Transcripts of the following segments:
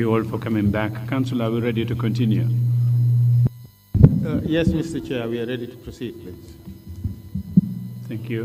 you all for coming back. Council, are we ready to continue? Uh, yes, Mr. Chair, we are ready to proceed, please. Thank you.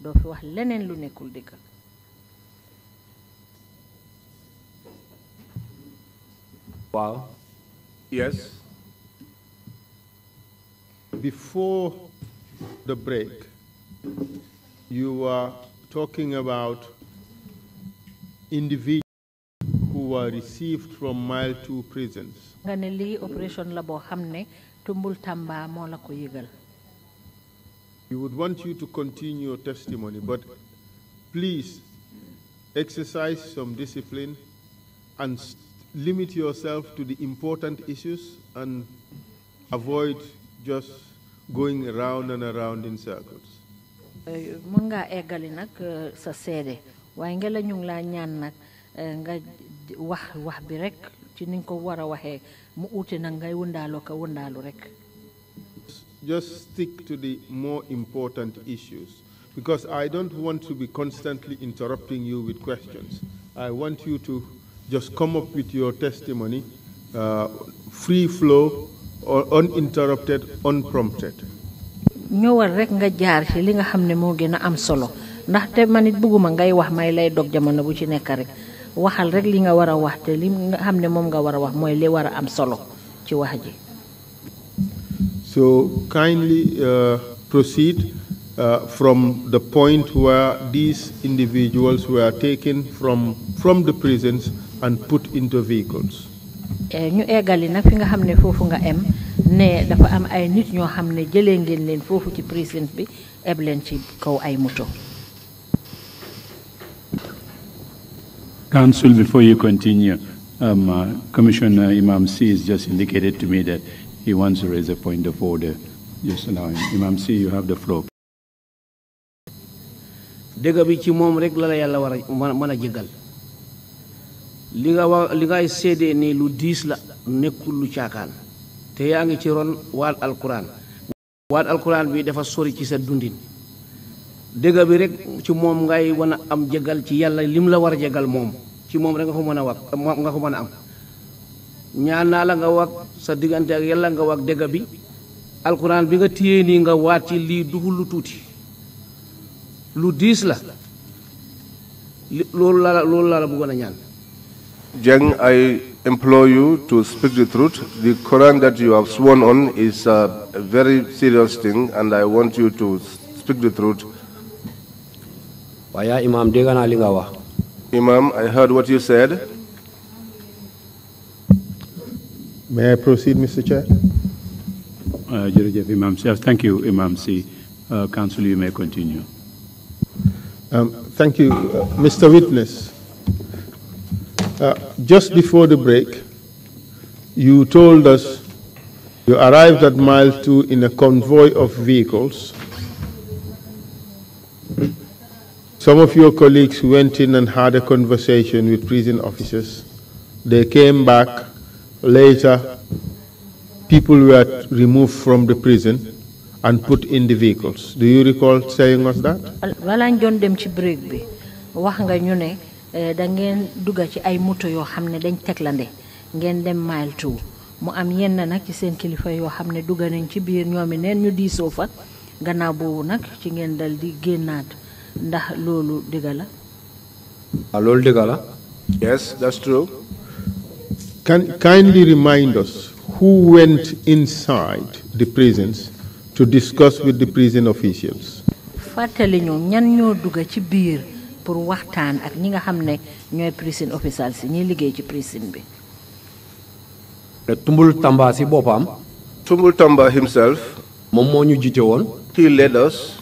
doo fi wax leneen lu nekkul dëgg waaw yes before the break you were talking about individuals who were received from mile two prisons nga ne lii opération la boo xam ne tumbul tàmbaa moo la ko yëgal we would want you to continue your testimony, but please exercise some discipline and limit yourself to the important issues and avoid just going around and around in circles. Eh, mën ngaa eggali nag eh, sa seede waaye nga la ñu ngi laa ñaan nag eh, nga wax wax bi rek ci ni nga ko war a waxee mu uute nag ngay wëndaaloo ko wëndaalu rek just stick to the more important issues because I don't want to be constantly interrupting you with questions. I want you to just come up with your testimony, uh, free flow, or uninterrupted, unprompted. ñëwal rek nga jaar ci li nga xam ne moo gën a am solo ndaxte man it bëgguma ngay wax may lay dog jamono bu ci nekk rek waxal rek li nga war a wax te li nga xam ne moom nga war a wax mooy li war a am solo ci wax ji. So kindly uh, proceed uh, from the point where these individuals were taken from, from the prisons and put into vehicles. Eh, ñu eggali nag fi nga xam ne foofu nga em ne dafa am ay nit ñoo xam ne jëlee ngeen leen foofu ci prison bi eb leen ci kaw ay moto. Council, before you continue, um, uh, Commissioner Imam C has just indicated to me that he wants to raise a point of order. Just allow him. Imam Si, bi ci moom rek lala yàlla war a mën a jégal li nga wax li ngay séedee ne lu diis la nekkul lu caakaan te yaa ngi ci ron waat alquran waat alquran bi dafa sori ci sa dundin dëgg bi rek ci moom ngay wan a am jégal ci yàlla li mu la war a jégal moom ci moom rek nga ko mën a wax nga ko mën a am ñaan naa la nga wax sa digante ak yalla nga wak dega bi alquran bi nga tiye ni nga wati li duhul lu tuti lu dis la loolu la loolu la bu gona ñaan Jeng, I implore you to speak the truth. The Quran that you have sworn on is a very serious thing, and I want you to speak the truth. Waya Imam Imam, I heard what you said. May I proceed, Mr. Chair? Uh, Jerejef Imam Thank you, Imam C. Uh, Council, you may continue. Um, thank you, uh, Mr. Witness. Uh, just before the break, you told us you arrived at mile two in a convoy of vehicles. Some of your colleagues went in and had a conversation with prison officers. They came back Later, people were removed from the prison and put in the vehicles. Do you recall saying us that? wala John dem ci break bi wax nga ñu ne eh, da ngeen dugg ci ay moto yoo xam ne dañ teglande ngeen dem mile two mu am yenn nag ci seen kilifa yoo xam ne dugg nañ ci biir ñoomi neen ñu diisoo fa gannaaw boobu nag ci ngeen dal di génnaat ndax loolu dëgg la. Ah, loolu dëgg la. yes that's true. Can kindly remind us who went inside the prisons to discuss with the prison officials. fàttali ñu ñan ñoo dugg ci biir pour waxtaan ak ñi nga xam ne ñooy prison officials ñi liggéey ci prison bi. Tumbul Tamba si boppam. Tumbul Tamba himself. moom moo ñu jiite woon. he led us.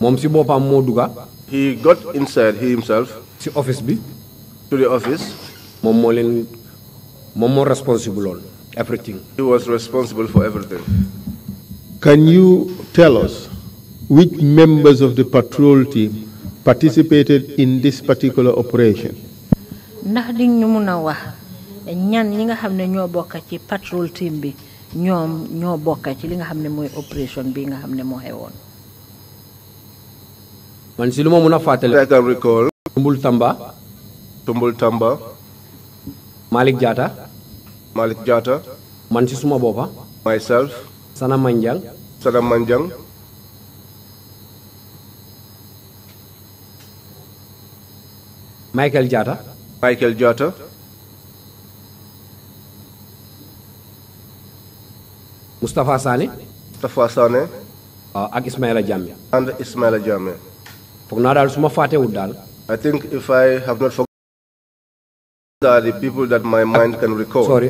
moom si boppam moo dugga. he got inside he himself. si office bi. to the office. moom moo leen moom moo responsible on everything. he was responsible for everything. can you tell us which members of the patrol team participated in this particular operation. ndax di ñu mun a wax ñan ñi nga xam ne ñoo bokk ci patrol team bi ñoom ñoo bokk ci li nga xam ne mooy operation bi nga xam ne moo xewoon. man si lu ma mun a fàttali. I can recall. Tumbul Tamba. Tumbul Tamba. Malik Jatta. Malik Jata. man ci suma boppa. myself. Sana Manjang. Sana Manjang. Michael Jata. Michael Jata. Mustafa Sane. Mustafa Sane. ak Ismaila Jamia. and Ismaila Jamia. foog naa daal su ma fàttewut daal. I think if I have not forgotten. These are the people that my mind can recall. Sorry.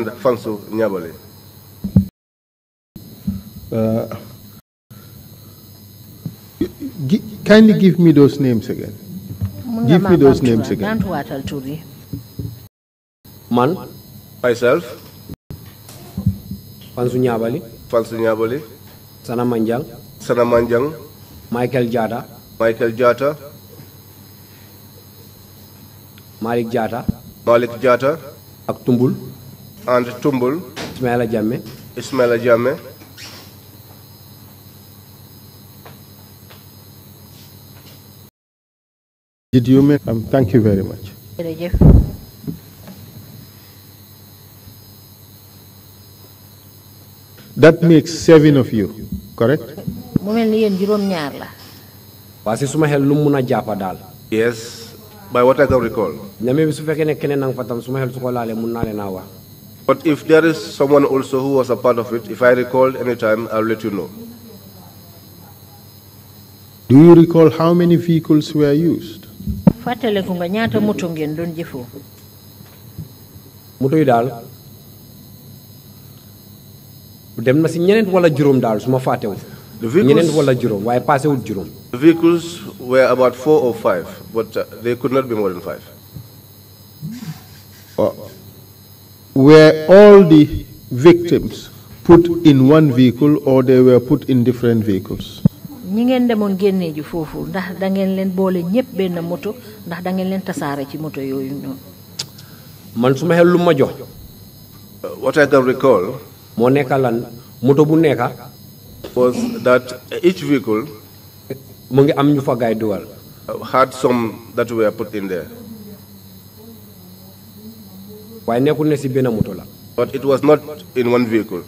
And Fansu Nyabale. Uh, kindly give me those names again. Give me those names again. Man. Myself. Fansu Nyabali. Fansu Nyabali. Sana Manjang. Sana Manjang. Michael Jata. Michael Jata. Malik Jata. Malik Jata ak Tumbul. and Tumbul. Ismaila Jamme Ismaila Jamme Did you make? Um, thank you very much. That makes seven of you, correct? mu mel ni yéen juróom-ñaar la. Wa ci suma xel lu mu na jappa dal yes. by what I can recall. But if there is someone also who was a part of it, if I recall any time, I'll let you know. Do you recall how many vehicles were used? moto yi daal dem na si ñeneen wala juróom daal su ma ñeneen wala juróom waaye juróom the vehicles were about four or five, but uh, they could not be more than five. Uh, were all the victims put in one vehicle or they were put in different vehicles? ñi ngeen demoon génnee ji foofu ndax da ngeen leen boole ñëpp benn moto ndax da ngeen leen tasaare ci moto yooyu noonu. man su ma xel lu ma jox. Uh, what I can recall. moo nekka lan moto bu nekka. was that each vehicle mu ngi am ñu fa gaay dugal. had some that were put in there. waaye nekkul ne si benn moto la. but it was not in one vehicle.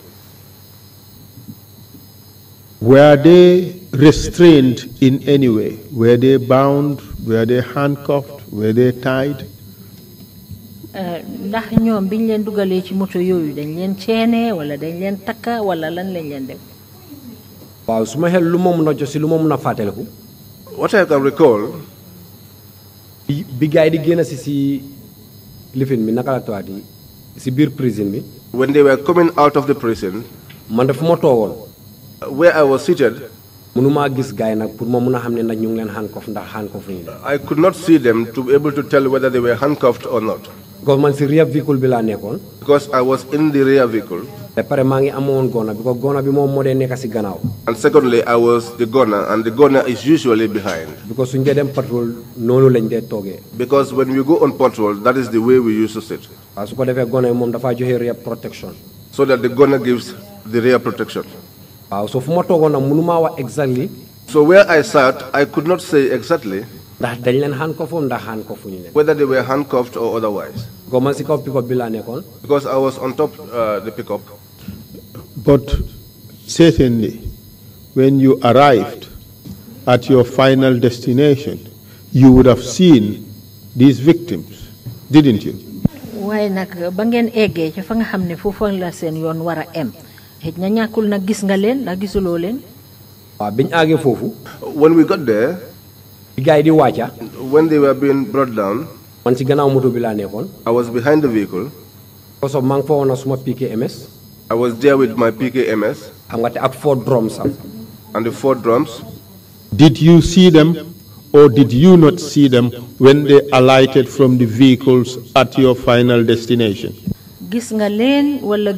Were they restrained in any way? Were they bound? Were they handcuffed? Were they tied? Uh, ndax ñoom biñ leen dugalee ci moto yooyu dañ leen ceene wala dañ leen takka wala lan lañ leen def waaw su ma xel lu moom lu moom na what I can recall. bi gars yi di génn si si lifin mi naka la tuwaat si biir prison bi. when they were coming out of the prison. man de ma toogoon. where I was seated. mënumaa gis gars yi nag pour ma mën a xam ne nag ñu ngi leen handcuff ndax handcuff ñu I could not see them to be able to tell whether they were handcuffed or not. because man si rear vehicle bi laa nekkoon. because I was in the rear vehicle pare gona gona bi and secondly I was the gunner and the gunner is usually behind. because dem patrol lañ because when we go on patrol that is the way we used to sit. waaw su ko gona yi moom joxe rear protection. so that the gunner gives the rear protection. so fu ma toogoon nag exactly. so where I sat I could not say exactly. ndax dañ leen handcuffoo ndax handcuffuñ leen. whether they were handcuffed or otherwise. ko man si kaw pick up bi laa nekkoon. because I was on top uh, the pick up. But certainly, when you arrived at your final destination, you would have seen these victims, didn't you? waaye nag ba ngeen eggee ca fa nga xam ne foofa la seen yoon war a em xëj na ñàkkul nag gis nga leen ndax gisuloo leen. waaw biñ àggee foofu. when we got there. bi gars yi di wàcca. when they were being brought down. man si gannaaw moto bi laa nekkoon. I was behind the vehicle. kosoom maa ngi fa woon na suma piqué MS. I was there with my PKMS. And nga four drums and the four drums. Did you see them or did you not see them when they alighted from the vehicles at your final destination? gis nga wala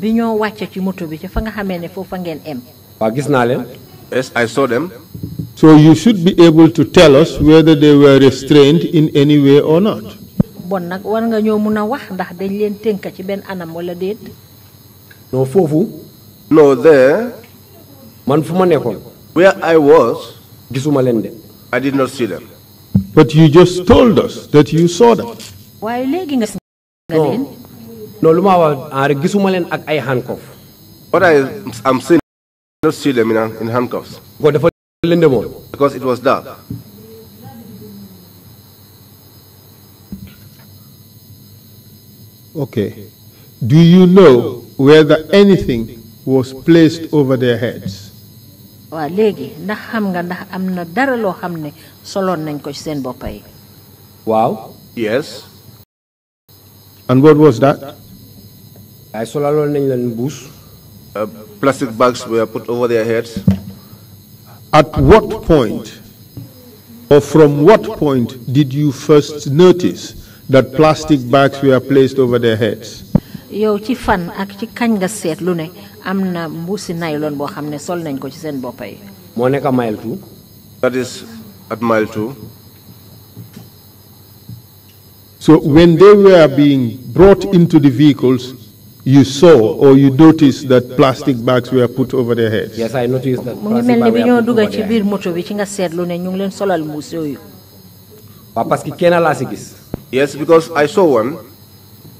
bi ñoo wàcce ci moto bi fa nga ne ngeen em. gis Yes, I saw them. So you should be able to tell us whether they were restrained in any way or not. bon nag war nga ñoo mun a wax ndax dañ leen tënk ci benn anam wala déet. non foofu. no there. man fu ma nekkoon. where I was. gisuma leen de. I did not see them. but you just told us that you saw them. waaye léegi nga si. nga lu ma wax ah gisuma leen ak ay handcuffs. what I am seeing. I did not see them in handcuffs. dafa lëndëmoon. because it was dark. Okay. Do you know whether anything was placed over their heads? Wow. ndax xam nga ndax am na dara loo xam ne soloon nañ ko ci seen boppa yi waaw yes and what was that ay solaloon nañ leen mbuus uh, plastic bags were put over their heads at what point or from what point did you first notice that plastic bags were placed over their heads. yow ci fan ak ci kañ nga seet lu ne am na mbuusi nylon boo xam ne sol nañ ko ci seen boppa yi. moo nekk a mile two. that is at mile two. so when they were being brought into the vehicles you saw or you noticed that plastic bags were put over their heads. yes I noticed that. mu ngi mel ni bi ñoo dugg ci biir moto bi ci nga seet lu ne ñu ngi leen solal mbuus yooyu. waaw parce que kenn laa si gis. Yes, because I saw one.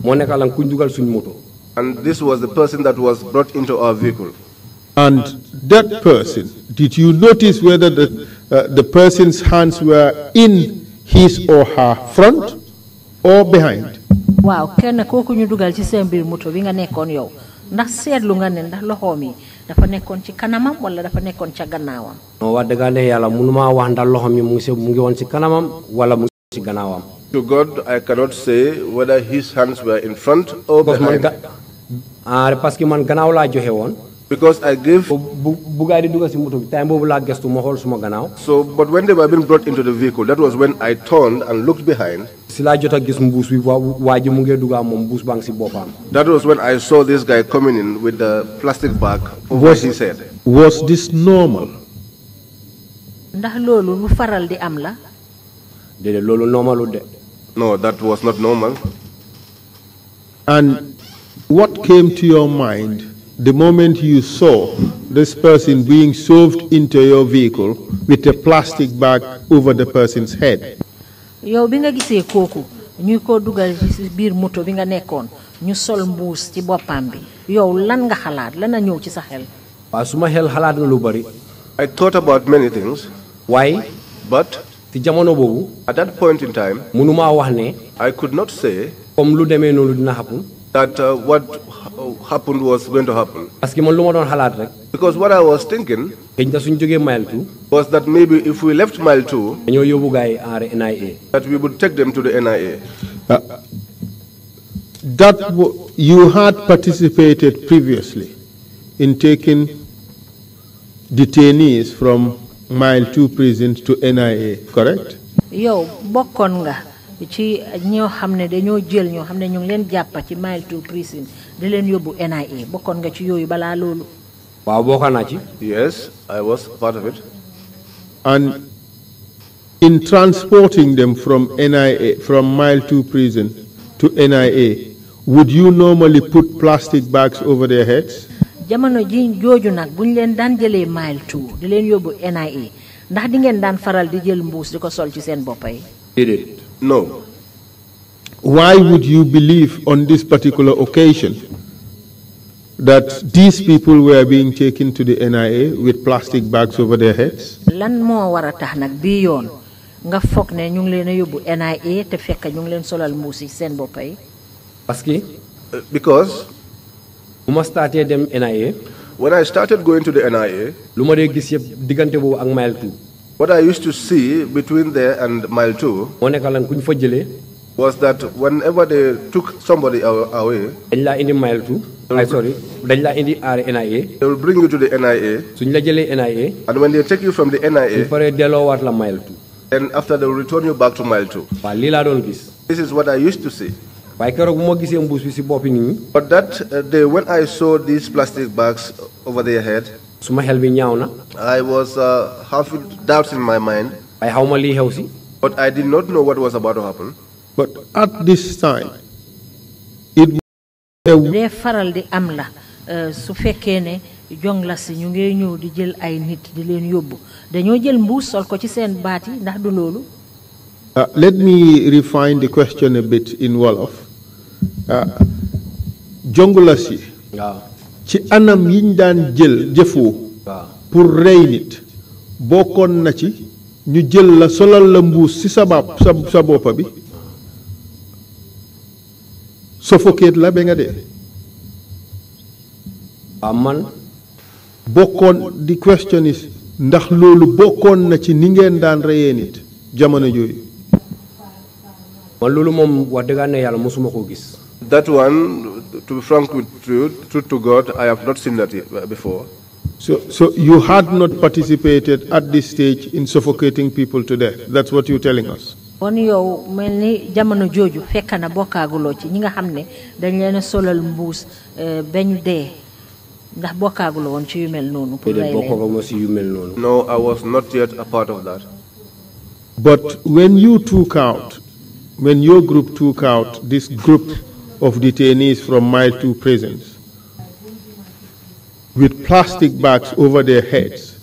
And this was the person that was brought into our vehicle. And that person, did you notice whether the, uh, the person's hands were in his or her front or behind? waaw kenn kooku ñu dugal ci seen biir moto bi nga nekkoon yow ndax seetlu nga ne ndax loxoom yi dafa nekkoon ci kanamam wala dafa nekkoon ca gannaawam. non wax dëgg yàlla mënuma wax ndax loxoom yi mu ngi mu ngi woon ci kanamam wala mu ngi ci gannaawam. To God, I cannot say whether his hands were in front or behind. Ah, man Because I gave. Bu duga di dugg si moto bi time boobu So, but when they were being brought into the vehicle, that was when I turned and looked behind. That was when I saw this guy coming in with the plastic bag over was, his head. Was this normal? ndax lolo, lu faral di am la. lolo loolu no, that was not normal. And what came to your mind the moment you saw this person being shoved into your vehicle with a plastic bag over the person's head? yow bi nga gisee kooku ñuy ko dugal ci biir moto bi nga nekkoon ñu sol mbuus ci boppam bi yow lan nga xalaat lan a ñëw ci sa xel waaw suma xel xalaat na lu bari I thought about many things. Why? But ci jamono at that point in time. mënumaa wax ne. I could not say. comme lu demee dina happen. that uh, what happened was going to happen. parce que man lu ma doon rek. because what I was thinking. xëy na suñ jógee mile two. was that maybe if we left mile two. dañoo yobu gars yi NIA. that we would take them to the NIA. Uh, that you had participated previously in taking detainees from mile two prisons to NIA, correct? Yo, bokonga. nga ci ñoo xam ne dañoo jël ñoo xam ne ñu ngi leen mile two prison di leen NIA Bokonga, nga ci yooyu balaa loolu. waaw bokkoon naa ci. yes I was part of it. and in transporting them from NIA from mile two prison to NIA would you normally put plastic bags over their heads jamono ji mile two di yóbbu NIA ndax di ngeen faral di jël mbuus sol ci seen no. why would you believe on this particular occasion that these people were being taken to the NIA with plastic bags over their heads? lan moo war tax nag bii yoon nga ne ñu ngi leen a yóbbu NIA te fekk ñu ngi leen solal yi seen parce que. Uh, because dem NIA. when I started going to the NIA. gis ak mile two. what I used to see between there and mile two. fa was that whenever they took somebody away. dañ indi mile two. I sorry. Dañ la indi NIA. They will bring you to the NIA. Suñ la jëlé NIA. And when they take you from the NIA. Ñu paré délo wat la mile 2. And after they will return you back to mile 2. li la doon gis. This is what I used to see. waaye keroog bu ma gisee mbuus bi si boppi nit ñi. but that uh, day when I saw these plastic bags over their head. suma xel bi ñaaw na. I was uh, half doubts in my mind. waaye xaw ma lii xew si. but I did not know what was about to happen. but at this time. it lee faral di am la uh, su fekkee ne jonglas ñu ngi ñëw di jël ay nit di leen yóbbu dañoo jël mbuus sol ko ci seen baat yi ndax du loolu. Uh, let me refine the question a bit in Wolof. Uh, Jongolasi, ya. ci anam yiñ daan jël jëfoo ya. pour rey nit bokkoon na ci ñu jël la solal la mbuus si sa baab sa sa boppa bi suffoquate la benga nga dee man bokkoon di question is ndax loolu bokkoon na ci ni ngeen daan reyee nit jamono jooyu that one to be frank with you truth to God I have not seen that before. So, so you had not participated at this stage in suffocating people to death. That's what you're telling us. na eh, no I was not yet a part of that. But when you took out when your group took out this group of detainees from my two prisons with plastic bags over their heads,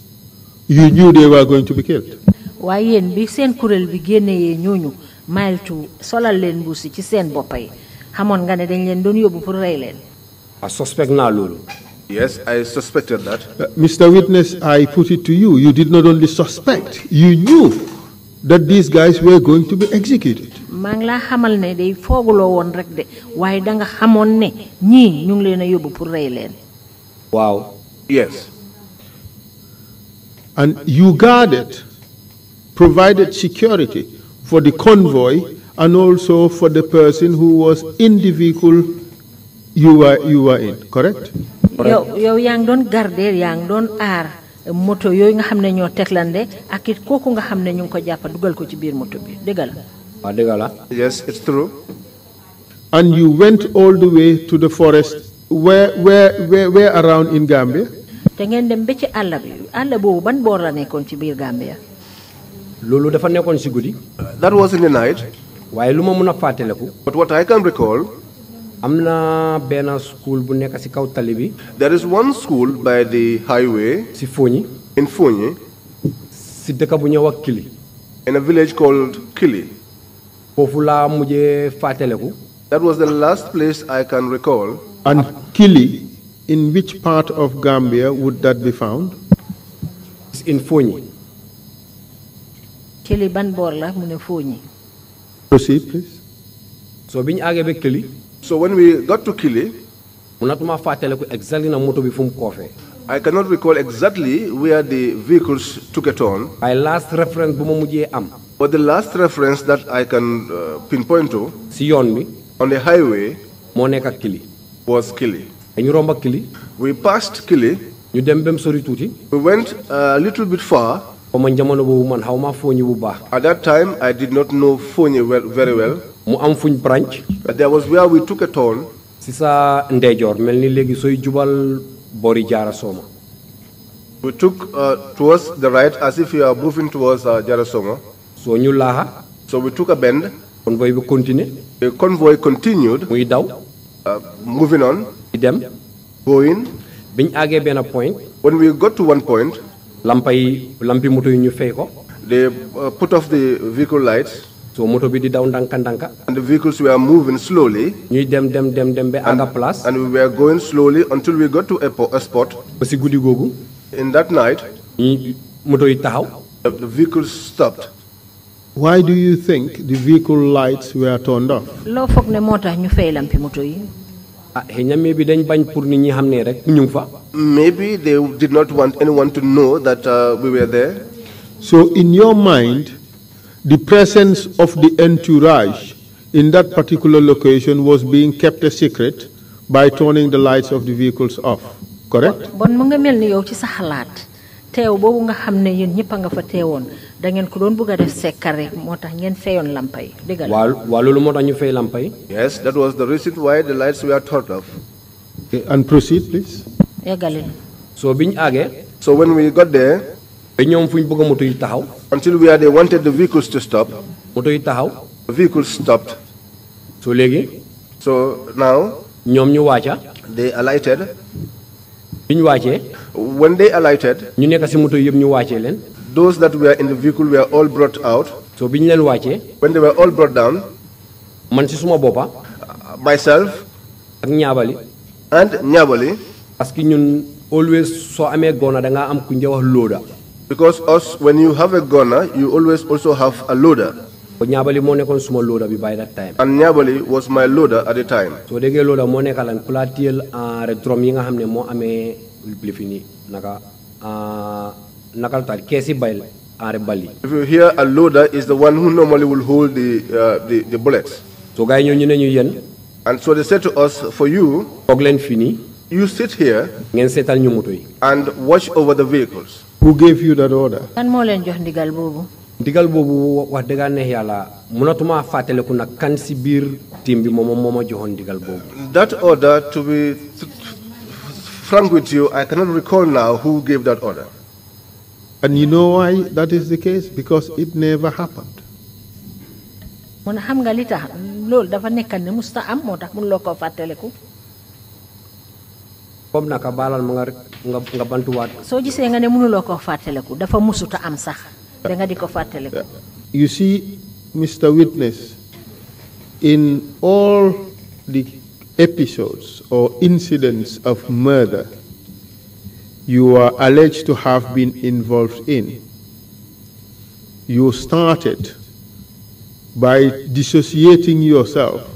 you knew they were going to be killed. waaye bi seen kuréel bi génneyee ñooñu mile two solal leen mbuusi ci seen boppa yi xamoon nga ne dañ leen doon yóbbu pour rey leen. I suspect naa loolu. Yes, I suspected that. Uh, Mr. Witness, I put it to you. You did not only suspect, you knew that these guys were going to be executed. Wow. xamal ne day rek de da nga ne ñu ngi yóbbu pour yes. and you guarded provided security for the convoy and also for the person who was in the vehicle you were you were in correct. yow yow yaa ngi garder yaa ngi doon moto yooyu nga xam ne ñoo ak it kooku nga xam ñu ko ko ci biir moto bi Yes, it's true. And you went all the way to the forest. Where, where, where, where around in Gambia? Tengen dem bece alla, àll bi àll boobu ban boor la nekkoon ci biir Gambia. loolu dafa nekkoon si guddi. that was in the night. waaye lu ma mun but what I can recall. am na school bu nekk si kaw tali bi. there is one school by the highway. si Fóoñi. in Fóoñi. si dëkk bu ñëw ak Kili. in a village called Kili. That was the last place I can recall. And Kili, in which part of Gambia would that be found? It's in Fonyi. Kili ban borla la Fonyi. Proceed, please. So biñ Kili. So when we got to Kili. munatuma fàttaleku exactly na moto bi I cannot recall exactly where the vehicles took a turn. My last reference bu ma am. But the last reference that I can uh, pinpoint to see on me, on the highway Moneka Kili was Kili dañu romb ak Kili we passed Kili ñu dem bem sori tuuti we went a little bit far ba man jamono boobu man xaw maa fooñi bu baax at that time I did not know fooñi well, very well mu am fuñ branch But there was where we took a turn Sisa sa ndeyjoor legi ni léegi sooy jubal boori jaara sooma we took uh, towards the right as if we are moving towards uh, Jarasoma so ñu so we took a bend convoy bi the convoy continued muy daw uh, moving on di dem going biñ àggee benn point when we got to one point lampai lampi moto yi ñu ko they uh, put off the vehicle lights so moto bi di daw ndanka ndanka and the vehicles were moving slowly ñuy dem dem dem dem ba ànd place and we were going slowly until we got to a, a spot ba si in that night ñi moto yi taxaw the vehicles stopped why do you think the vehicle lights were turned off? Lo fokk ne motax ñu fay lampi moto yi. Ah, xëy maybe dañ bañ pour nit ñi xam rek ñu fa. Maybe they did not want anyone to know that uh, we were there. So in your mind, the presence of the entourage in that particular location was being kept a secret by turning the lights of the vehicles off, correct? Bon mu nga mel ni yow ci sa xalaat teew boobu nga xam ne yéen ñëpp nga fa teewoon da ngeen ko doon bëgg a def moo tax ngeen fayoon lampa yi dëgg la. waaw waaw ñu fay lampa yi. yes that was the reason why the lights were thought of. Okay, and proceed so àggee. so when we got there. ba ñoom fu ñu bëgg moto yu taxaw. until where they wanted the vehicles to stop. moto yu taxaw. the vehicles stopped. léegi. so now. ñoom ñu wàcca. they alighted. bi ñu wàccee. when they alighted. ñu nekk si moto yëpp ñu wàccee leen. those that were in the vehicle were all brought out. So when they were all brought down, man ci suma bopa, myself, ak and Nyabali, parce que always so amé gona da nga am ku wax loader. Because us, when you have a gunner, you always also have a loader. Nyabali mo nekon suma loader bi by that time. And Nyabali was my loader at the time. So dege loader mo nekalan kula tiel a retrom yi nga xamne mo amé blifini naka nakaltar kesi bail are bali if you hear a loader is the one who normally will hold the uh, the, the bullets so gay ñu ñu yeen and so they said to us for you tok len fini you sit here ngeen setal ñu moto and watch over the vehicles who gave you that order kan mo len jox ndigal bobu ndigal bobu wax deug neex yalla munatuma fatale ku nak kan ci bir team bi mom moma joxon ndigal bobu that order to be frank with you i cannot recall now who gave that order And you know why that is the case? Because it never happened. xam nga li tax loolu dafa musuta am da nga di ko you see mr witness in all the episodes or incidents of murder you are alleged to have been involved in. You started by dissociating yourself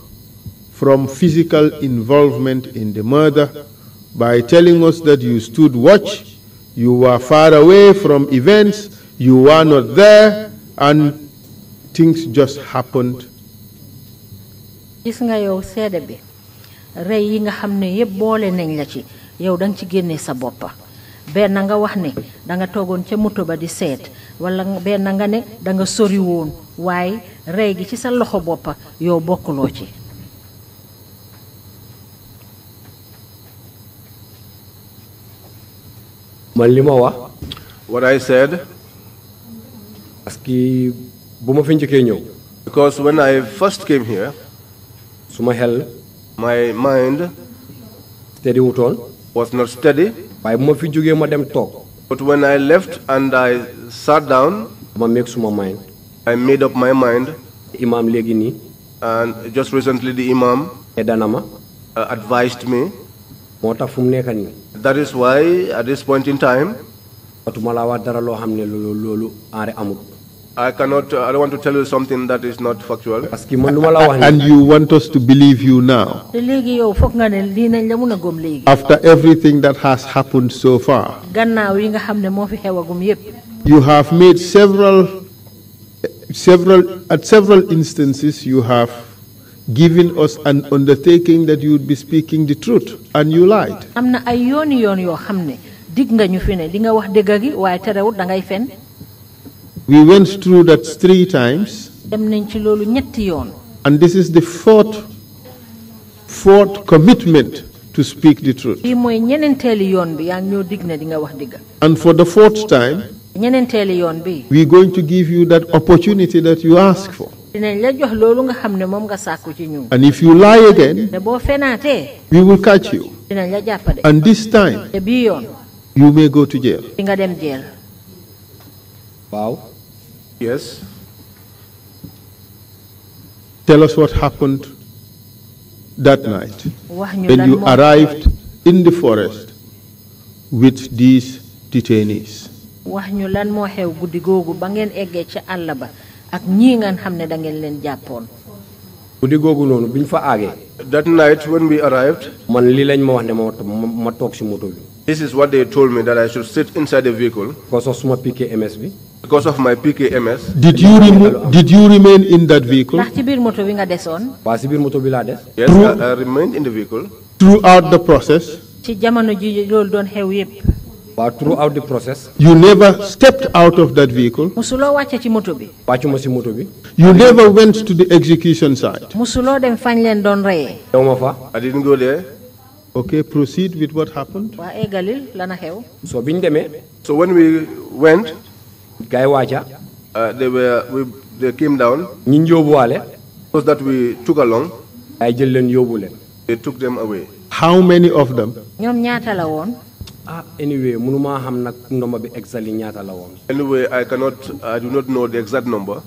from physical involvement in the murder by telling us that you stood watch, you were far away from events, you were not there, and things just happened. gis nga yi nga xam ne yëpp boole nañ la ci yow da nga ci génne sa boppa benn nga wax ne danga toogoon ca moto ba di seet walla benn nga ne danga sori woon waaye rey gi ci sa loxo boppa yow bokkuloo ci man li ma wax what I parce que bu ma fi njëkkee ñëw because when I first came here su ma xel my mind steady wutoon waaye bu ma fi jógee ma dem toog. But when I left and I sat down. ma make suma mind. I made up my mind. imam léegi nii. and just recently the imam. ne dana ma. Uh, advised me. moo tax fu mu nekk nii. that is why at this point in time. watuma laa wax dara loo xam ne loolu loolu aare amul. I cannot, uh, I don't want to tell you something that is not factual. And you want us to believe you now. After everything that has happened so far. You have made several, several, at several instances you have given us an undertaking that you would be speaking the truth and you lied. We went through that three times. and this is the fourth fourth commitment to speak the truth. and for the fourth time. we are going to give you that opportunity that you ask for. and if you lie again. we will catch you. and this time. you may go to jail. Wow. Yes. Tell us what happened that night when you arrived in the forest with these detainees. wax ñu lan moo xew guddi googu ba ngeen eggee ca àll ba ak ñii ngeen xam ne da ngeen leen jàppoon. guddi googu noonu fa aagee. that night when we arrived. man lañ ma wax ne ma ma toog si moto bi. this is what they told me that I should sit inside the vehicle. because of suma piqué MS bi. Because of my PKMS. Did you did you remain in that vehicle? ndax ci biir moto bi nga desoon. waaw si des. yes I, I remained in the vehicle. throughout the process. ci throughout the process. you never stepped out of that vehicle. bi. si bi. you never went to the execution site. dem fa. I didn't go there. Okay, proceed with what happened. Eh, so when we went, Guy Wacha. Uh, they were we, they came down. Ñi njobuwale. Those that we took along. Ay jël leen They took them away. How many of them? ñoom ñaata la woon. ah anyway Munuma xam nag nomba bi exactly ñaata la woon. anyway I cannot I do not know the exact number.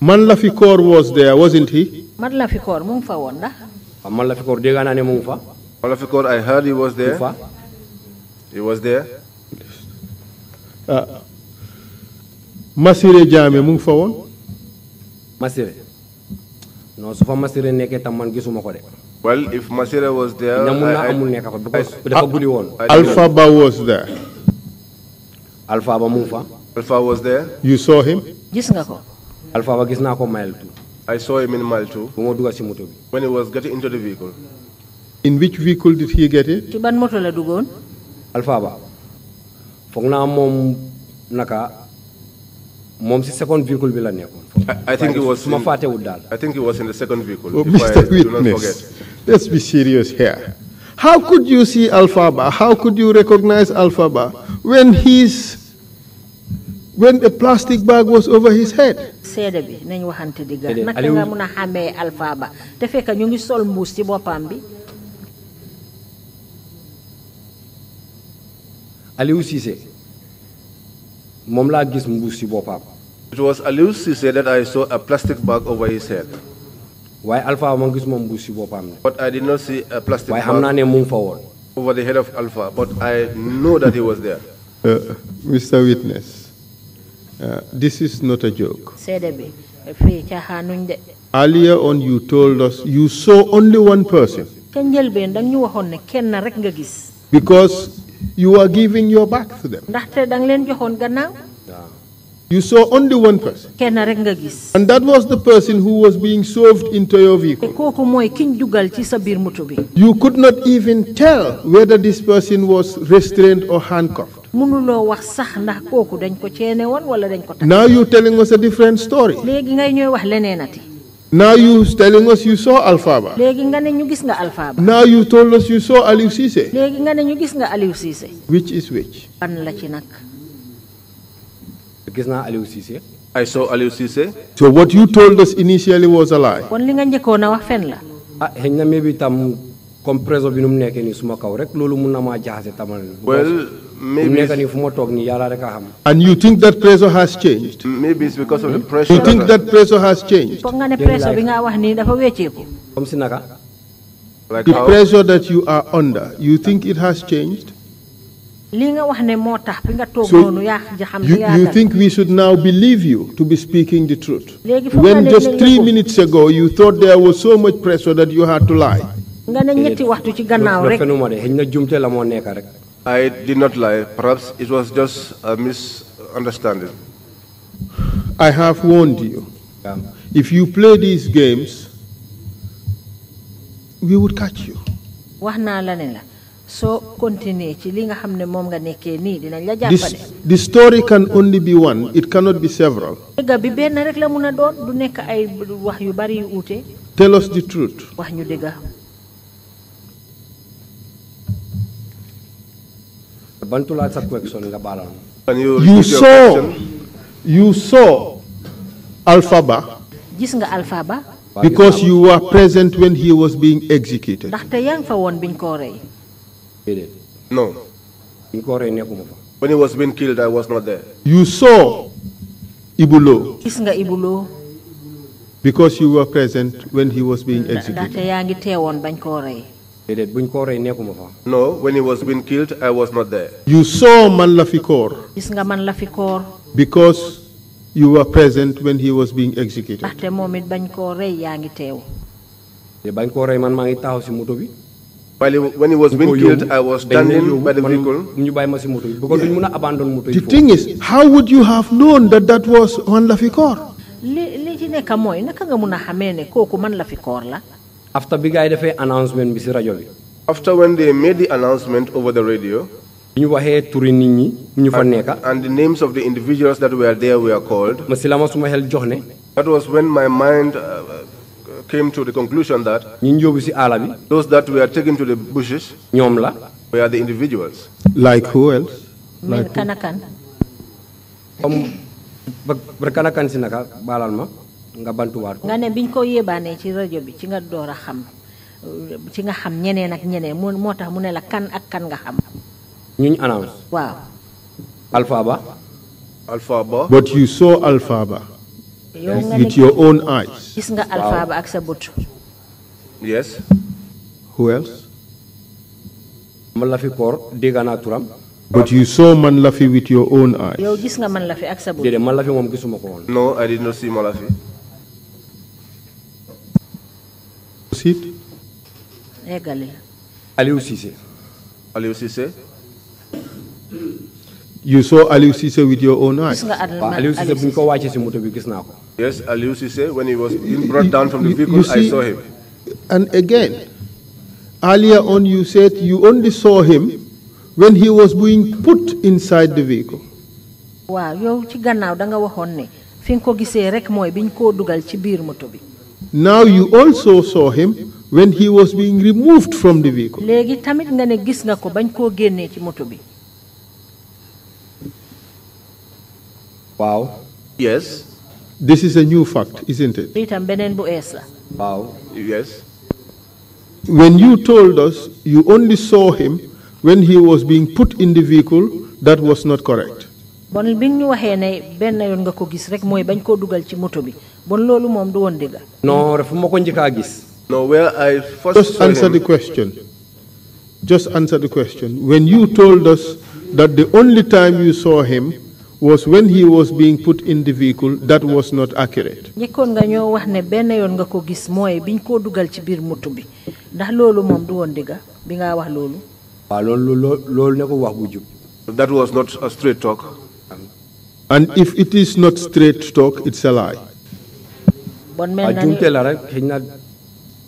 Man Lafikor was there, wasn't he? Man Lafikor, mu ngi fa woon ndax. waaw ah, Man Lafikor dégg naa ne mu fa. Man Lafikor I heard he was there. He was there. Ah, ah Massiré mu ngi fa woon. Massiré non su fa nekkee tam man gisuma ko de. well if Masire was there. ñamu naa amul nekk fa because dafa guddi woon. Alpha Ba was there. Alpha Ba mu ngi fa. Alpha was there. you saw him. gis nga ko. Alpha Ba gis naa ko I saw him in mile bu dugal moto bi. when he was getting into the vehicle. in which vehicle did he get in. ci ban moto la duggoon. Alpha Ba naa moom naka moom si second bi la nekkoon. I think it was. daal. I think it was in the second vehicle. Oh, Mr. Witness, let's be serious here. How could you see Alphaba? How could you recognize Alphaba when he's when a plastic bag was over his head. seede bi nañ waxante digga naka nga mun a xàmmee Alphaba te ñu ngi sol mbuus ci boppam bi. Aliou Cissé moom laa gis mbuus ci it was Aliou Cissé that I saw a plastic bag over his head. Why Alpha ma gis moom mbuus ci but I did not see a plastic bag. waaye xam ne mu fa over the head of Alpha but I know that he was there. Uh, Mr. Witness uh, this is not a joke. Earlier on, you told us you saw only one person. Because you are giving your back to them. You saw only one person. And that was the person who was being shoved into your vehicle. You could not even tell whether this person was restrained or handcuffed. Now you're telling us a different story. Now you telling us you saw Alfaba. Now you told us you saw Aliou Cissé. Which is which? I saw Aliou Cissé. So what you told us initially was a lie comme bi suma kaw rek na tamal. well maybe yàlla rek xam. and you think that pressure has changed. maybe it's because of the hmm? pressure. you think that preso has changed. nga ne bi nga wax dafa comme si naka. the pressure that you are under you think it has changed. li nga wax ne moo tax bi nga toog noonu yaa xam. so you you think we should now believe you to be speaking the truth. when just three minutes ago you thought there was so much pressure that you had to lie. nga ne ñetti eh, waxtu ci gannaaw rek mo de xëñ na jumte la mo nekk rek I did not lie. Perhaps it was just a misunderstanding. I have warned you. If you play these games, we would catch you. wax naa la ne la so continue ci li nga xamne mom nga nekké ni dinañ la jappalé the story can only be one it cannot be several. ga bi ben rek la mëna doon du nekk ay wax yu bari yu tell us the truth. wax ñu dëgg you, saw, question? you saw Alphaba. Gis nga Alphaba. Because you were present when he was being executed. Ndaxte yang for one biñ ko rey. No. Biñ ko rey nekuma fa. When he was being killed, I was not there. You saw Ibulo. Gis nga Ibulo. Because you were present when he was being executed. Ndaxte yaa ngi teewoon bañ ko rey. déedéet buñ ko rey nekkuma fa. no when he was being killed I was not there. you saw man Fikor. koor. gis nga man lafi because you were present when he was being executed. ndaxte moom it bañ koo rey yaa ngi teew. bañ koo rey man maa ngi taxaw si moto bi. While when he was being killed, I was standing by the vehicle. Yeah. The thing is, how would you have known that that was Fikor la After Big IDFA announcement bi si rajo bi. After when they made the announcement over the radio. ñu waxee turi nit ñi ñu fa nekka. and the names of the individuals that were there were called. ma si la ma suma xel jox ne. That was when my mind uh, came to the conclusion that. ñi njóobu si àll bi. Those that were taken to the bushes. ñoom la. were the individuals. Like who else? Like who? Kanakan. Comme Kanakan si naka baalal ma. nga bantu ko nga ne biñ ko yebane ci radio bi ci nga doora xam ci nga xam ñeneen ak ñeneen motax mu ne la kan ak kan nga xam ñuñ annonce waaw alpha ba but you saw alpha yes. with your own eyes gis nga ba ak sa but yes who else man la fi koor degana turam But you saw Manlafi with your own eyes. Yo, gis nga Manlafi ak sa bët. Déedéet Manlafi mom gisuma ko won. No, I did not see Manlafi. Cite. Égale. Aliou Cissé. Aliou Cissé. You saw Aliou Cissé with your own eyes. Aliou Cissé buñ ko wàccee si moto bi gis naa ko. Yes, Aliou Cissé when he was being brought down from the vehicle see, I saw him. And again, earlier on you said you only saw him when he was being put inside the vehicle. waaw yow ci gannaaw da nga waxoon ne fi nga ko gisee rek mooy biñ koo dugal ci biir moto bi now you also saw him when he was being removed from the vehicle Wow. yes this is a new fact isn't it Wow. yes when you told us you only saw him when he was being put in the vehicle that was not correct bon du non gis no where i first just answer the question just answer the question when you told us that the only time you saw him was when he was being put in the vehicle that was not accurate nga ñoo wax ne nga ko gis biñ ci mutu bi ndax du bi wax wax bu that was not a straight talk and if it is not straight talk it's a lie bon mel na jumte la rek xëy na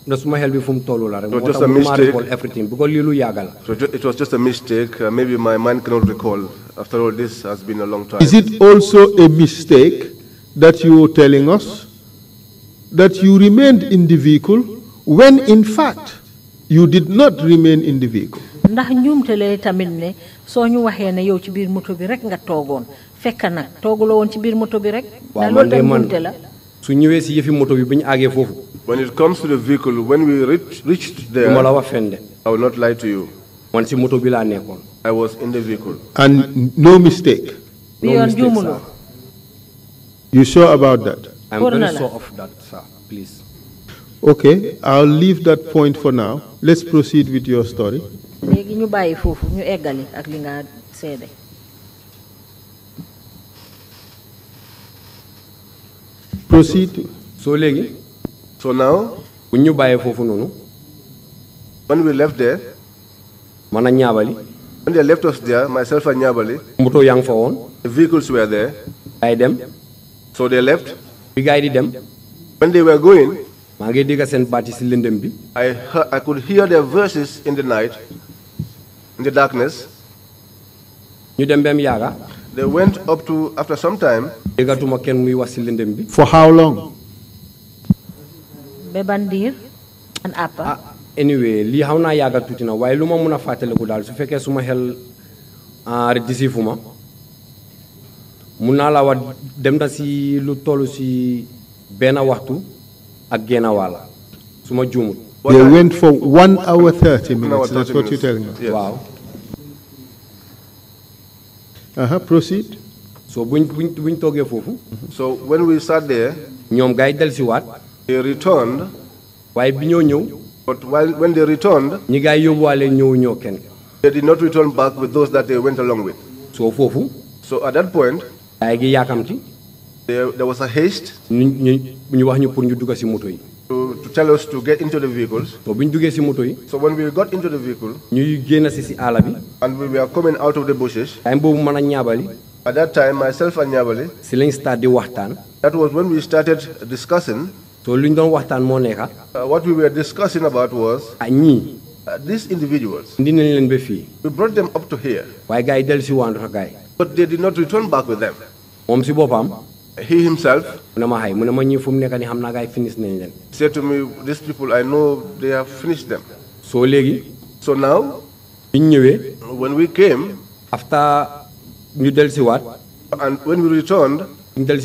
na suma xel bi fu mu toll la rek. moo tax mu everything bu ko lii lu yàgg so it was just a mistake uh, maybe my mind cannot recall after all this has been a long time. is it also a mistake that you are telling us that you remained in the vehicle when in fact you did not remain in the vehicle. ndax njuumte la tamit ne soo ñu waxee ne yow ci biir moto bi rek nga toogoon fekk nag tooguloo woon ci biir moto bi rek. waaw man de man la when it comes to the vehicle when we reach reached there. I will not lie to you. I was in the vehicle. and no mistake. no mistake sir. you sure about that. I am very sure of that sir please. okay I'll leave that point for now let's proceed with your story. proceed. so so now. bu ñu bàyyee foofu when we left there. man a ñaabali. when they left us there myself and ñaabali. moto yaa ngi fa the vehicles were there. ay dem. so they left. We guided them. di dem. when they were going. maa ngi dégg seen baat lëndëm bi. I I could hear their verses in the night in the darkness. ñu dem They went déggatuma kenn muy wax ci lëndëm bi. For how long? ba ah, anyway lii xaw naa yàgg tuuti na waaye lu ma mun a fàttaliku daal su fekkee suma xel ah, disifu ma mun naa la wax dem na ci lu toll ci benn waxtu ak genn wàlla suma ma juumut. They went for one waaw. Uh -huh, proceed. So buñ buñ buñ toggee So when we sat there. Nyom gars yi They returned. Why bi ñoo But while when they returned. ñi gars yi yóbbuwaale ñëw ñoo They did not return back with those that they went along with. So fufu. So at that point. gars yi There, there was a haste. ñu ñu ñu wax ñu pour ñu dugg si moto to, to tell us to get into the vehicles. So when we got into the vehicle, and we were coming out of the bushes, at that time, myself and Nyabali, that was when we started discussing. So uh, what we were discussing about was uh, these individuals. We brought them up to here. But they did not return back with them he himself said to me, These people, I know they have finished them. So, so now, when we came, after New and when we returned, when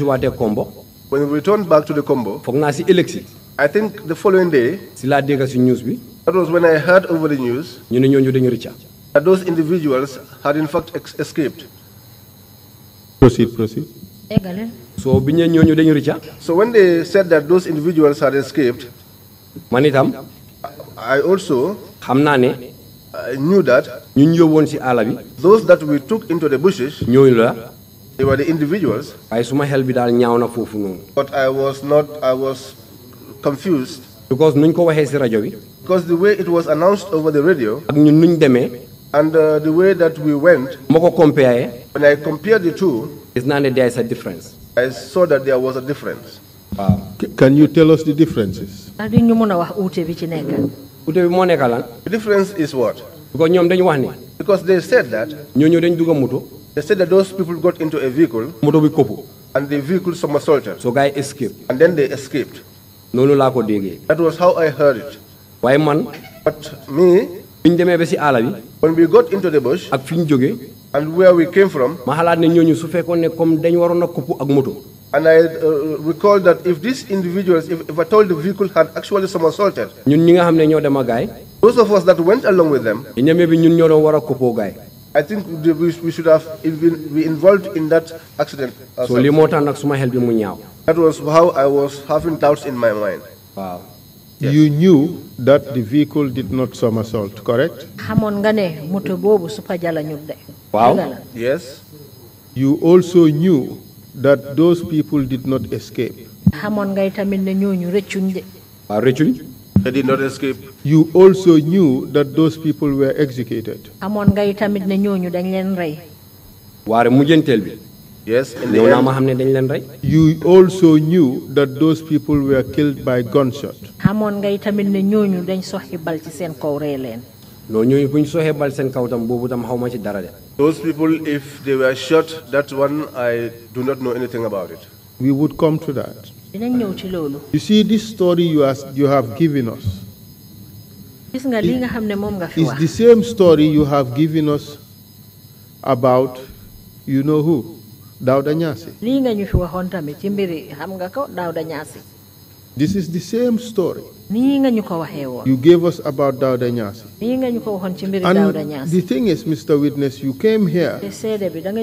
we returned back to the Combo, I think the following day, that was when I heard over the news that those individuals had in fact escaped. Proceed, proceed. So when they said that those individuals had escaped, manitam, I also hamnane, I knew that those that we took into the bushes, they were the individuals. But I was not, I was confused. Because the way it was announced over the radio, and uh, the way that we went, when I compared the two, it's not that there is a difference. I saw that there was a difference. Uh, can you tell us the differences? The difference is what? Because they said that they said that those people got into a vehicle and the vehicle somersaulted. So guy escaped. And then they escaped. That was how I heard it. Why man? But me, when we got into the bush, and where we came from. And I uh, recall that if these individuals, if, if, at all the vehicle had actually somersaulted, those of us that went along with them, I think we, should have been involved in that accident. So, that was how I was having doubts in my mind. Wow. Yes. You knew that the vehicle did not somersault, correct? Wow. Yes. You also knew that those people did not escape. Ah, they did not escape. You also knew that those people were executed. Yes, in the end, you also knew that those people were killed by gunshot. Those people, if they were shot, that one I do not know anything about it. We would come to that. You see, this story you, has, you have given us is the same story you have given us about you know who. Dawda Nyasi. nga ñu fi tamit ci mbiri xam nga ko Nyasi. this is the same story. nga ñu ko you gave us about Dawda Nyasi. nga ñu ko ci mbiri Nyasi. the thing is Mr. Witness you came here.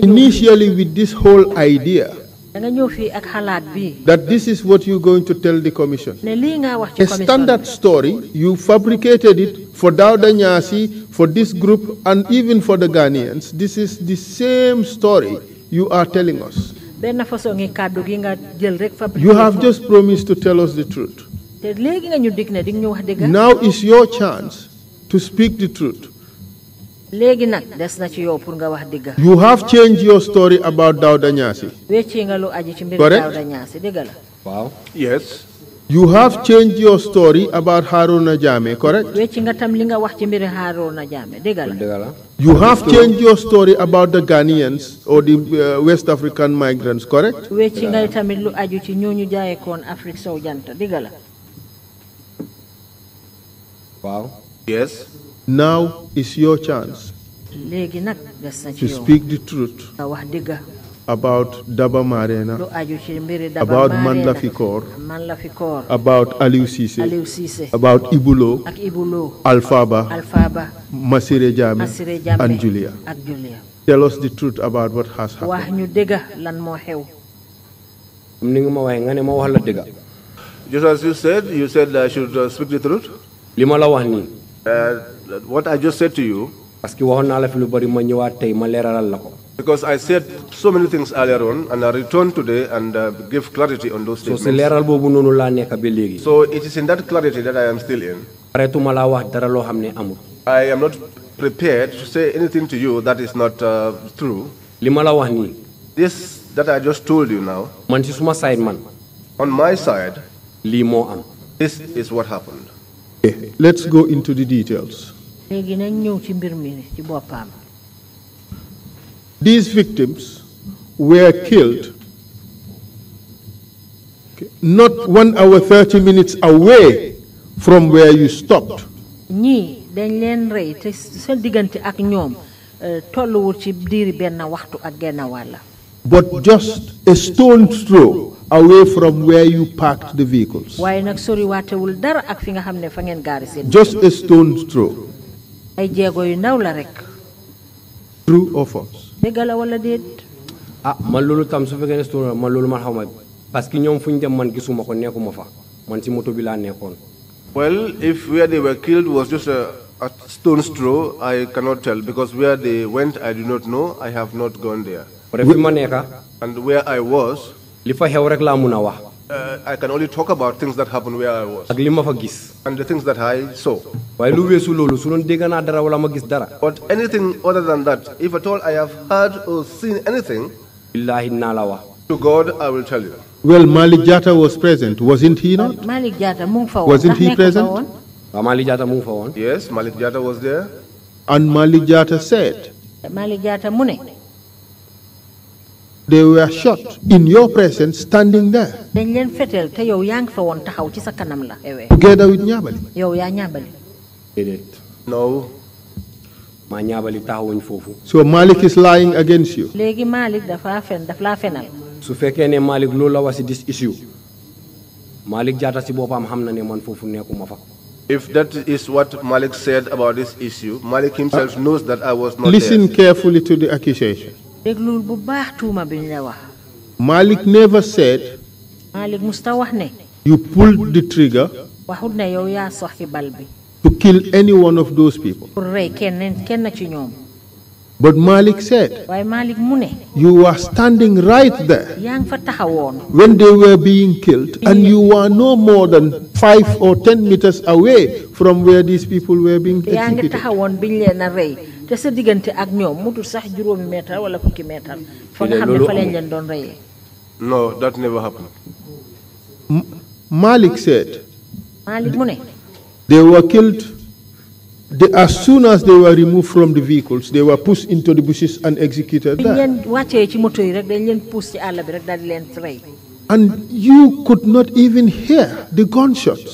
initially with this whole idea. that this is what you are going to tell the commission. commission. a standard story you fabricated it for Dawda Nyasi for this group and even for the Ghanaians this is the same story you are telling us. You have just promised to tell us the truth. Now is your chance to speak the truth. You have changed your story about Dawda Nyasi. Correct? Wow. Yes. You have changed your story about Haruna Jame, correct? You have changed your story about the Ghanaians or the uh, West African migrants, correct? Wow. Yes. Now is your chance to speak the truth about Daba Marena, about Mandla Fikor. about Aliou Cissé, about Ibulo, Ibulo Alfaba, Masire Jame, and Julia. Tell us the truth about what has happened. Just as you said, you said I should uh, speak the truth. Uh, what I just said to you. Because I said so many things earlier on, and I return today and uh, give clarity on those statements. So it is in that clarity that I am still in. I am not prepared to say anything to you that is not uh, true. This that I just told you now. On my side, this is what happened. Okay, eh, let's go into the details. These victims were killed not one hour 30 minutes away from where you stopped. Ni dañ leen rey te sa diggante ak ñoom eh, tolluwul ci diiri benn waxtu ak genn wàll. but just a stone's throw away from where you parked the vehicles. waaye nag soriwaatewul dara ak fi nga xam fa ngeen gaari seen. just a stone's throw. ay jéego yu ndaw la rek. true or false wala ah man tam su man man parce que dem man fa man moto bi well if where they were killed was just a, a stone's throw I cannot tell because where they went I do not know I have not gone there. ma and where I was. li fa xew rek laa mun wax. I can only talk about things that happened where I was. ak li and the things that I saw. waaye lu weesu loolu su doon dara wala magis dara. but anything other than that if at all I have heard or seen anything. to God I will tell you. well Malik was present wasn't he not. Malik Jatta mu wasn't he present. waaw Malik Jatta yes Malik was there. and Malik said. Malik Jatta they were shot in your presence standing there. together with ñaabali. yow so Malik is lying against you. Malik Malik this issue Malik si If that is what Malik said about this issue, Malik himself uh, knows that I was not Listen there. carefully to the accusation. Malik never said. Malik musta ne. You pulled the trigger. ne yow To kill any one of those people. But Malik said. kenn Malik mune? You were standing right there when they were being killed, and you were no more than five or ten meters away from where these people were being executed te sa ak sax juróomi wala fukki nga fa lañ leen doon no that never happened. Malik said. Malik mu ne. they were killed. as soon as they were removed from the vehicles, they were pushed into the bushes and executed And you could not even hear the gunshots.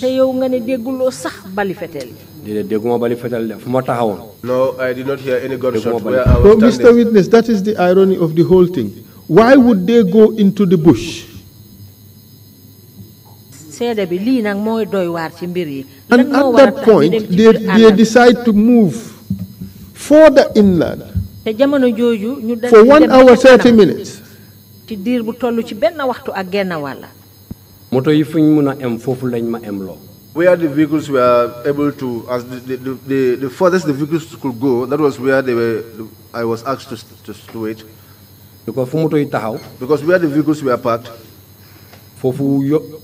No, I did not hear any gunshot where I was Mr. Witness, that is the irony of the whole thing. Why would they go into the bush? And at that point, they, they decide to move further inland for one hour, 30 minutes. moto yi fuñ a em foofu lañ ma em loo where the vehicles were able to, as the, the, the, the furthest the vehicles could go, that was where they were, I was asked to, to, to wait. Because where the vehicles were parked,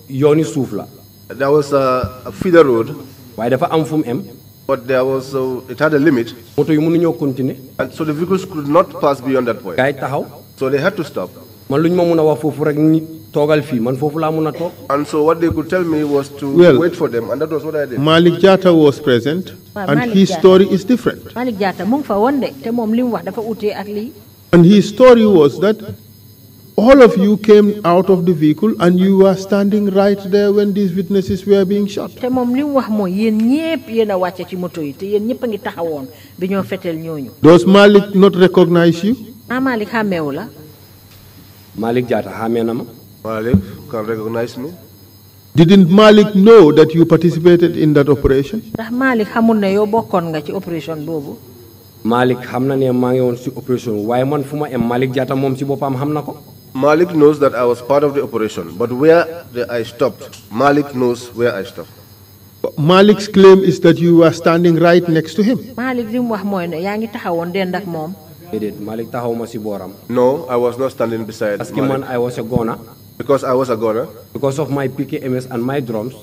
yoni there was a, a feeder road waaye the am but there was a, it had a limit and so the vehicles could not pass beyond that point so they had to stop and so what they could tell me was to well, wait for them, and that was what I did. Malik Jata was present, well, and Malik his Jata. story is different. Malik Jata, mung fa wonde, te mom lim wax dafa uté ak li. And his story was that all of you came out of the vehicle and you were standing right there when these witnesses were being shot. Te mom lim wax moy yeen ñepp yeena wacce ci moto yi te yeen ñepp ngi taxawon bi fetel ñooñu. Does Malik not recognize you? Ah Malik xamewula. Malik Jata xamenama. Malik can recognize me. Didn't Malik know that you participated in that operation? Malik xamul ne yow nga ci opération boobu. Malik hamna ne maa ngi opération waaye man fuma em Malik jata moom si boppam xam ko. Malik knows that I was part of the operation, but where I stopped, Malik knows where I stopped. But Malik's claim is that you were standing right next to him. Malik li mu wax mooy ne yaa ngi taxawoon dend Malik taxaw ma si No, I was not standing beside Ask him man I was a goner. Because I was a goner? Because of my PKMS and my drums,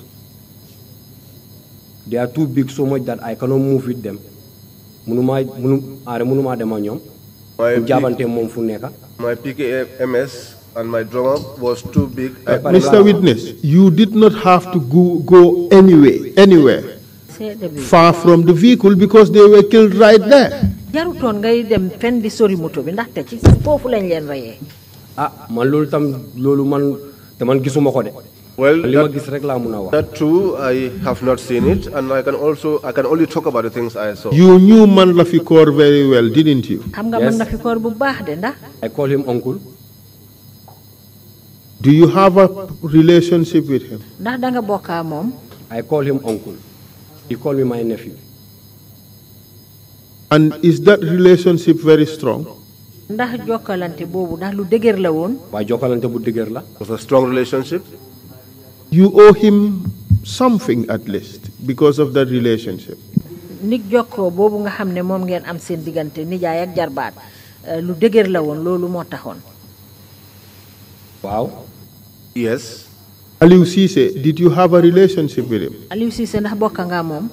they are too big so much that I cannot move with them. Munuma are munuma dem My PKMS and my drum was too big. Mr. Witness, you did not have to go, go anyway, anywhere far from the vehicle because they were killed right there ah man loolu tam loolu man te man gisuma ko de. Well, that, that too, I have not seen it, and I can also I can only talk about the things I saw. You knew Man very well, didn't you? Yes. I call him uncle. Do you have a relationship with him? I call him uncle. He call me my nephew. And is that relationship very strong? ndax jokkalante boobu ndax lu dëgër la woon. waa jokkalante bu dëgër la. was a strong relationship. you owe him something at because of that relationship. nit jokkoo boobu nga xam ne moom ngeen am seen diggante nijaay ak jarbaat eh, lu dëgër la woon loolu moo taxoon. waaw. yes. Aliou Cissé did you have a relationship with him. Aliou Cissé ndax bokka nga moom.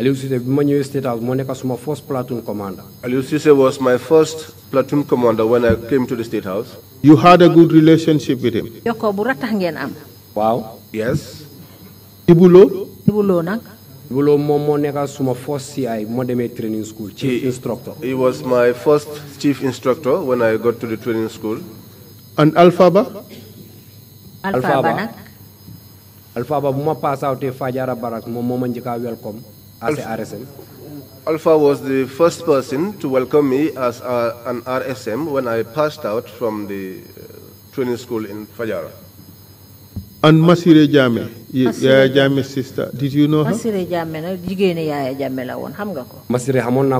Aliou Cissé bi ma ñëwee State moo nekk first platoon commander. Aliou Cissé was my first platoon commander when I came to the State House. You had a good relationship with him. Wow. yes. Ibulo? Ibulo nak. Ibulo moom moo nekk suma first CI moo training school. chief instructor. he was my first chief instructor when I got to the training school. and Alphaba. Alphaba nak. Alphaba, nag. pass out Fajara barak. moom moo welcome as Alpha, RSM? Alpha was the first person to welcome me as a, an RSM when I passed out from the uh, training school in Fajara. And Masire Jame, Yaya Jame's sister, did you know her? Masire Jame, no, jigene Yaya Jame Masire hamon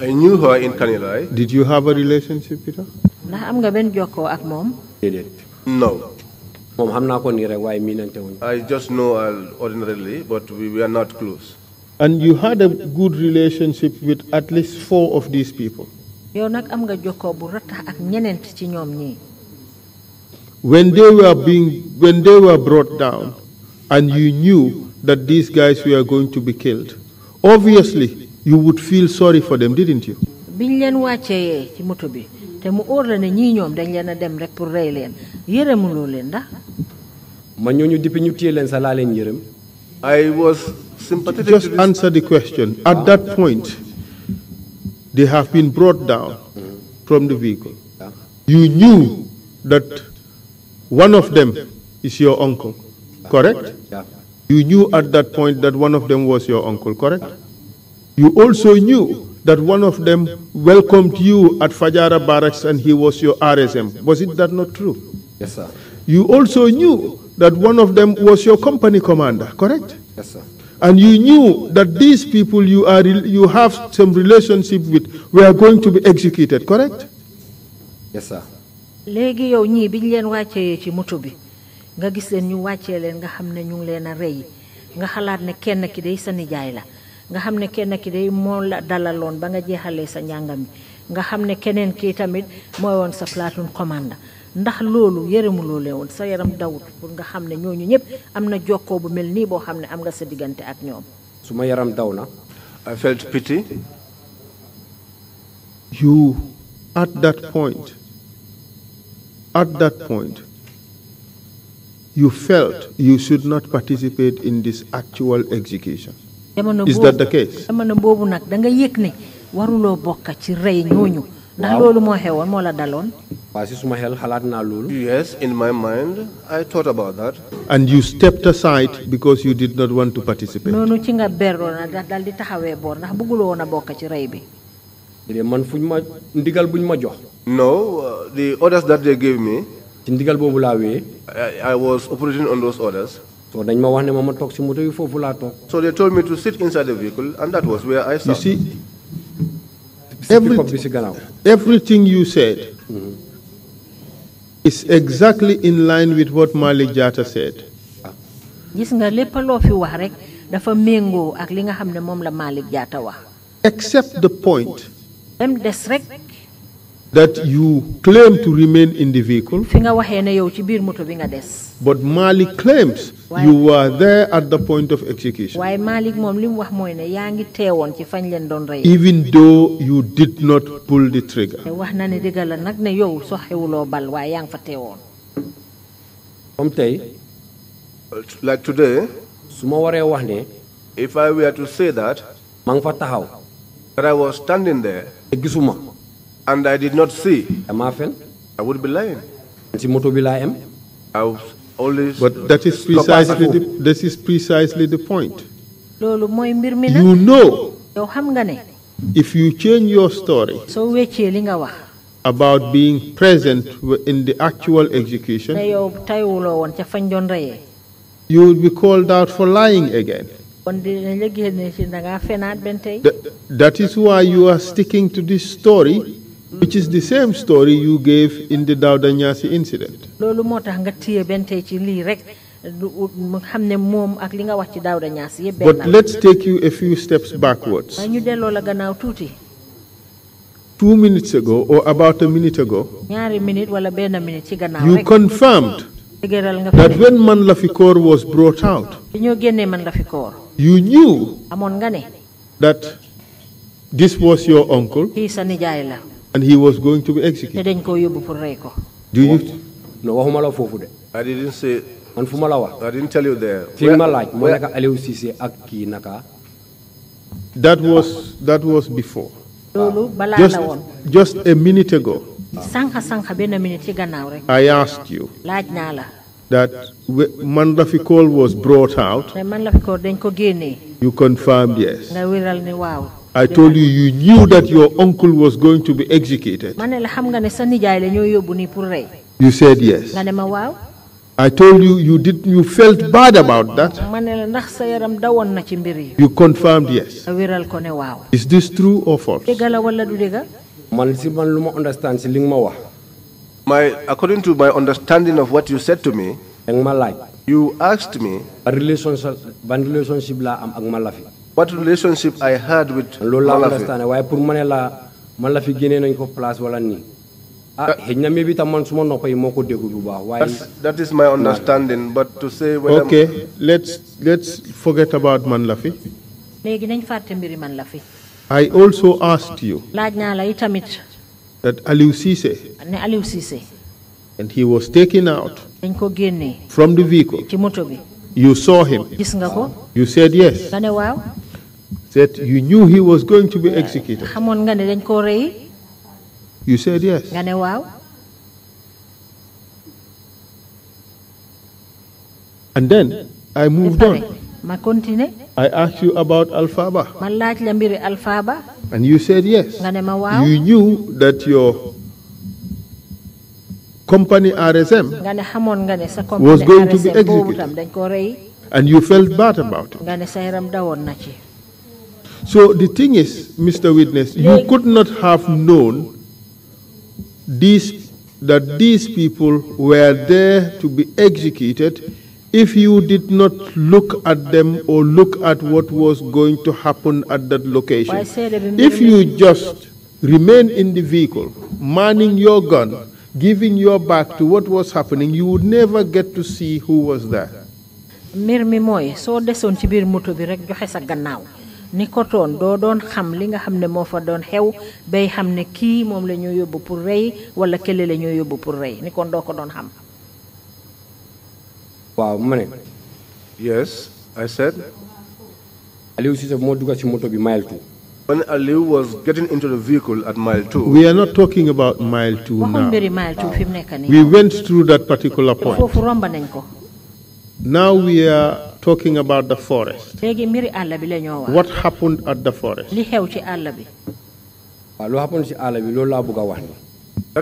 I knew her in Kanilai. Did you have a relationship, with Na am nga ben joko ak mom? No. Mom ham ko ni rek way minante won. I just know her ordinarily, but we are not close. And you had a good relationship with at least four of these people. When they were being when they were brought down and you knew that these guys were going to be killed, obviously you would feel sorry for them, didn't you? te mu óor la ne ñii ñoom dañ leen a dem rek pour rey leen yërëmuloo leen ndax. ma ñooñu depuis ñu téye leen sa laa leen yërëm. I was sympathetic Just answer the question. At that point, they have been brought down from the vehicle. You knew that one of them is your uncle, correct? You knew at that point that one of them was your uncle, correct? You also knew that one of them welcomed you at Fajara Barracks and he was your RSM. Was it that not true? Yes, sir. You also knew that one of them was your company commander, correct? Yes, sir and you knew that these people you, are, you have some relationship with were going to be executed, correct? Yes, sir. léegi yow ñii biñ leen wàccee ci moto bi nga gis leen ñu wàccee leen nga xam ne ñu ngi leen a rey nga xalaat ne kenn ki day sa nijaay la nga xam ne kenn ki day moo la dalaloon ba nga jeexalee sa njàngam bi nga xam ne keneen kii tamit mooy woon sa platoon commandant ndax loolu woon sa yaram dawut pour nga xam ne ñooñu ñëpp am na jokkoo bu mel nii boo xam ne am nga sa diggante ak ñoom. suma yaram daw na. I felt pity. You, at that point, at that point, you felt you should not participate in this actual execution. Is that the case? boobu nag da nga yëg ne waruloo bokk ci rey ñooñu yes in my mind I thought about that. and you stepped aside because you did not want to participate. noonu ci no uh, the orders that they gave me. ci I was operating on those orders. So they told me to sit inside the vehicle and that was where I sat. You see, everything you said is exactly in line with what Mali Jata said. Except the point that you claim to remain in the vehicle. But Malik claims you were there at the point of execution. Even though you did not pull the trigger. Like today. If I were to say that. but That I was standing there and I did not see, am I I would be lying. Ci moto bi lying? I was always But that is precisely the, this is precisely the point. You know. If you change your story. So we are nga our. about being present in the actual execution, you will be called out for lying again. that is why you are sticking to this story which is the same story you gave in the Dawda Nyasi incident. nga ci rek ak li nga wax ci Dawda Nyasi but let's take you a few steps backwards. ñu la gannaaw tuuti. two minutes ago or about a minute ago. ñaari minute wala minute ci gannaaw you confirmed. that when Manlafikor was brought out, you knew that this was your uncle. And he was going to be executed. Do you? No, I didn't say. I didn't tell you there. Where, where, that was that was before. Just, a minute ago. I asked you that when Mandafi call was brought out. You confirmed yes. I told you, you knew that your uncle was going to be executed. You said yes. I told you, you did, you felt bad about that. You confirmed yes. Is this true or false? My, according to my understanding of what you said to me, you asked me, relationship, relationship what relationship I had with loolu laa fi that is my understanding but to say okay let's let's forget about Manlafi. fi I also asked you that Aliou Cissé and he was taken out from the vehicle you saw him you said yes that you knew he was going to be executed. you said yes. and then I moved on. ma I asked you about Alfaba. Ba. and you said yes. you knew that your company RSM. was going to be executed. and you felt bad about it. na so the thing is, Mr. Witness, you could not have known these, that these people were there to be executed if you did not look at them or look at what was going to happen at that location. If you just remain in the vehicle, manning your gun, giving your back to what was happening, you would never get to see who was there. mbir mi mooy soo desoon ci biir moto bi rek joxe sa gannaaw ni kotoon doo doon xam li nga xam ne fa doon xew bay xam ne kii moom la yóbbu pour rey wala kële la ñoo yóbbu pour rey ni kon ko doon xam waaw ma yes I said Aliou Cissé moo dugal ci moto bi mile two When Aliou was getting into the vehicle at mile two. We are not talking about mile two now. We went through that particular point. Now we are talking about the forest. What happened at the forest? That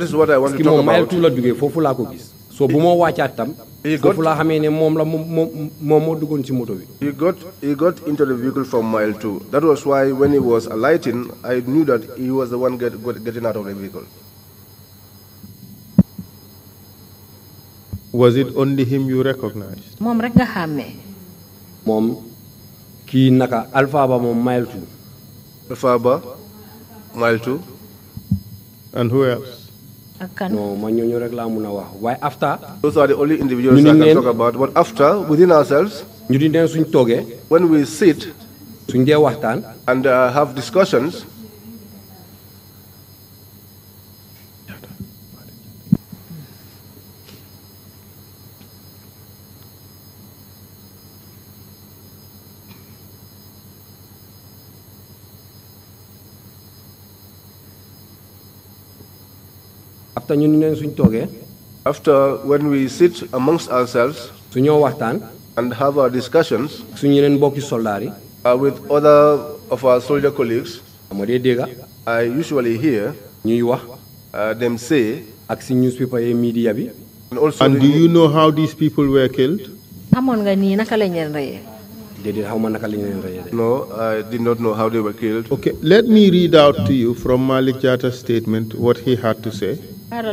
is what I want to talk about. So he, bumo wacha tam he got, fula xamene mom he got he got into the vehicle from mile 2 that was why when he was alighting i knew that he was the one get, got, getting out of the vehicle was it only him you recognized moom ki naka Alpha Ba moom mile two. Alpha Ba mile two. and who else. ak kan non man ñooñu rek laa mun wax waaye after. those are the only individuals I can talk about but after within ourselves. ñu di neen suñ toogee. when we sit. suñ dee waxtaan. and uh, have discussions. te ñun neen suñ toogee. after when we sit amongst ourselves. suñoo waxtaan. and have our discussions. suñu yeneen mbokki soldaar yi. Uh, with other of our soldier colleagues. moo dee dégga. I usually hear. ñuy wax. Uh, them say. ak si newspaper yi media bi. and also and do you know how these people were killed. amoon nga nii naka lañ leen reyee. No, I did not know how they were killed. Okay, let me read out to you from Malik Jata's statement what he had to say and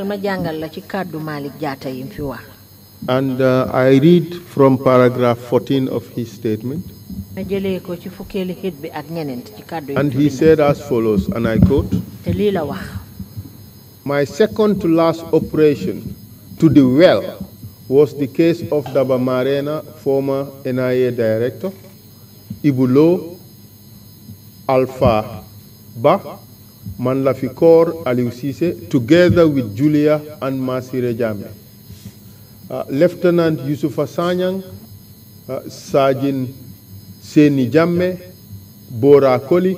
uh, I read from paragraph 14 of his statement and he said as follows and I quote my second to last operation to the well was the case of Dabamarena, former NIA director, Ibulo Alpha Ba, Manlafikor Aliou Cisse, together with Julia and Masire Jame. Uh, Lieutenant Yusufa Sanyang, uh, Sergeant Seni Jamme, Bora Koli,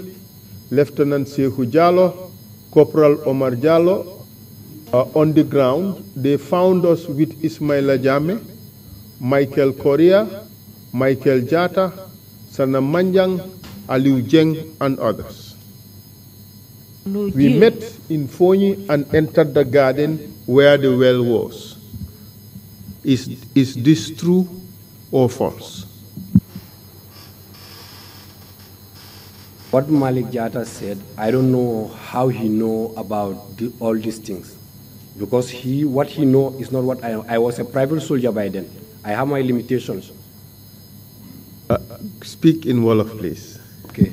Lieutenant Sehu Jalo, Corporal Omar Jalo, uh, on the ground, they found us with Ismaila Jame, Michael Korea, Michael Jata, Sana Manjang, Aliu Jeng, and others. We met in Fonyi and entered the garden where the well was. Is, is this true or false? What Malik Jata said, I don't know how he know about the, all these things, because he what he know is not what I. I was a private soldier by then. I have my limitations. Uh, speak in Wolof, please. Okay.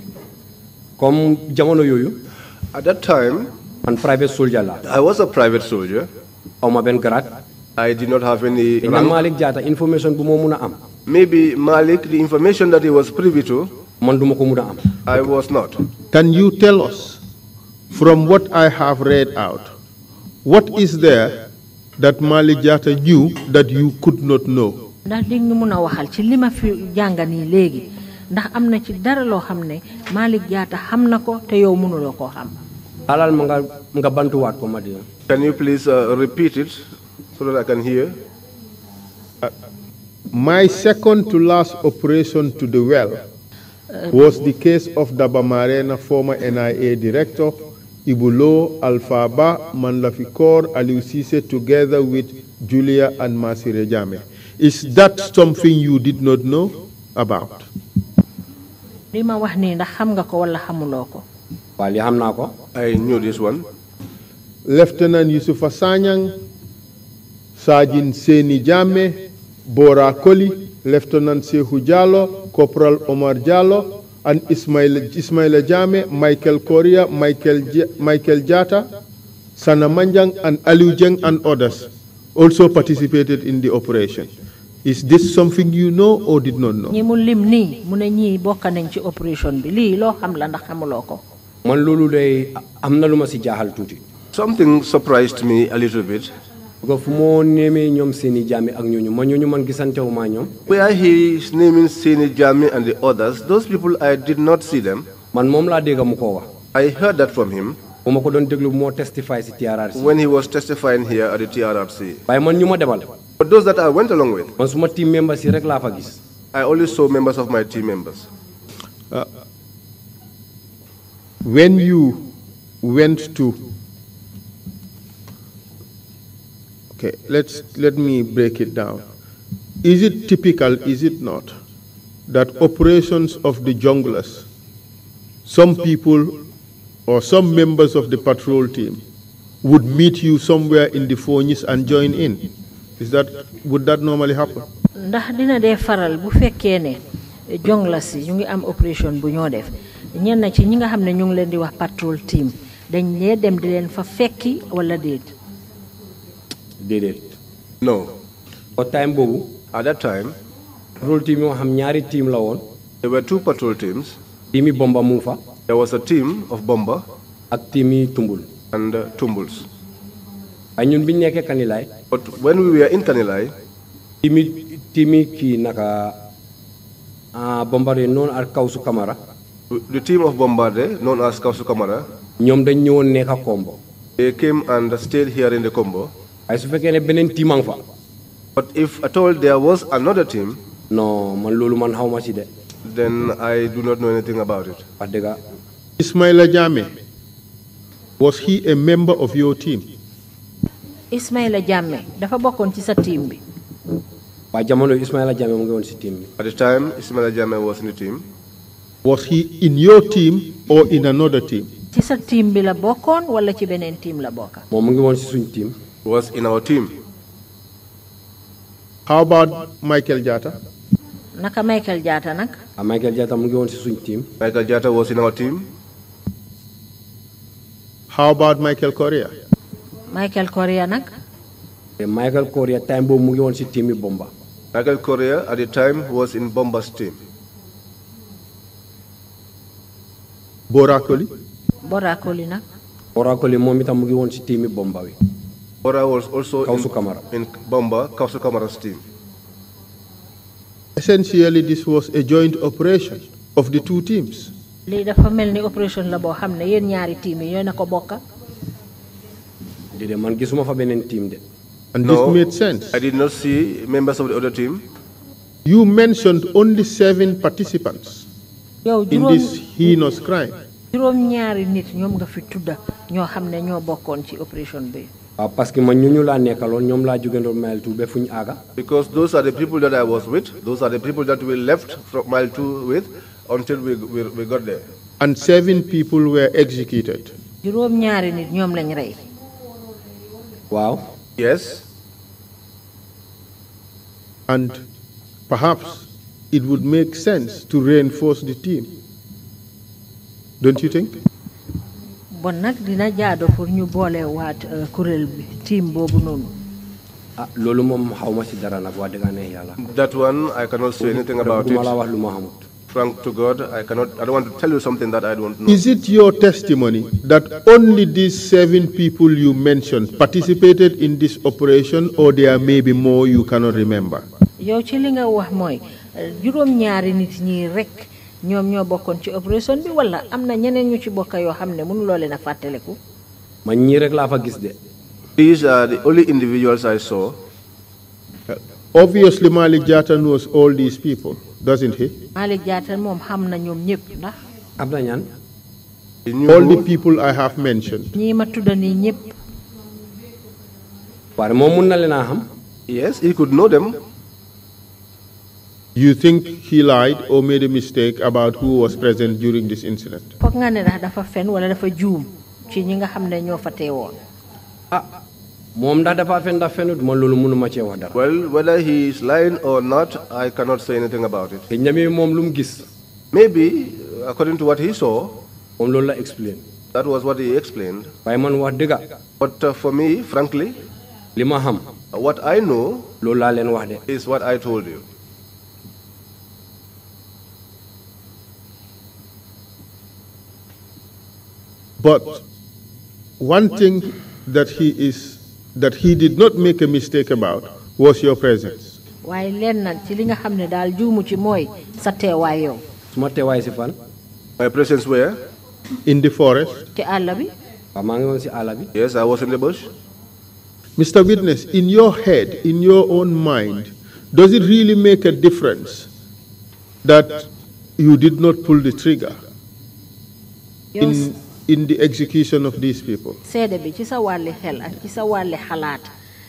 Comme jamono yoyu At that time, man private soldier la. I was a private soldier. aw ma benn grade. I did not have any. rank bu moo mun a am. maybe Malik the information that he was privy to. man duma ko mun a am. I Can you tell us from what I have read out what is there that Malik Jatta knew that you could not know. ndax di nga mun a waxal ci li ma fi jàng nii léegi. ndax am na ci dara loo xam ne Malick xam na ko te yow mënuloo koo xam. alal ma nga nga bantuwaat ko can you please uh, repeat it so that I can hear. Uh, my second to last operation to the well uh, was the case of Marena former NIA director, Ibulo, Alfaba, Manlafikor, Aliusise, together with Julia and Masire Jame. Is that something you did not know about? li ma wax ndax xam nga ko wala xamuloo ko li xam naa ko I knew this one Lieutenant Yusufa Sanyang Sergeant Senijame, Borakoli, Bora Koli Lieutenant Sehu Jallo Corporal Omar Jallo and Ismail Ismail Michael Korea Michael Michael Jata Sana Manjang and Aliu Jeng and others also participated in the operation is this something you know or did not know? ñi mu lim nii mu ne ñii bokk nañ ci opération bi lii loo xam la ndax xamuloo ko. man loolu day am na lu ma si jaaxal tuuti. something surprised me a little bit. gof moo néemee ñoom seeni jaami ak ñooñu ma ñooñu man gisantewu maa ñoom. where he is naming seeni jaami and the others those people I did not see them. man moom laa dégg mu koo wax. I heard that from him. bu ma ko doon déglu moo testify si TRRC. when he was testifying here at the TRRC. waaye man ñu ma demal. But those that I went along with, man suma team members I always saw members of my team members. Uh, when you went to okay let's let me break it down is it typical is it not that operations of the junglers some people or some members of the patrol team would meet you somewhere in the Phoenix and join in is that would that normally happen? ndax dina de faral bu fekkee ne jonglas yi ñu ngi am opération bu ñoo def ñenn ci ñi nga xam ne ñu ngi leen di wax patrol team dañ lee dem di leen fa fekki wala déet. déedéet. non. au time boobu. at that time. patrol team yoo xam ñaari team la woon. there were two patrol teams. Timi bomba mufa. there was a team of bomba. ak timi tumbul. and uh, tumbuls. But when we were in Kanilai, Timi Timi ki naka ah, bombarde known as Kausu Kamara. The team of Bombarde, known as Kausu Kamara, ñom dañ ñëwoon nekk Combo. They came and stayed here in the Combo. Ay su fekkee ne beneen team ang fa. But if at all there was another team, no man loolu man xawma ci de. Then I do not know anything about it. Wax dëgga. Ismaila Jame, was he a member of your team? Ismaïla Jammeh dafa bokkoon ci sa team bi. waa jamono Ismaïla Jammeh mu ngi woon si team bi. at the time Ismaïla Jammeh was in the team. Was he in your team or in another team? ci sa team bi la bokkoon wala ci beneen team la bokka moom mu ngi woon si suñ team. was in our team. how about Michael Jatta. naka si ah, suñ team. Michael Jatta was in our team. how about Michael Correa. Michael Correa nag. Michael Correa time boobu mu ngi woon si team Bomba. Michael Correa nag. Bora moom itam mu ngi woon si team yi Bomba wi. Bora Kamara. in Bomba Kausu Kamara's team. Essentially this was a joint operation of the two teams. lii dafa mel ni opération la boo xam ne yéen ñaari team yi ñoo na ko bokka man gisuma fa team de. and no, this made sense. I did not see members of the other team. You mentioned only seven participants in this heinous crime. juróom ñaari nit nga fi tudda ci opération ah, parce que man because those are the people that I was with those are the people that we left from mile two with until we, we, we got there. and seven people were executed. juróom ñaari nit lañ Wow. Yes. And perhaps it would make sense to reinforce the team. Don't you think? bon nag dina jaado pour ñu boole waat euh, kuréel bi team boobu noonu. ah loolu moom xaw ma si dara nag wax dëgg yàlla. that one I cannot say anything about it frank to God, I cannot. I don't want to tell you something that I don't know. Is it your testimony that only these seven people you mentioned participated in this operation, or there may be more you cannot remember? You're li nga wax mooy juróom ñaari nit ñi rek ñoom ñoo bokkoon opération bi wala am na ñeneen ñu ci bokk yoo xam ne mënuloo leen a rek lava gisde. These are the only individuals I saw. Obviously, Malik Jata knows all these people, doesn't he? Malik Jata mom xam na ñom ñep ndax am ñan all the people I have mentioned. ñi ma tudda ni ñep war mom mën na leena xam yes he could know them you think he lied or made a mistake about who was present during this incident? Fokk nga ne dafa fen wala dafa juum ci ñi nga xam ñoo fa teewoon. Ah, dafa fen fenut wax dara. well whether he is lying or not I cannot say anything about it. xëy na gis. maybe according to what he saw. moom explained. la explain. that was what he explained. man wax but uh, for me frankly. li ham. what I know. loolu laa leen wax de. is what I told you. But one thing that he is that he did not make a mistake about was your presence. my presence where. in the forest. yes I was in the bush. Mr. Witness, in your head, in your own mind, does it really make a difference that you did not pull the trigger? Yes in the execution of these people.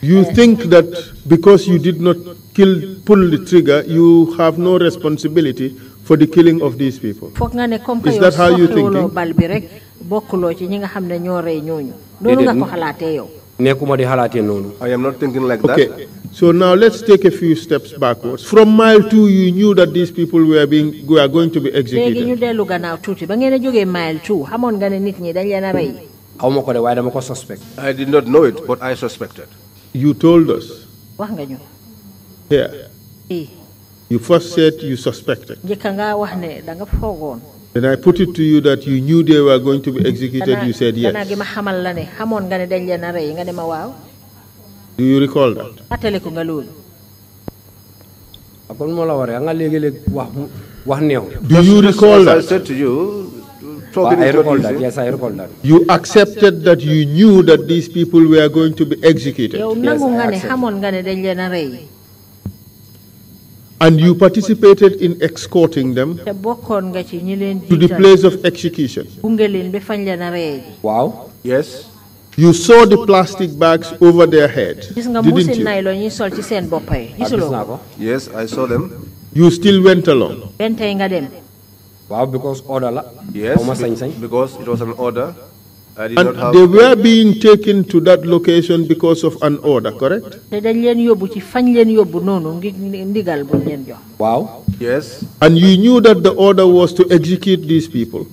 You eh, think that because you did not kill, pull the trigger, you have no responsibility for the killing of these people. Is that how you think? di I am not thinking like okay. that. Okay. So now let's take a few steps backwards. From mile two, you knew that these people were being were going to be executed. léegi ñu dellu gannaaw tuuti ba ngeen a mile two xamoon nga ne nit ñi dañ leen a rey. ko de waaye dama ko suspect. I did not know it but I suspected. You told us. wax nga ñu. here. You first said you suspected. njëkk wax ne da nga foogoon. When I put it to you that you knew they were going to be executed, you said yes. Do you recall that? Do you recall that? I said to you, I recall that. Yes, I recall that. You accepted that you knew that these people were going to be executed. Yes, and you participated in escorting them to the place of execution. Wow. Yes. You saw the plastic bags over their head. Didn't you? Ah, yes, I saw them. You still went along. Wow, because order. Yes, because it was an order. And they were being taken to that location because of an order, correct? Wow. Yes. And you knew that the order was to execute these people?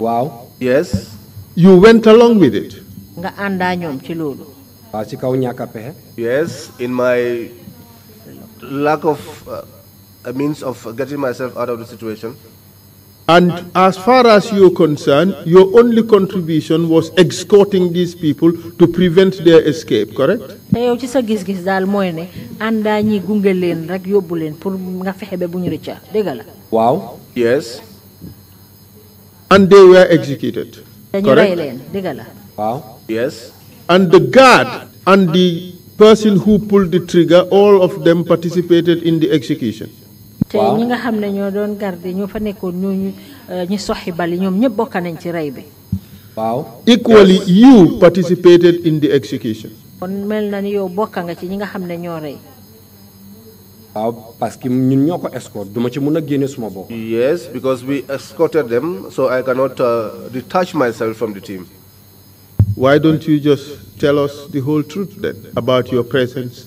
Wow. Yes. You went along with it? Yes, in my lack of uh, a means of getting myself out of the situation. And as far as you're concerned, your only contribution was escorting these people to prevent their escape, correct? Wow. yow ci sa gis-gis daal mooy ne àndaa ñi gunge leen rek yóbbu leen pour nga fexe ba bu ñu rëcca dégg la. waaw. yes. and they were executed. Wow. rey leen dégg la. waaw. yes. and the guard and the person who pulled the trigger all of them participated in the execution te ñi nga doon fa euh, ñi ñëpp bokk nañ ci bi. waaw. equally you participated in the execution. kon mel na ni yow bokk nga ci ñi nga waaw parce que ñun escort duma ci génne suma yes because we escorted them so I cannot uh, detach myself from the team. why don't you just tell us the whole truth then about your presence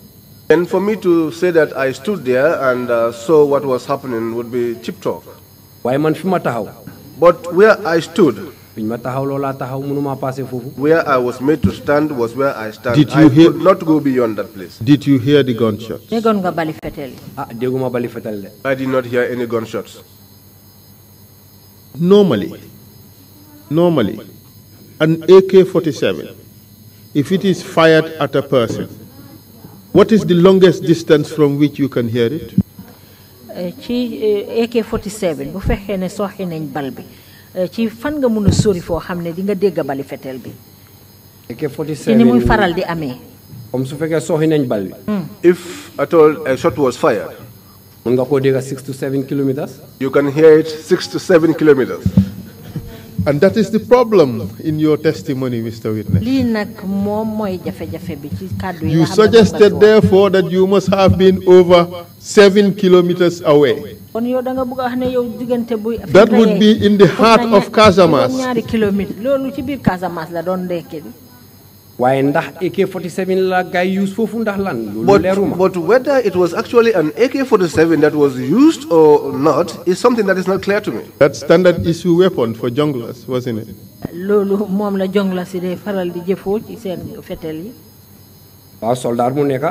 And for me to say that I stood there and uh, saw what was happening would be cheap talk. Why man But where I stood. Where I was made to stand was where I stand. Did you I hear- could not go beyond that place. Did you hear the gunshot? Ah, I did not hear any gunshots. Normally, normally, an AK 47, if it is fired at a person, what is the longest distance from which you can hear it? AK47 eh, eh, AK47 eh, hmm. If at all a shot was fired. six to seven kilometers. You can hear it six to seven kilometers. And that is the problem in your testimony, Mr. Witness. You suggested, therefore, that you must have been over seven kilometers away. That would be in the heart of Kazamas. AK47 la but whether it was actually an AK47 that was used or not is something that is not clear to me. that standard issue weapon for junglers wasn't it. loolu moom la junglers faral am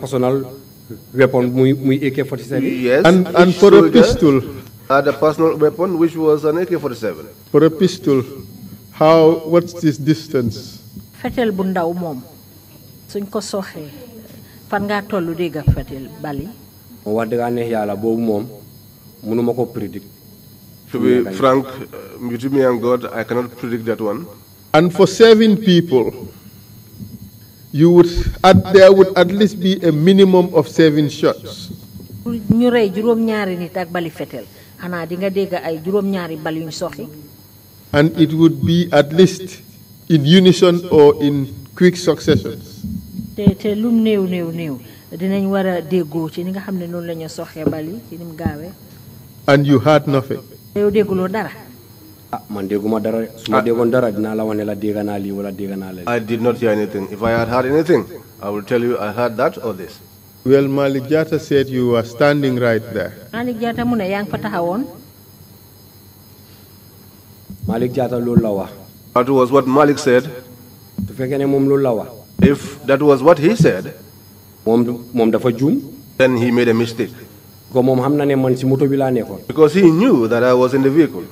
personal weapon AK47. yes and and for a pistol. had a personal weapon which was an AK47. for a pistol how what's this distance fetel bu ndaw moom suñ ko soxee fan ngaa toll dégg ak fetel bali. moo wax dëgg neex yàlla boobu moom mënuma ko predict. To be frank, between uh, me and God, I cannot predict that one. And for seven people, you would at, there would at least be a minimum of seven shots. ñu rey juróom-ñaari nit ak bali fetel xanaa di nga dégg ay juróom-ñaari bal yuñ soxi. And it would be at least in unison or in quick succession. te te lum néew néew néew dinañ war a déggoo and you had nothing. yow ah, ah. I did not hear anything if I had heard anything I will tell you I heard that or this. well Malik Jatta said you were standing right there. Malik Jatta mu ne Malik Jatta loolu la that was what Malik said. If that was what he said, then he made a mistake. because he knew that I was in the vehicle.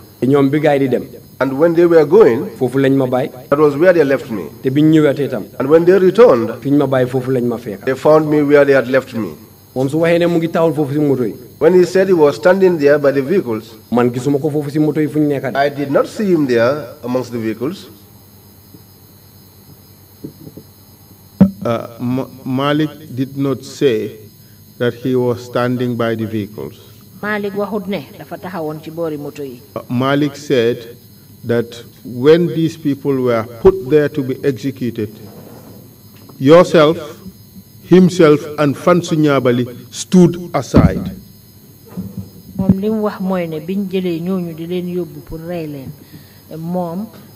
And when they were going, that was where they left me. And when they returned, they found me where they had left me. When he said he was standing there by the vehicles, I did not see him there amongst the vehicles. Uh, Malik did not say that he was standing by the vehicles. Uh, Malik said that when these people were put there to be executed, yourself himself and Fansu Nyabali stood aside. moom wax ne biñ di leen yóbbu pour leen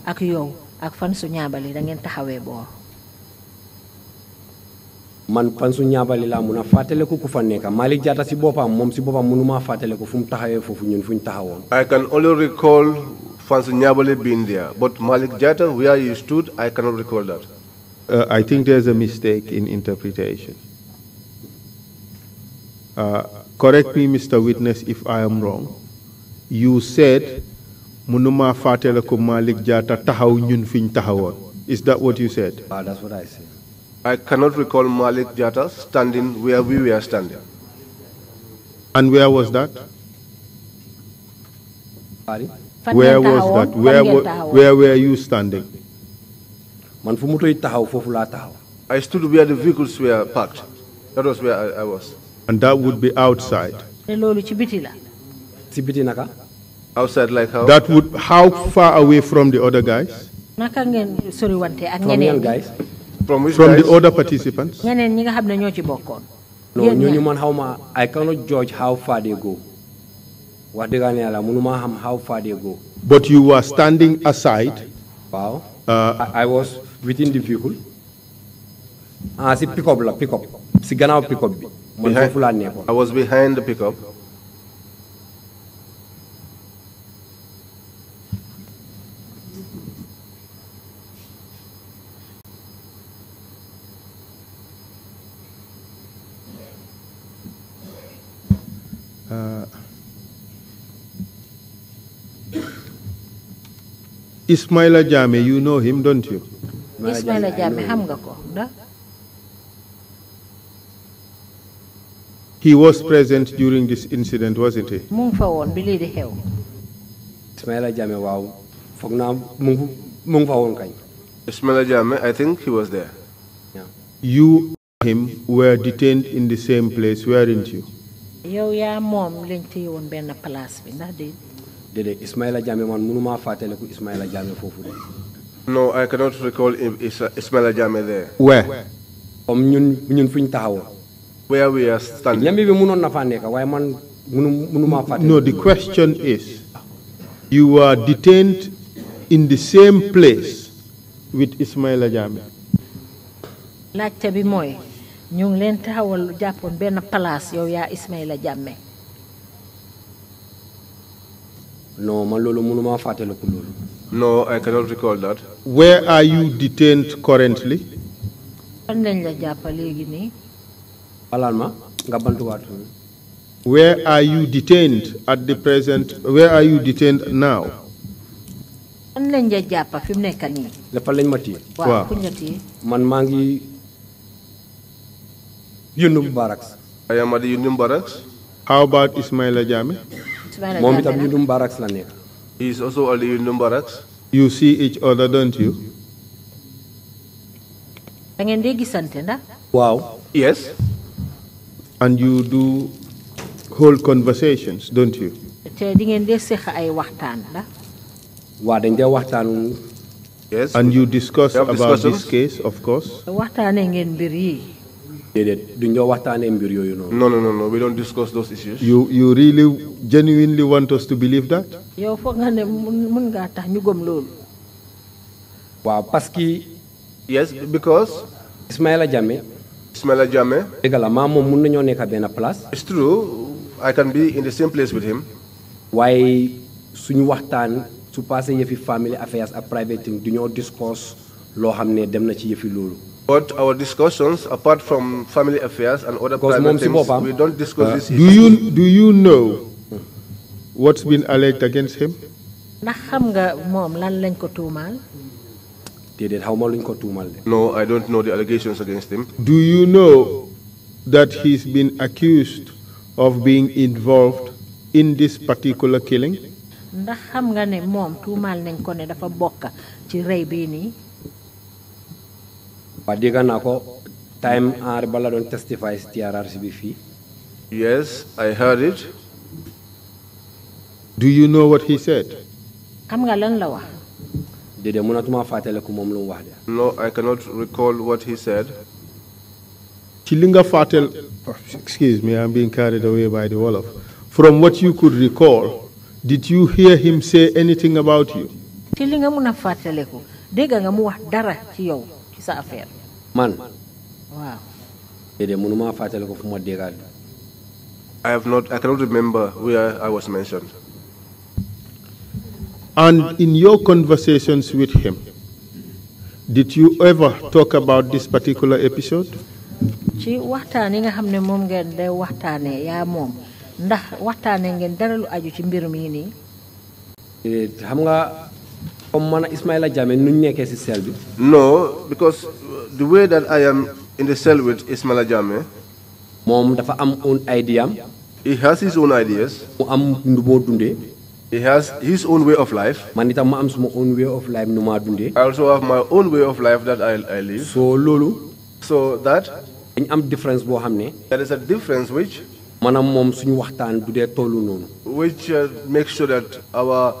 ak yow ak Nyabali da ngeen man ku fa nekk Jatta mënuma ñun I can only recall Fansu Nyabali being there but Malik Jatta where you stood I cannot recall that. Uh, I think there's a mistake in interpretation. Uh, correct me, Mr. Witness, if I am wrong. You said, Munuma fatelakum malik jata tahaw ñun fiñ Is that what you said? Ah, that's what I said. I cannot recall Malik Jata standing where we were standing. And where was that? Where was that? Where, where were you standing? man fu moto yi taxaw foofu laa taxaw. I stood where the vehicles were parked. That was where I, I was. And that would be outside. te loolu ci biti la. ci biti naka. outside like how. that would how far away from the other guys. naka ngeen soriwante ak ñeneen. from guys. from which from the other participants. ñeneen ñi nga xam No, ñoo ci bokkoon. non ñooñu man xaw I cannot judge how far they go. wax dëgg yàlla mënuma xam how far they go. but you were standing aside. waaw. Uh, I was within the vehicle ah si pick up la pick up si gannaaw pick up I was behind the pickup. up uh, Ismaila Jame, you know him, don't you? Ismaila Jammeh xam nga He was present during this incident, wasn't he? Mung fa woon bili lii Ismaila Jammeh waaw foog mung mu fa woon kañ. Ismaila Jammeh I think he was there. You him were detained in the same place, weren't you? yow ya mom, lañ téye woon benn place bi ndax de. de. Ismaila Jammeh man mënumaa fàttaliku Ismaila Jammeh fofu de. No, I cannot recall Ismaila Jammeh there. where. comme ñun ñun fu ñu bi mënoon na faa nekk waaye man mënu mënumaa fàtte. no the question is. you were detained benn place yow yaa Ismaila Jammeh. non man fàttaliku loolu. No, I cannot recall that. Where are you detained currently? Where are you detained at the present? Where are you detained now? fan lañ la jàpp fi mu nekk nii. dafa lañ ma téye. waaw ku ñu téye. man maa ngi Yundum Barracks. I am at Yundum How about Ismaila Jammeh? moom itam Yundum Baraks la nekk. He's also Ali in Mubarak's. You see each other, don't you? Wow. Yes. And you do whole conversations, don't you? Eh, yes. And you discuss about this case, of course. no no no no we don't discuss those issues you you really genuinely want us to believe that yo fo nga ne mën nga tax ñu gëm lool wa parce que yes because ismaila jame ismaila jame dëgg ma maa mën mun nekk ben place it's true i can be in the same place with him Why? suñu waxtaan su passé yëfi family affairs ak private thing. discourse discuss lo xamne dem na ci yëfi loolu But our discussions, apart from family affairs and other private things, we don't discuss uh, this Do you, do you know what's been alleged against him? No, I don't know the allegations against him. Do you know that he's been accused of being involved in this particular killing? ba dégganaa ko time aar bala doon testify si TRRC bi fii. yes I heard it. do you know what he said. xam nga lan la wax. déedéet mënatuma fàttaliku moom lu wax de. no I cannot recall what he said. ci li nga fàttal excuse me I'm being carried away by the wolof from what you could recall did you hear him say anything about you. ci li nga mën a fàttaliku dégg nga mu wax dara ci yow sa affaire. man. waaw. déedéet mënuma fàttali ko fu ma I have not. I cannot remember where I was mentioned. And in your conversations with him, did you ever talk about this particular episode? ci waxtaan yi nga xam ne moom ngeen day waxtaanee yaa moom ndax waxtaanee ngeen dara lu aju ci mbir mi nii. xam eh, nga no, because the way that I am in the cell with Ismaila Jammeh, mom dafa am own idea he has his own ideas mu am numo dundé he has his own way of life man itam ma am suma own way of life numa dundé i also have my own way of life that i, I live so lolu so that dañ am difference bo xamné there is a difference which manam mom suñu waxtaan du dé tollu nonu which uh, makes sure that our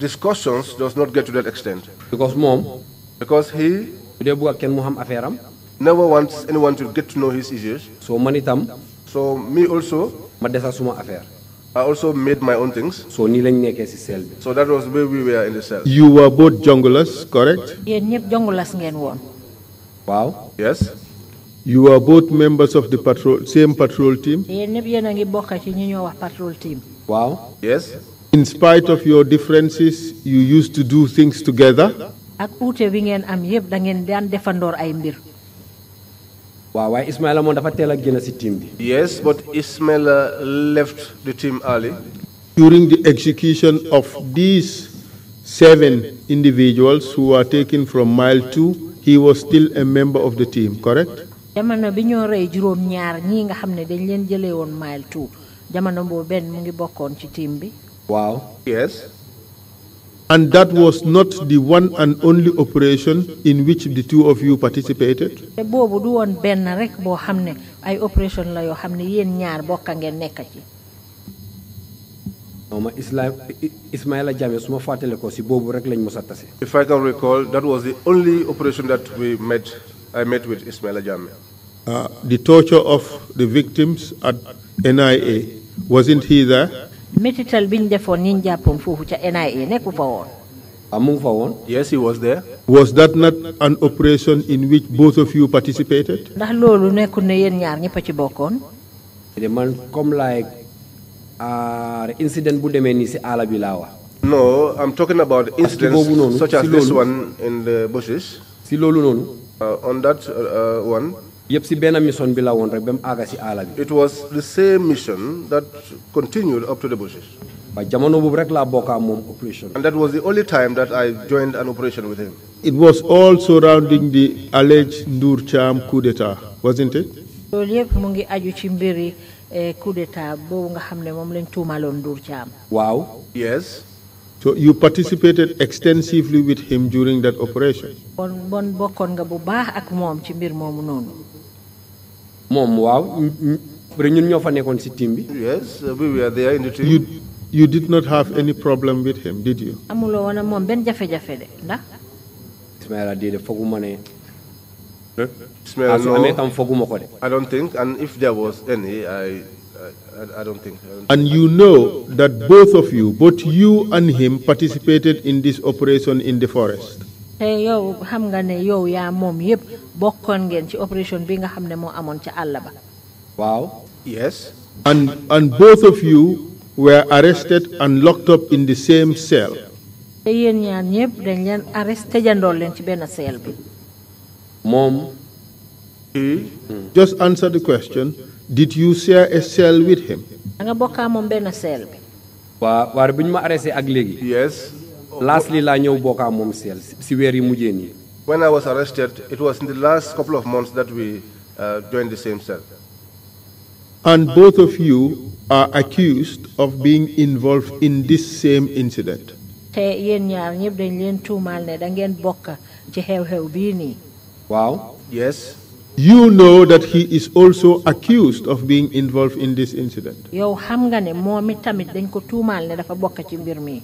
discussions does not get to that extent. because Mom, because he. never wants anyone to get to know his issues. so many itam. so me also. I also made my own things. So that was where we were in the cell. You were both junglers, correct? Wow. Yes. You were both members of the patrol same patrol team. Wow. Yes. In spite of your differences, you used to do things together. am Ismaila si yes but Ismaila uh, left the team early. during the execution of these seven individuals who were taken from mile two he was still a member of the team correct. jamono mile two Wow. Yes. And that was not the one and only operation in which the two of you participated? If I can recall, that was the only operation that we met, I met with Ismaila Jame. Uh, the torture of the victims at NIA, wasn't he there? bi biñ defoon ñi ñu jàppoon foofu ca NIA nekku fa woon. amul ah, fa woon. yes he was there. was that not an operation in which both of you participated. ndax loolu nekkul ne yéen ñaar ñëpp a ci bokkoon. man comme like ah, incident bu demee nii si àll bi laa wax. no I'm talking about incidents such as this one in the bushes. si loolu noonu. Uh, on that uh, uh, one. yëpp si benn mission bi la woon rek ba mu àgga si àll bi. it was the same mission that continued up to Debouches. ba jamono boobu rek laa bokk moom operation. and that was the only time that I joined an operation with him. it was all surrounding the alleged Ndour Cham coup d'état wasn't it. loolu yëpp mu ngi aju ci mbiri eh, coup d'état boobu nga xam ne moom lañ tuumaloon Ndour Cham. waaw. yes. So you participated extensively with him during that operation? Mom, waaw ñun ñoo fa nekkoon si team bi. yes uh, we were there in the team. you you did not have any problem with him did you. amuloo woon moom benn jafe-jafe de ndax. Ismaila déedéet fooguma ne. Ismaila no amee kam fooguma ko de. I don't think and if there was any I. I, I, don't think. I don't and think you know that both of you, both you and him, participated in this operation in the forest te yow xam nga ne yow yaa moom yëpp bokkoon ngeen ci opération bi nga xam ne moo amoon ca àll ba. waaw. yes. and and both of you were arrested and locked up in the same cell. te yéen ñaar ñëpp dañ leen arresté jandool leen ci benn cell bi. moom. Just answer the question. Did you share a cell with him? cell. Yes. Lastly, li ñëw boka mom seel si yi when I was arrested it was in the last couple of months that we uh, joined the same cell. and both of you are accused of being involved in this same incident. te yéen ñaar dañ leen ne da ngeen bokk ci xew-xew yes. You know that he is also accused of being involved in this incident. Yow xam nga ne dañ ko ne dafa bokk ci mbir mi.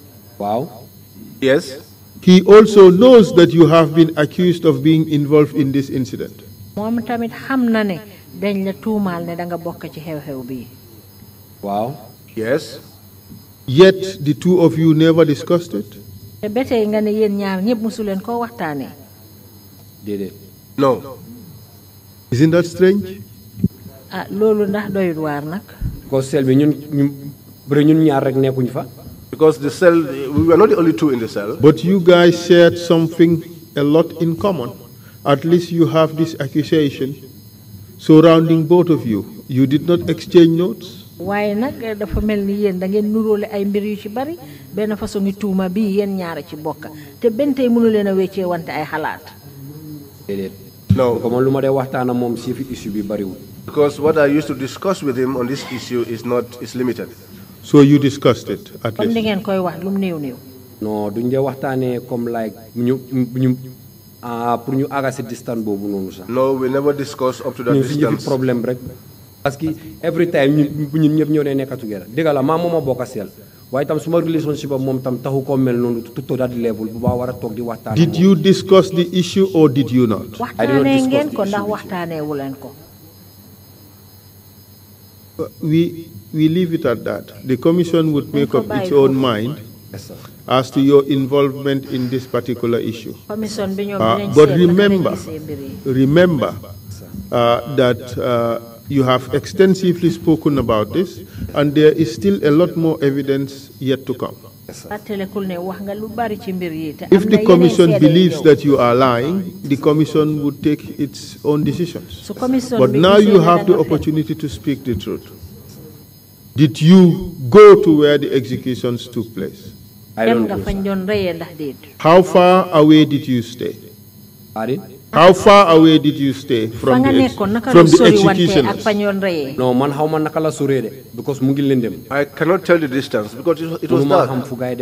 Yes. He also knows that you have been accused of being involved in this incident. Wow. Yes. Yet the two of you never discussed it? Did it? No. Isn't that strange? Because ah, because the cell, we were not the only two in the cell. But you guys shared something a lot in common. At least you have this accusation surrounding both of you. You did not exchange notes? waaye nak eh, dafa mel ni yéen da ngeen nuróole ay mbir yu ci bari benn façon ngi tuuma bi yéen ñaara ci bokk te benn tey mënu leen a weccee wante ay xalaat. déedéet. comme lu ma dee waxtaan ak fi issue bi bariwul. because what I used to discuss with him on this issue is not is limited. So you discussed it at Comme li ngeen koy wax lu mu néew non duñ dee waxtaanee comme like ñu ñu ah pour ñu agasi distance bobu nonu sax. no we never discuss up to that distance. ñun ci problème rek. parce que every time ñu ñun ñep ñoo dee nekk together dëgg la maa moom a bokk a tam suma relationship ak mom tam taxu ko mel nonu to to that level bu ba wara tok di waxtan did you discuss the issue or did you not. i discuss ngeen ko ndax waxtaanee wu len ko. we we leave it at that. The commission would make up its own mind as to your involvement in this particular issue. Uh, but remember, remember uh, that uh, you have extensively spoken about this, and there is still a lot more evidence yet to come. If the commission believes that you are lying, the commission would take its own decisions. But now you have the opportunity to speak the truth. Did you go to where the executions took place? I don't know. How far away did you stay? How far away did you stay from the, ex from the executioners? No, man, how man nakala surere because mungi lendem. I cannot tell the distance because it, was dark. ham fugai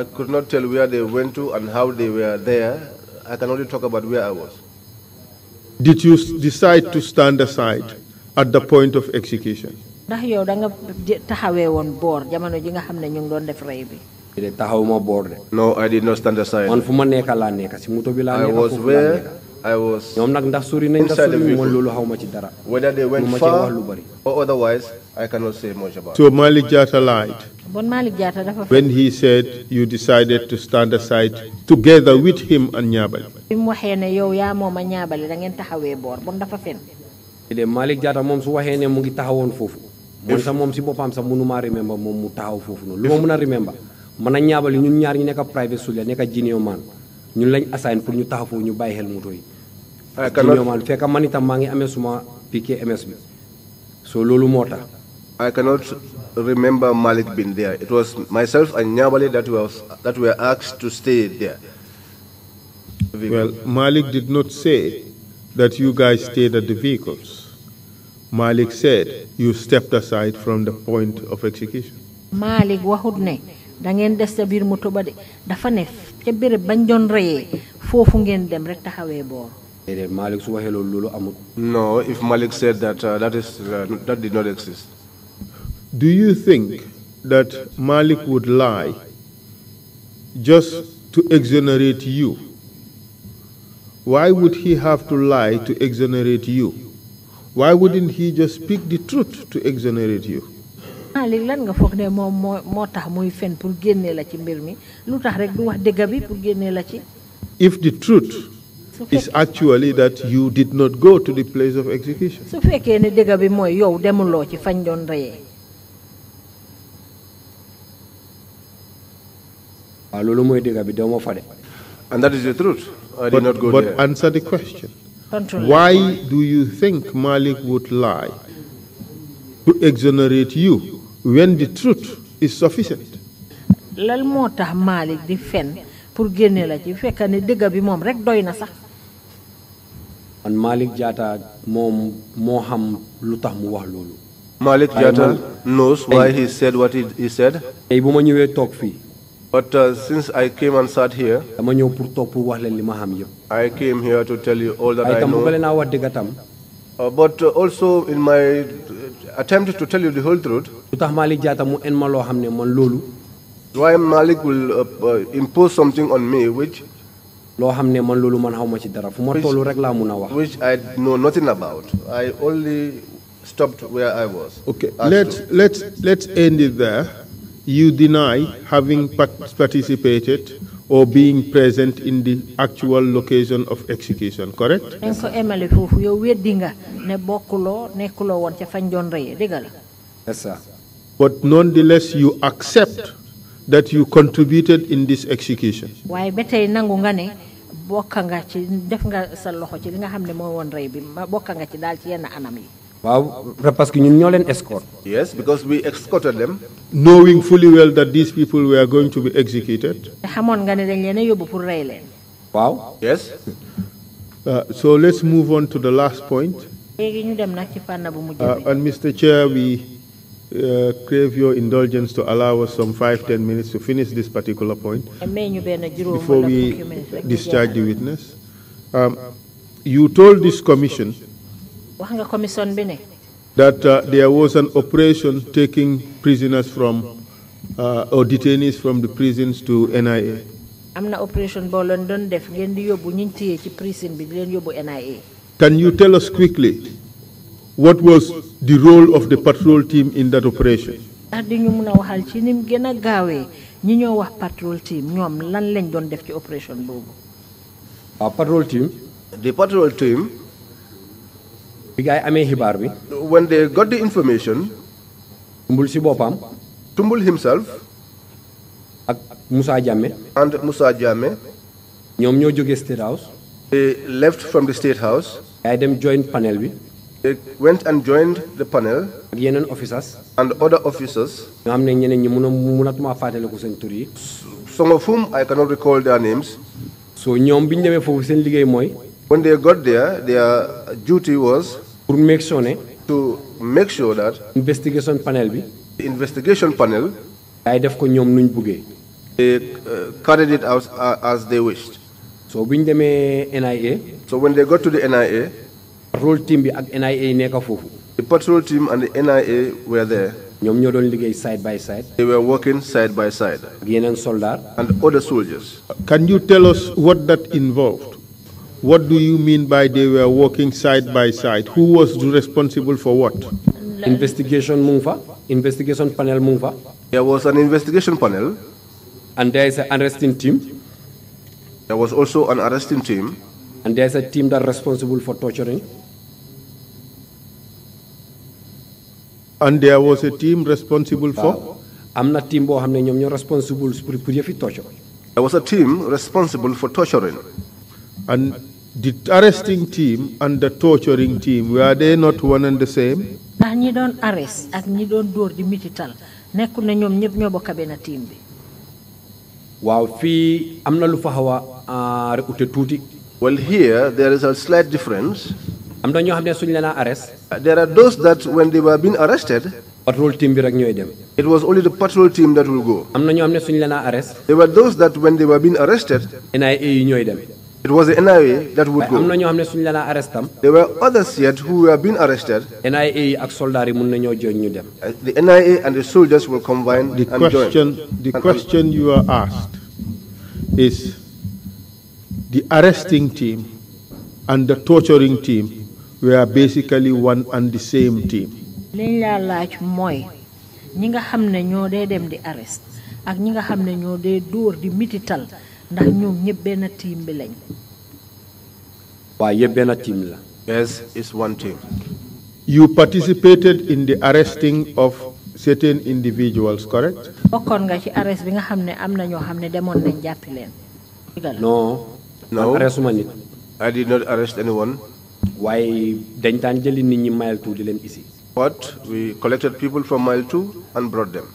I could not tell where they went to and how they were there. I can only talk about where I was. Did you decide to stand aside? at the point of execution. ndax yow da nga taxawee woon boor jamono ji nga xam ne ñu ngi doon def rey bi. de taxawuma boor de. no I did not stand aside. man fu ma nekka laa nekka si moto bi laa nekka. I was where I was. ñoom nag ndax sori nañ ndax sori moom loolu xaw ma ci dara. whether they went far or otherwise I cannot say much about. so Malik Jatta lied. bon Malik Jatta dafa. when he said you decided to stand aside together with him and Nyabali. bi mu waxee ne yow yaa moom a Nyabali da ngeen taxawee boor bon dafa fen. de Malik jata mom su waxee ne mu ngi taxawoon foofu man sa mom si sa sax mënumaa remember mom mu taxaw foofu no lu ma remember mën a ñaabali ñun ñaar ñu nekk private school ya nekk junior man ñun lañ assign pour ñu taxaw nyu ñu bàyyi xel moto yi ah, kan junior man fekk man itam maa ngi amee suma piqué ms bi so loolu moo I cannot remember Malik being there. It was myself and Nyabali that was that were asked to stay there. Well, Malik did not say that you guys stayed at the vehicles. Malik said, You stepped aside from the point of execution. Malik waxut ne da ngeen des ca kebir banjon ba fofungen dem rek taxawee Malik su waxee amut. No, if Malik said that, uh, that, is, uh, that did not exist. Do you think that Malik would lie just to exonerate you? Why would he have to lie to exonerate you? why wouldn't he just speak the truth to exonerate you ah, lan nga ne moom moo tax muy fen pour génnee la ci mbir mi lu tax rek du wax bi pour génnee la ci if the truth is actually that you did not go to the place of execution su fekkee ne bi mooy yow demuloo ci fañ doon reyee waaw ah, loolu mooy bi fa de and that is the truth I did not go there but answer the question controlling. Why do you think Malik would lie to exonerate you when the truth is sufficient? lan mo tax Malik di fen pour génne la ci fekk ne dëgg bi moom rek doy na sax. man Malik Jatta moom moo xam lu tax mu wax loolu. Malik Jatta knows why he said what he said. tey bu ma ñëwee toog fii. But uh, since I came and sat here, I came here to tell you all that I know. Uh, but uh, also in my uh, attempt to tell you the whole truth, why Malik will uh, uh, impose something on me which which I know nothing about. I only stopped where I was. Okay, let's let's let's end it there you deny having participated or being present in the actual location of execution correct eh? eh? yes sir but nonetheless you accept that you contributed in this execution waaye ba ne yes because we escorted them. knowing fully well that these people were going to be executed. Wow. yes. Uh, so let's move on to the last point. Uh, and Mr. Chair we. Uh, crave your indulgence to allow us some five, ten minutes to finish this particular point before we discharge the witness. Um, you told this commission wax commission bi ne. that uh, there was an operation taking prisoners from uh, or detainees from the prisons to NIA. am na operation boo leen doon def ngeen di yóbbu ñi ñu ci prison bi di leen yóbbu NIA. Can you tell us quickly what was the role of the patrol team in that operation? ndax ah, di ñu mun a waxal ci ni mu gën ñi ñoo wax patrol team ñoom lan lañ doon def ci operation boobu. a ah, patrol team. the patrol team bi. when they got the information. Tumbul si boppam. Tumbul himself. ak and Moussa Jammeh. ñoom ñoo State House. they left from the State House. gaa then dem join panel bi. they went and joined the panel. ak yeneen officers. and other officers. ñeneen ñi seen yi. some of whom I cannot recall their names. so ñoom bi ñu demee seen liggéey when they got there their duty was make sure ne. to make sure that. investigation panel bi. investigation panel. ay def ko ñoom nuñ buggee. they uh, carried it out uh, as they wished. so buñ demee NIA. so when they got to the NIA. patrol team bi ak NIA neka foofu. the patrol team and the NIA were there. ñoom ñoo doon liggéey side by side. they were working side by side. yeneen soldat. and other soldiers. can you tell us what that involved. What do you mean by they were working side by side? Who was responsible for what? Investigation Mungfa, investigation panel Mungfa. There was an investigation panel. And there is an arresting team. There was also an arresting team. And there is a team that responsible for torturing. And there was a team responsible for? Amna am not team bo xamne ñom responsible pour pour yefi torture. There was a team responsible for torturing. And the arresting team and the torturing team were they not one and the same ndax ñi doon arrest ak ñi doon dóor di mitital nekkul ne ñoom ñëpp ñoo bokk benn team bi waaw fii am na lu fa xaw a ah, ute tuuti well here there is a slight difference am na ñoo xam ne suñ leen a arrest there are those that when they were being arrested patrol team bi rek ñooy dem it was only the patrol team that will go am na ñoo xam ne suñ leen a arrest there were those that when they were being arrested NIA yi ñooy dem it was the NIA that would go. There were others yet who were being arrested. Uh, the NIA and the soldiers will combine the and question, join. The question you are asked is the arresting team and the torturing team were basically one and the same team. ñi nga xamne ñoo dé dem di arrest ak ñi nga xamne ñoo dé door di mitital ndax ñoom ñëpp benn bi lañ. yëpp benn la. yes it's one team. You participated in the arresting of certain individuals, correct? bokkoon nga ci arrest bi nga xam ne am na ñoo xam ne demoon nañ leen. non. no nit. I did not arrest anyone. waaye dañ daan jëli nit ñi mile two di leen isi. But we collected people from mile two and brought them.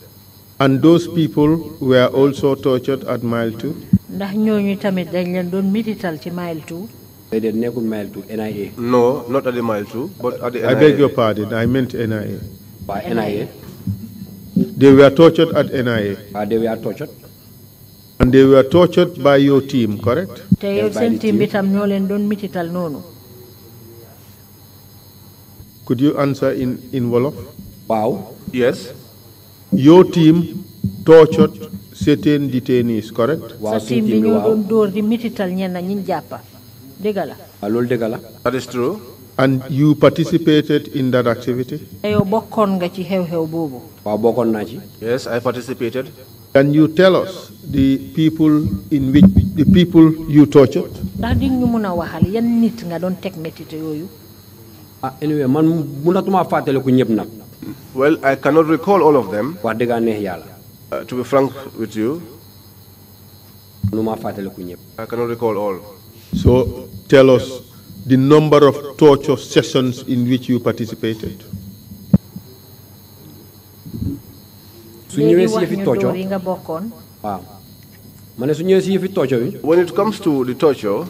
And those people were also tortured at mile two ndax ñooñu tamit dañ leen doon mitital ci mile two They did nekul mile two NIA. No, not at the mile two, but at the NIA. I beg your pardon. I meant NIA. By NIA. They were tortured at NIA. Uh, ah, they were tortured. And they were tortured by your team, correct? Te yow seen team bi tam ñoo leen doon mitital noonu. Could you answer in in Wolof? Wow. Yes. Your team tortured certain detainees correct waaw certain bi ñoo doon dóor di mitital ñenn ñi jàppa dëgg la waaw loolu dëgg la that is true and you participated in that activity yow bokkoon nga ci xew-xew boobu waaw bokkoon naa ci yes i participated can you tell us the people in which the people you tortured ndax di ñu mun a waxal yan nit nga doon teg métit yooyu ah anyway man mënatuma fàttaliku ñëpp nag well i cannot recall all of them wax dëgg neex yàlla uh, to be frank with you, I cannot recall all. So tell us the number of torture sessions in which you participated. When it comes to the torture,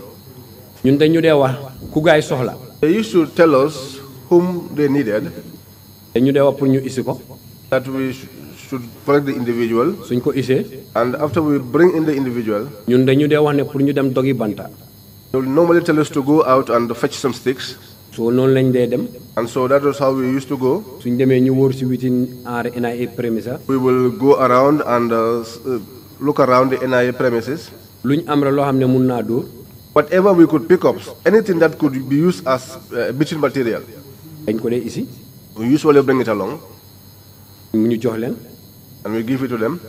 they used to tell us whom they needed that we should collect the individual. Suñ ko isé. And after we bring in the individual. Ñun dañu dé wax né pour ñu dem dogi banta. They will normally tell us to go out and fetch some sticks. So non lañ dé dem. And so that was how we used to go. Suñ démé ñu ci witin within our NIA premises. We will go around and uh, uh look around the NIA premises. Luñ am ra lo xamné mën na do. Whatever we could pick up, anything that could be used as uh, beating material. Dañ ko dé isi. We usually bring it along. Ñu jox leen. and we give it to them.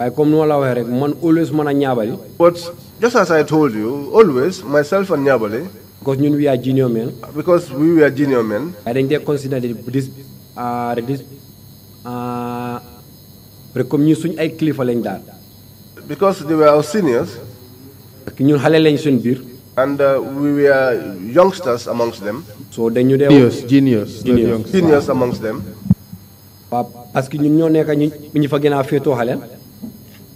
waaye comme nu ma la waxee rek man always mën a ñaabali. but just as I told you always myself and ñaabali. because ñun we are junior men. because we were junior men. waaye dañ dee consider this this rek comme ñun suñ ay kilifa lañ daal. because they were our seniors. ñun xale lañ suñ biir. and uh, we were youngsters amongst them. so dañu dee. juniors juniors juniors amongst them parce ñun ñoo nekk ñu ñu fa gën a féetoo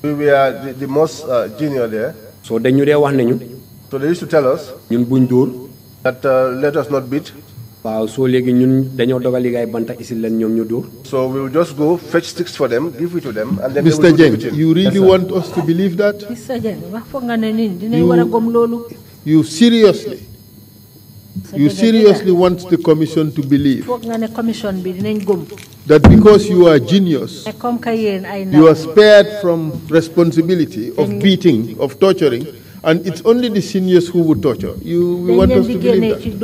we were the, the most uh, junior there. so dañ ñu dee wax nañu. so they used to tell us. ñun buñ dóor. that uh, let us not beat. waaw soo léegi ñun dañoo dogal liggéey banta isil leen ñoom ñu dóor. so we will just go fetch sticks for them give it to them. and then Mr. will Jeng, do you really yes, want us to believe that. Mr. Jeng wax foog nga ne nii dinañ war gom loolu. you seriously. you seriously want the commission to believe. foog nga ne commission bi dinañ gom that because you are genius, you are spared from responsibility of beating, of torturing, and it's only the seniors who would torture. You want us to believe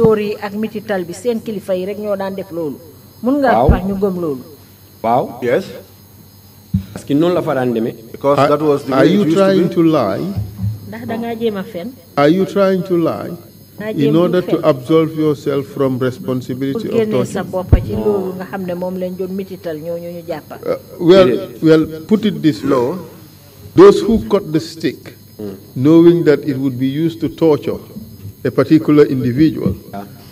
that. Wow. Wow. Yes. Because are, that was the Are you trying to, to lie? Are you trying to lie? in order to absolve yourself from responsibility of torture. Uh, well, well, put it this way. Those who cut the stick, knowing that it would be used to torture a particular individual,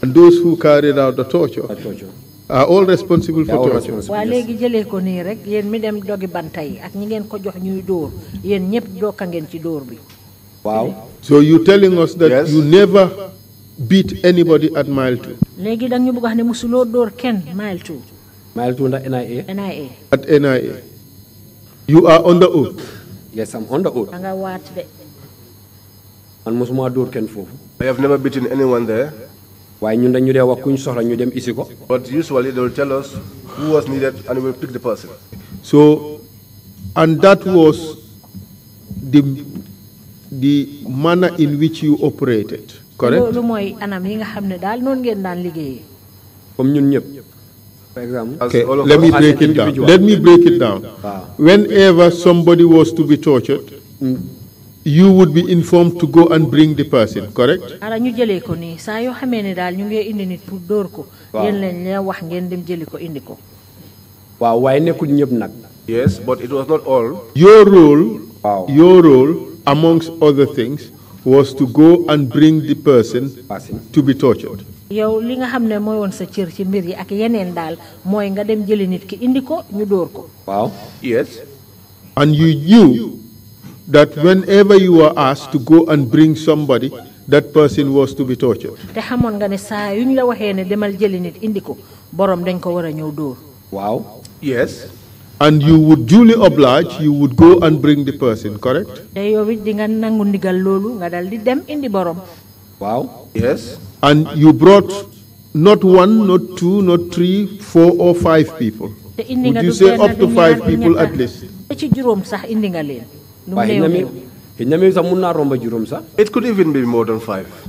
and those who carried out the torture, are all responsible for torture. Wow. So you're telling us that yes. you never beat anybody at mile two? Legi dang ñu bëgg wax ne musulo door ken mile two. Mile two ndax NIA? NIA. At NIA. You are on the oath? Yes, I'm on the oath. Da nga waat de. Man musuma door kenn foofu. I have never beaten anyone there. Waaye ñun dañu dee wax kuñ soxla ñu dem isi ko. But usually they will tell us who was needed and we will pick the person. So, and that was the the manner in which you operated. Correct? For example, okay, let me break it down. Let me break it down. Whenever somebody was to be tortured, mm. you would be informed to go and bring the person, correct? ara yes but it was not all. your role. your role amongst other things, was to go and bring the person to be tortured. yow li nga xam ne mooy woon sa cër ci mbir yi ak yeneen daal mooy nga dem jëli nit ki indi ko ñu dóor ko. waaw yes. and you knew that whenever you were asked to go and bring somebody that person was to be tortured. te xamoon nga ne saa yu ñu la waxee ne demal jëli nit indi ko borom dañ ko war a ñëw dóor. waaw yes. And you would duly oblige, you would go and bring the person, correct? Wow, yes. And you brought not one, not two, not three, four or five people. Would you say up to five people at least? It could even be more than five.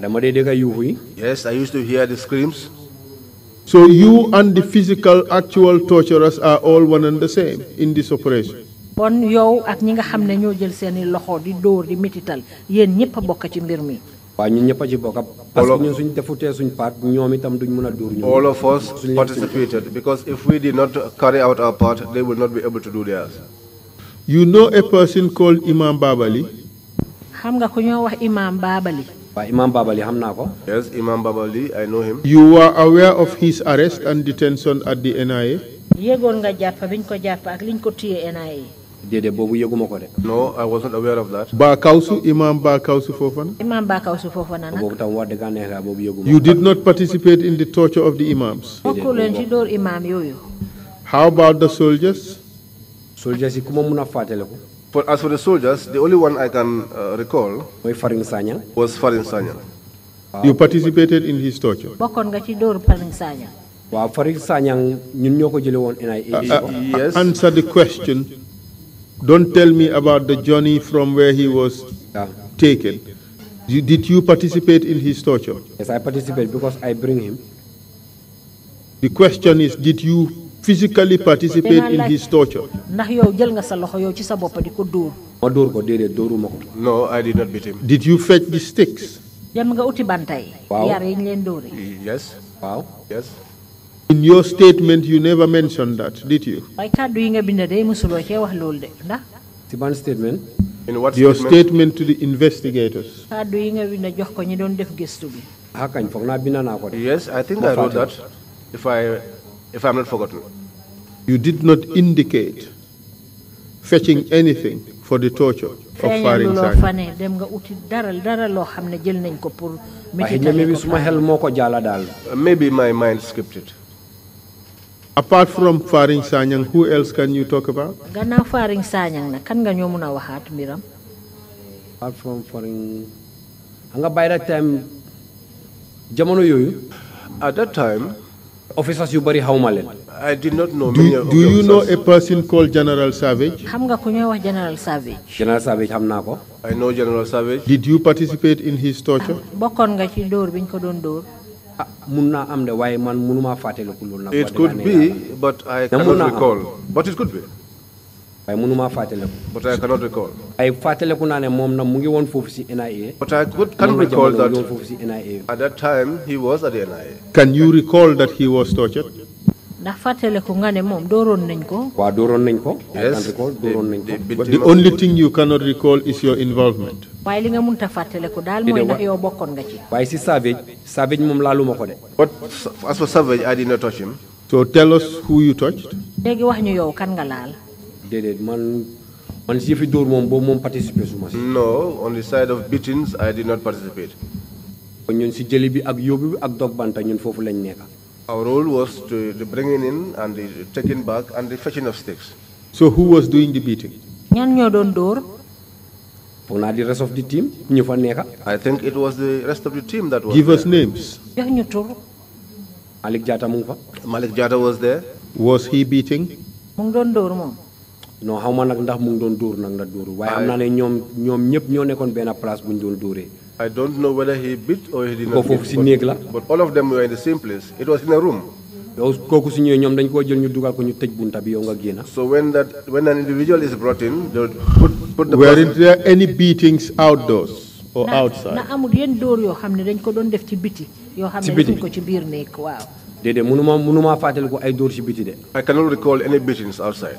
Yes, I used to hear the screams. So you and the physical actual torturers are all one and the same in this operation. bon yow ak ñi nga xam ñoo jël loxo di dóor di yéen ñëpp bokk ci mbir mi. ñun ñëpp ci bokk parce que ñun suñ suñ part ñoom itam duñ dóor ñoom. all of us participated because if we did not carry out our part they will not be able to do theirs. you know a person called Imam Babali. xam nga ku ñoo wax Imam Babali. waaye Imam Babali xam naa ko. yes Imam Babali I know him. you were aware of ko jàpp ak liñ ko téye NIA. déedéet boobu yëguma ko de. no I was not aware of that. Bakawsu Imam Bakawsu Fofana. Imam Bakawsu Fofana nag. boobu tam wax about the soldiers. soldiers yi ku ma mun a fàttaliku. But as for the soldiers, the only one I can uh, recall was Farin Sanya. Was Farin Sanya. You participated in his torture? Bokon nga Sanya. Waaw uh, uh, Yes. Answer the question. Don't tell me about the journey from where he was yeah. taken. You, did you participate in his torture? Yes, I participated because I bring him. The question is, did you physically participate in his torture? No, I did not beat him. Did you fetch the sticks? Wow. Yes. Wow. Yes. In your statement, you never mentioned that, did you? In what your statement? statement to the investigators. Ah, yes, I think I wrote that, if, I, if I'm not forgotten. you did not indicate fetching anything for the torture of faring sani dem nga uti dara dara lo xamne jël nañ ko pour maybe suma moko jala dal uh, maybe my mind scripted apart from faring sanyang who else can you talk about gana faring sanyang na kan nga ñoo mëna Miram. apart from faring nga bayra time jamono yoyu at that time officers you bury how malen? I did not know many of Do you know a person called General Savage? xam nga ku ñuy wax General Savage. General Savage xam naa ko. I know General Savage. Did you participate in his torture? Ah, bokkoon nga ci dóor bi ñu ko doon dóor. ah mun naa am de waaye man mënuma fàttaliku loolu nag. it could be but I cannot recall but it could be. waaye mënumaa fàttaliku. but I ay fàttaliku naa ne moom nag mu ngi woon foofu si NIA. but I could can recall that moom foofu si NIA. at that time he was at the NIA. can recall that he was tortured. ndax fàttaliku nga ne moom dooroon nañ ko. waaw dooroon nañ ko. yes dooroon nañ ko. but the only thing you cannot recall is your involvement. waaye li nga mënut a fàttaliku daal mooy ndax yow bokkoon nga ci. waaye si Savage Savage moom laaluma ko de. but as for Savage I did not touch wax ñu yow kan nga laal. man man yëfi participer no on the side of beatings I did not participate. ñun jëli bi ak ak dog banta ñun lañ nekk. Our role was to the bringing in and the taking back and the fetching of sticks. So who was doing the beating? ñan ñoo doon rest of the team ñu fa nekk. I think it was the rest of the team that was. Give us names. ñu tur. Malik Jata mu fa. Malik Jata was there. Was he beating? mu ngi doon non ndax mu doon dóor la dóor ne ñoo place doon I don't know whether he beat or he did not. foofu si néeg la. but all of them were in the same place. It was in a room. yow kooku dañ jël ñu dugal ko ñu tëj bunta bi yow nga so when that when an individual is brought in they put put the. were there any beatings outdoors or outside. na amul yenn dóor yoo xam dañ ko doon def ci biti. yoo xam ne ko ci biir néeg waaw. ay dóor ci biti de. I cannot recall any beatings outside.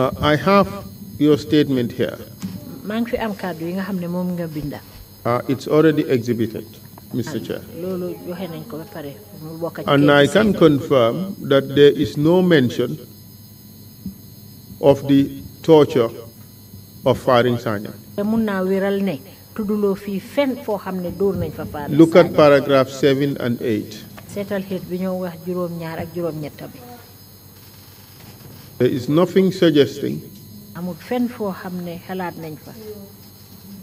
Uh, I have your statement here. Uh, it's already exhibited, Mr. Ah, Chair. And I can confirm that there is no mention of the torture of firing Sanya. Look at paragraph 7 and 8. There is nothing suggesting amul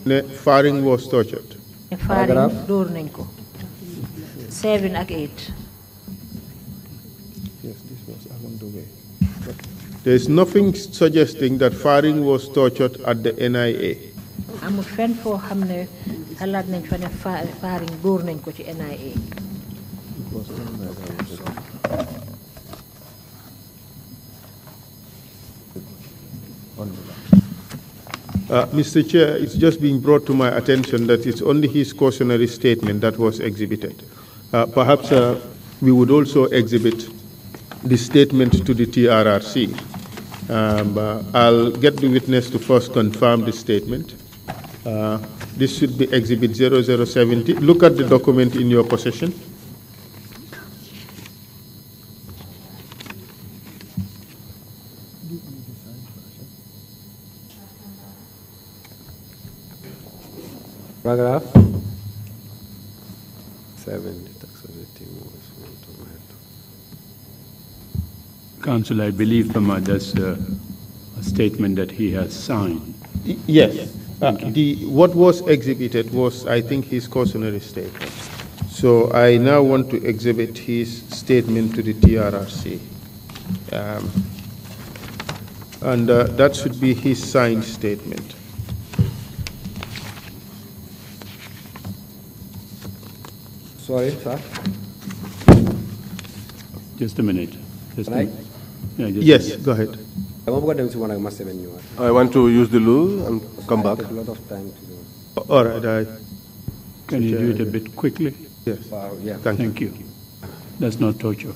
ne Faring was tortured. dóor seven eight. Yes, this was way. There is nothing suggesting that Faring was tortured at the NIA. amul fenn ne dóor NIA. Uh, Mr. Chair, it's just being brought to my attention that it's only his cautionary statement that was exhibited. Uh, perhaps uh, we would also exhibit the statement to the TRRC. Um, uh, I'll get the witness to first confirm the statement. Uh, this should be Exhibit 0070. Look at the document in your possession. Paragraph 7. Council, I believe Pama, that's a, a, statement that he has signed. Yes. yes. Uh, the, what was exhibited was, I think, his cautionary statement. So I now want to exhibit his statement to the TRRC. Um, and uh, that should be his signed statement. Sorry, sir. Just a minute. Just Right? a minute. Yes, go ahead. I go down to one of my seven I want to use the loo and come back. a lot of time to do. All right, I- Can you do it a bit quickly? yes, Wow, yeah. thank you. That's not torture.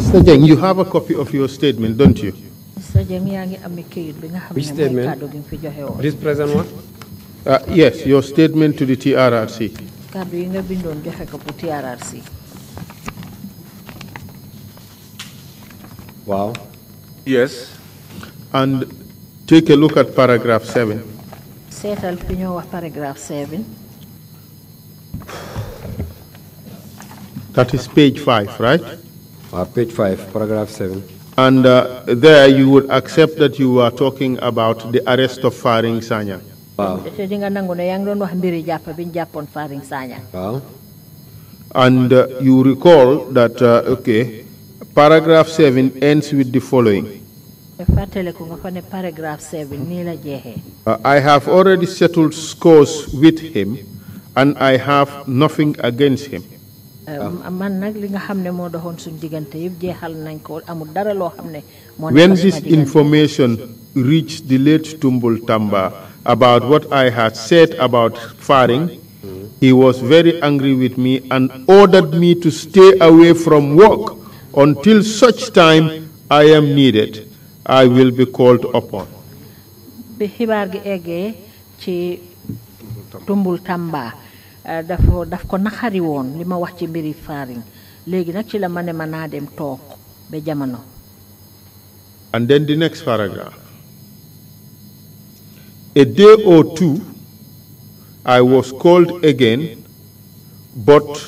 Mr. Jeng, you have a copy of your statement, don't you? Mr. Jeng, I am këyit bi nga xam ne mooy kàddu gi This present one? Uh, yes, your statement to the TRRC. Kàddu yi nga bindoon joxe ko TRRC. Wow. Yes. And take a look at paragraph 7. Seetal fi ñoo paragraph 7. That is page 5, right? Uh, page 5, paragraph 7. And uh, there you would accept that you were talking about the arrest of Faring Sanya. Wow. wow. And uh, you recall that, uh, okay, paragraph 7 ends with the following. Uh, I have already settled scores with him, and I have nothing against him. Euh, ah. when this information reached the late Tumbul Tamba about what I had said about firing, he was very angry with me and ordered me to stay away from work until such time I am needed I will be called upon Tumbul Tamba Eh, daf ko naxari wax ci mbiri ci la dem jamono. and then the next paragraph. A day or two, I was called again, but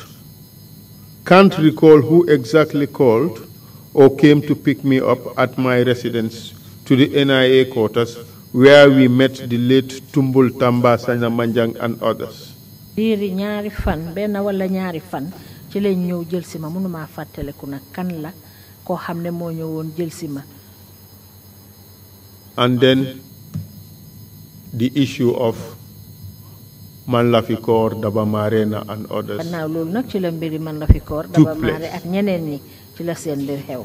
can't recall who exactly called or came to pick me up at my residence to the NIA quarters where we met the late Tumbul Tamba Sanyamanjang and others ñaari fan wala ñaari fan ci ñëw jël kan la ñëwoon jël and then the issue of Man Lafikor, Daba Marena and others. gannaaw loolu ci la mbiri Man Daba Mare ak ñeneen ñi ci la seen xew.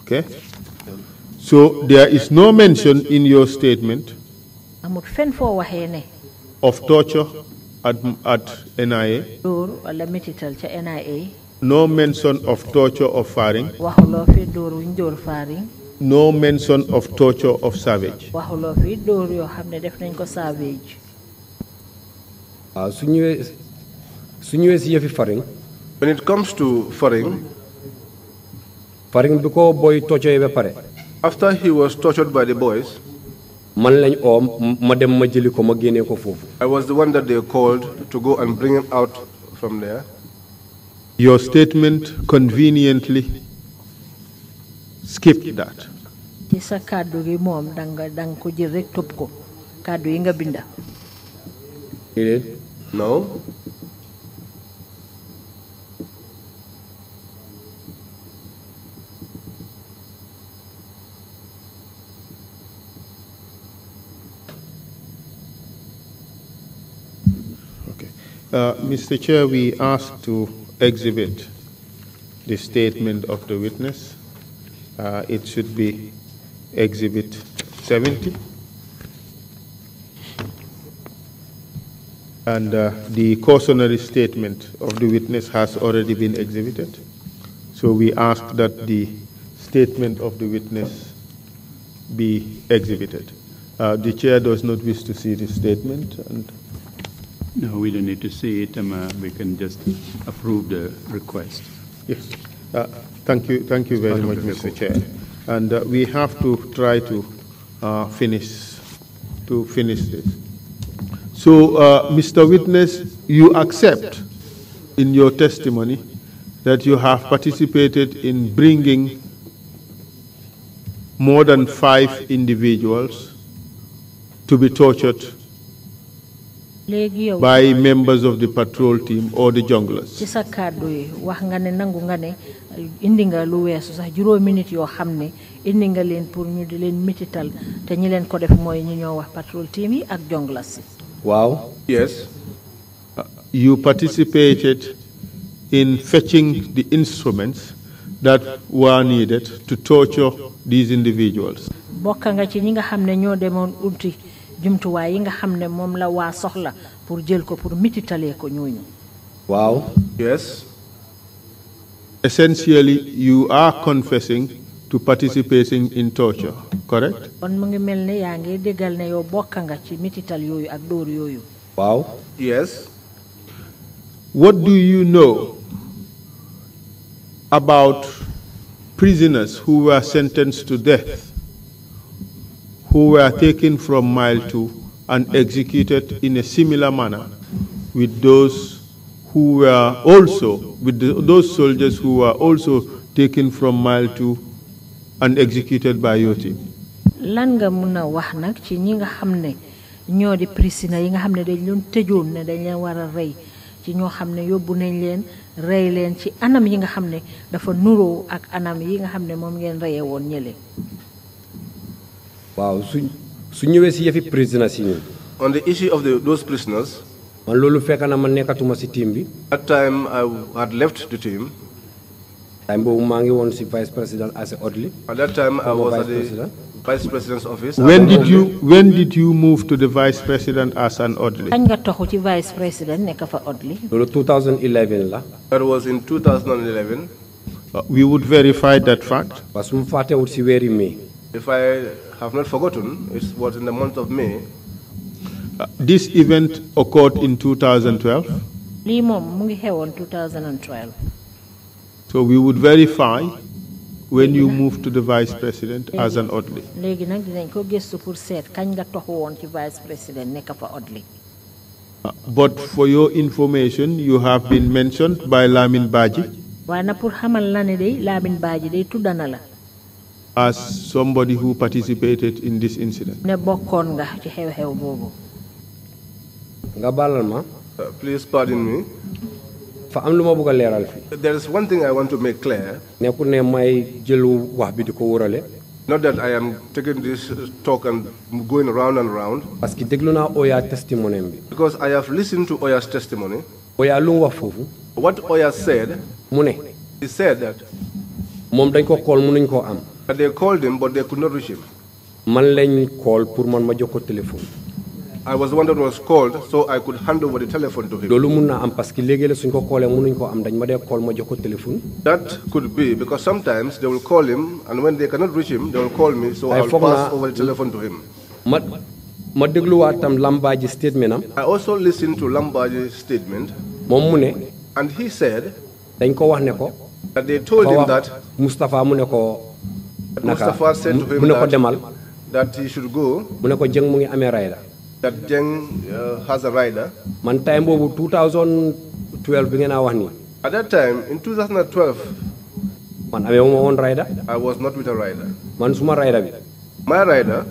okay so there is no mention in your statement. amut ne. of torture at, at NIA. Uh, no mention of torture or firing. No mention of torture of savage. When it comes to firing, firing after he was tortured by the boys, man lañ ma dem ma jëli ko ma ko foofu. I was the one that they called to go and bring him out from there. Your statement conveniently skipped that. ci sa kàddu gi moom danga danga ko jël rek ko kàddu yi nga binda. Uh, Mr. Chair, we ask to exhibit the statement of the witness. Uh, it should be Exhibit 70. And uh, the cautionary statement of the witness has already been exhibited. So we ask that the statement of the witness be exhibited. Uh, the chair does not wish to see the statement. and. No, we don't need to see it. Um, uh, we can just approve the request. Yes. Uh, thank you. Thank you very much, Mr. Chair. And uh, we have to try to uh, finish to finish this. So, uh, Mr. Witness, you accept in your testimony that you have participated in bringing more than five individuals to be tortured by members of the patrol team or the junglers. indi nga lu weesu sax yoo xam ne indi nga leen pour ñu di leen te ñi leen ko def mooy ñu ñoo wax patrol team yi ak waaw. yes. Uh, you participated in fetching the instruments that were needed to torture these individuals. bokk nga ci ñi nga xam ne ñoo demoon Wow. yi nga la soxla pour jël ko pour ko ñooñu. yes. essentially you are confessing to participating in torture correct. Wow. mu ngi déggal ne yow nga ci mitital ak dóor yes. what do you know about prisoners who were sentenced to death who were taken from Mile 2 and executed in a similar manner with those who were also, with the, those soldiers who were also taken from Mile 2 and executed by your team. lan nga mën a wax nag ci ñi nga xam ne ñoo di prisina yi nga xam ne dañ leen tëjoon ne dañ leen war a rey ci ñoo xam ne yóbbu nañ leen rey leen ci anam yi nga xam ne dafa nuroo ak anam yi nga xam ne moom ngeen reyee woon ñële on the issue of those prisoners. man loolu fekk na ma that time I had left the team. I am maa ngi woon si vice président Ase Odli. at that time I was at the vice president's office. when did you when did you move to the vice president as an Odli. kañ nga toxu vice président nekk fa Odli. loolu 2011 that was in 2011. Uh, we would verify that fact. parce que mu fàttewul si weeri mi. if I have not forgotten. It was in the month of May. Uh, this event occurred in 2012. lii moom mu 2012. so we would verify when you moved to the vice president as an orderly. léegi nag dinañ ko gëstu pour seet kañ nga vice président nekk fa orderly. Uh, but for your information you have been mentioned by Lamin Baji. waaye nag pour xamal la ne Lamin Baji day tuddana la as somebody who participated in this incident? Uh, please pardon me. There is one thing I want to make clear. Not that I am taking this talk and going around and around. Because I have listened to Oya's testimony. What Oya said, he said that but they called him, but they could not reach him. man call pour man ma téléphone. I was the one that was called, so I could hand over the telephone to him. loolu mun am paski legele sunko la suñ ko am dañ ma call ma téléphone. That could be because sometimes they will call him, and when they cannot reach him, they will call me, so I will pass over the telephone to him. ma ma dégluwaat statement I also listened to Lambaji's statement, moom ne and he said dañ ko wax ko. that they told him that Mustafa mu ko Moustapha said to him mu ne that he should go mu ne ko that uh, has a rider time 2012 at that time in 2012 rider I was not with a rider my rider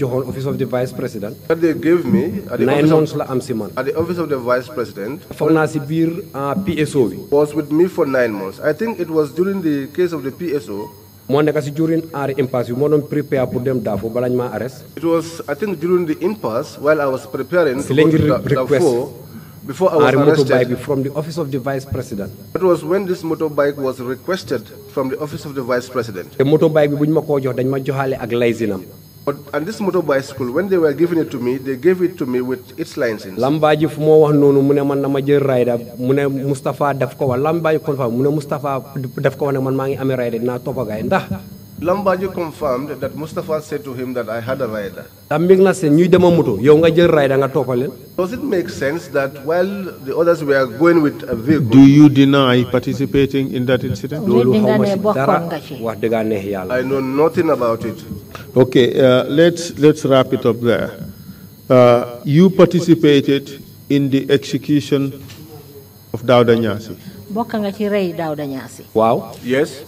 office of the vice president. that they gave me. at the nine months la am at the office of the vice president. Ah, was with me for nine months I think it was during the case of the PSO. moo nekk si during our impasse bi moo doon prepare pour dem Darfur balañ maa arrest. it was I think during the impasse while I was preparing. to go to Darfur I was arrested. motorbike bi from the office of the vice president. that was when this motorbike was requested from the office of the vice president. te motorbike bi bu ñu ma koo jox dañ ma joxaale ak laysinam But, and this motor bicycle, when they were giving it to me, they gave it to me with its license. Lambaaji fu moo wax noonu mu ne man dama jël rider mu ne Moustapha daf ko wax lambaaji kon fa mu ne Moustapha def ko wax ne man maa ngi amee rider dinaa topp gaay ndax Lambaju confirmed that Mustafa said to him that I had a rider. Does it make sense that while the others were going with a vehicle? Do you deny participating in that incident? I know nothing about it. Okay, uh, let's, let's wrap it up there. Uh, you participated in the execution of Dauda Nyasi. Wow. Yes.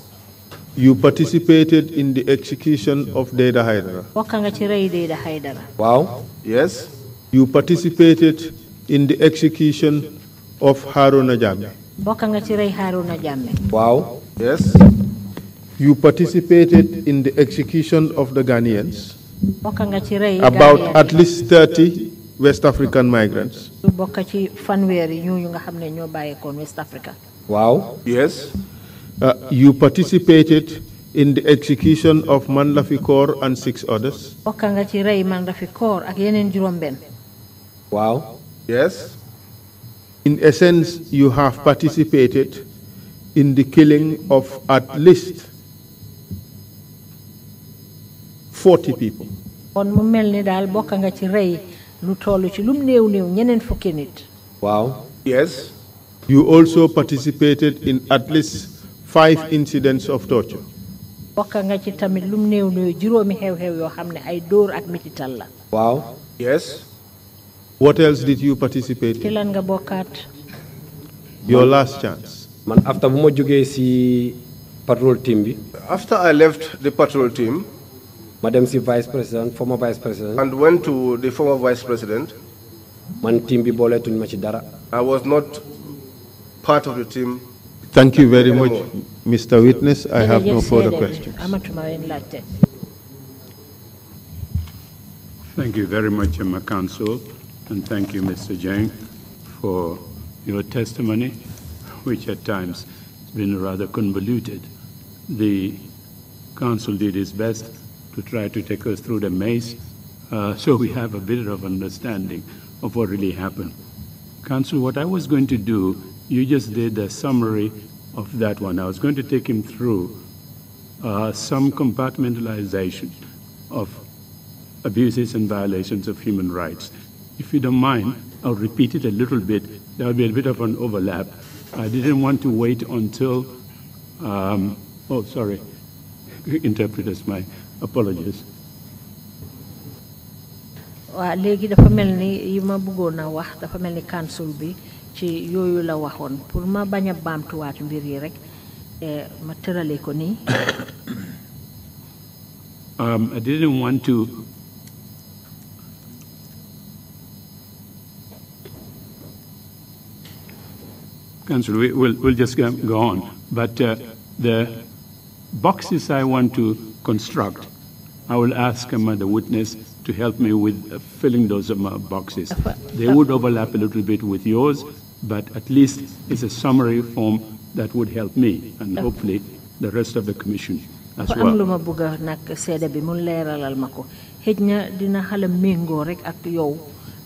You participated in the execution of Deda Haidara. Wow. Yes. You participated in the execution of Haruna Jammeh. Wow. Yes. You participated in the execution of the Ghanaians. About at least 30 West African migrants. Wow. Yes. Uh, you participated in the execution of Manlafi Kaur and six others? Wow. yes. in essence you have participated in the killing of at least forty people. Wow. yes. you also participated in at least five incidents of torture. Wow. Yes. What else did you participate in? Your last chance. after I left the patrol team, madam si vice president, former vice president and went to the former vice president. team I was not part of the team Thank you very much, Mr. Witness. I have no further questions. Thank you very much, Mr. counsel, and thank you, Mr. Jang, for your testimony, which at times has been rather convoluted. The counsel did his best to try to take us through the maze, uh, so we have a bit of understanding of what really happened. Counsel, what I was going to do you just did a summary of that one. I was going to take him through uh, some compartmentalization of abuses and violations of human rights. If you don't mind, I'll repeat it a little bit. There will be a bit of an overlap. I didn't want to wait until, um, oh, sorry, interpreters, my apologies. waa léegi dafa mel ni bëggoon a wax dafa council bi ci la pour ma mbir yi rek eh, ma ko Um, I didn't want to cancel. we, will we'll just go, on. But uh, the boxes I want to construct, I will ask my the witness to help me with filling those um, boxes. They would overlap a little bit with yours, but at least it's a summary form that would help me and hopefully the rest of the commission as well. am luma ma bëgg a nag seede bi mu leeralal ma ko xëj na dina xala méngoo rek ak yow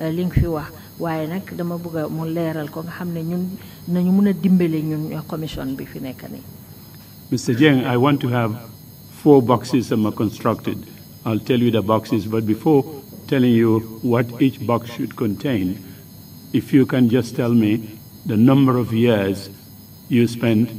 eh, li nga fi wax waaye nag dama bëgg a mu leeral ko nga xam ne ñun nañu mun dimbale ñun eh, commission bi fi nekk nii. Mr. Jeng, I want to have four boxes that are constructed. I'll tell you the boxes, but before telling you what each box should contain, if you can just tell me the number of years you spent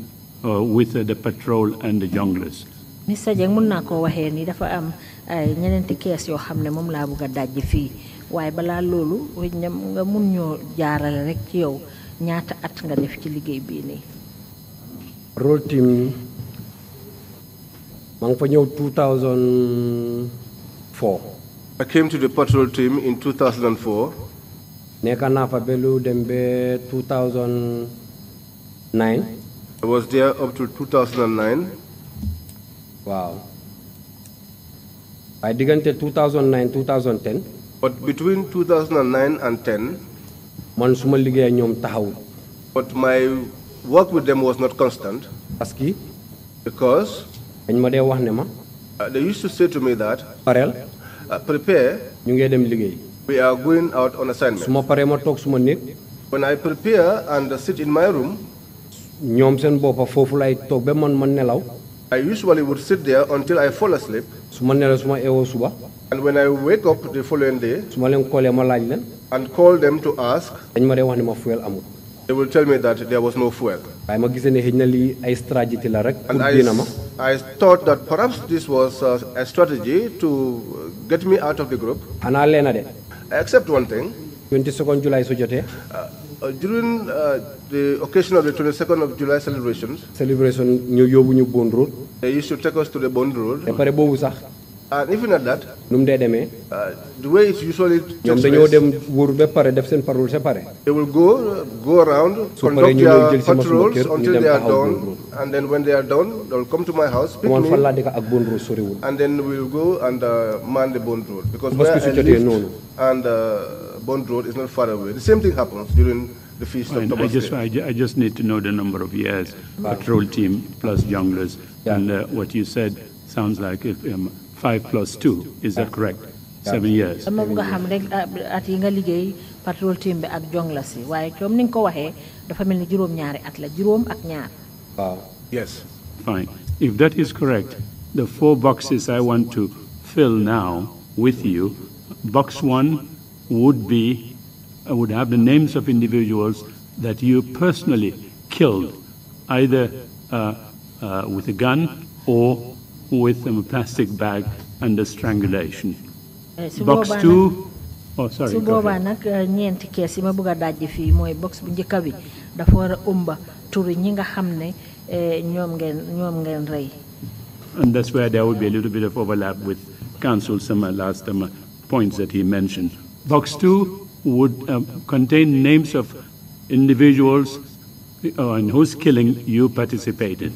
uh, with uh, the patrol and the junglers. Mr. jang mun na koo waxee ni dafa am ay ñeneenti kees yoo xam ne moom laa bugg a dajji fii waaye balaa nga mun ñoo jaarale rek ci yow ñaata at nga def ci liggéey bii nii. role team maa fa ñëw 2004. I came to the patrol team in 2004 nekka naa fa ba lu dem 2009. I was there up to 2009. Wow. waaw waaye diggante 2009 2010. but between 2009 and 10. man su ma liggéey ñoom taxawul. but my work with them was not constant. parce because. dañ uh, they used to say to me that. pareel. Uh, prepare. We are going out on assignment. when I prepare and sit in my room. I usually would sit there until I fall asleep. and when I wake up the following day. and call them to ask. They will tell me that there was no fuel. And I, I thought that perhaps this was a strategy to get me out of the group. Except one thing. 22nd July so jotee. Uh, uh, during uh, the occasion of the 22nd of July celebrations. celebration New yóbbu New Bond Road. you should take us to the Bond Road and even at that. Uh, the way it's usually. ñoom dañoo dem ba pare def parole sa pare. they will go go around. conduct their patrols until they are done and then when they are done they will come to my house. me ak and then we will go and uh, man the Bond Road. because where I live and uh, Bond Road is not far away the same thing happens during. the feast of I just, I, I, just need to know the number of years, patrol team plus junglers. Yeah. And uh, what you said sounds like if um, five plus two, is that correct? Seven years. dama bëgg a xam at yi patrol team bi ak jong la si waaye comme ni nga ko waxee dafa mel ni at la juróom ak ñaar. yes. Fine. If that is correct, the four boxes I want to fill now with you, box one would be, uh, would have the names of individuals that you personally killed, either uh, uh, with a gun or with a plastic bag under strangulation. Eh, box two. oh sorry su boobaa nag ñeenti kees yi ma bëgg a mooy box bu njëkk bi dafa war a ëmba turu ñi nga xam ne eh, ñoom ngeen ñoom ngeen rey. and that's where there will be a little bit of overlap with council some last summer points that he mentioned. Box two would um, contain names of individuals on eh, whose killing you participated.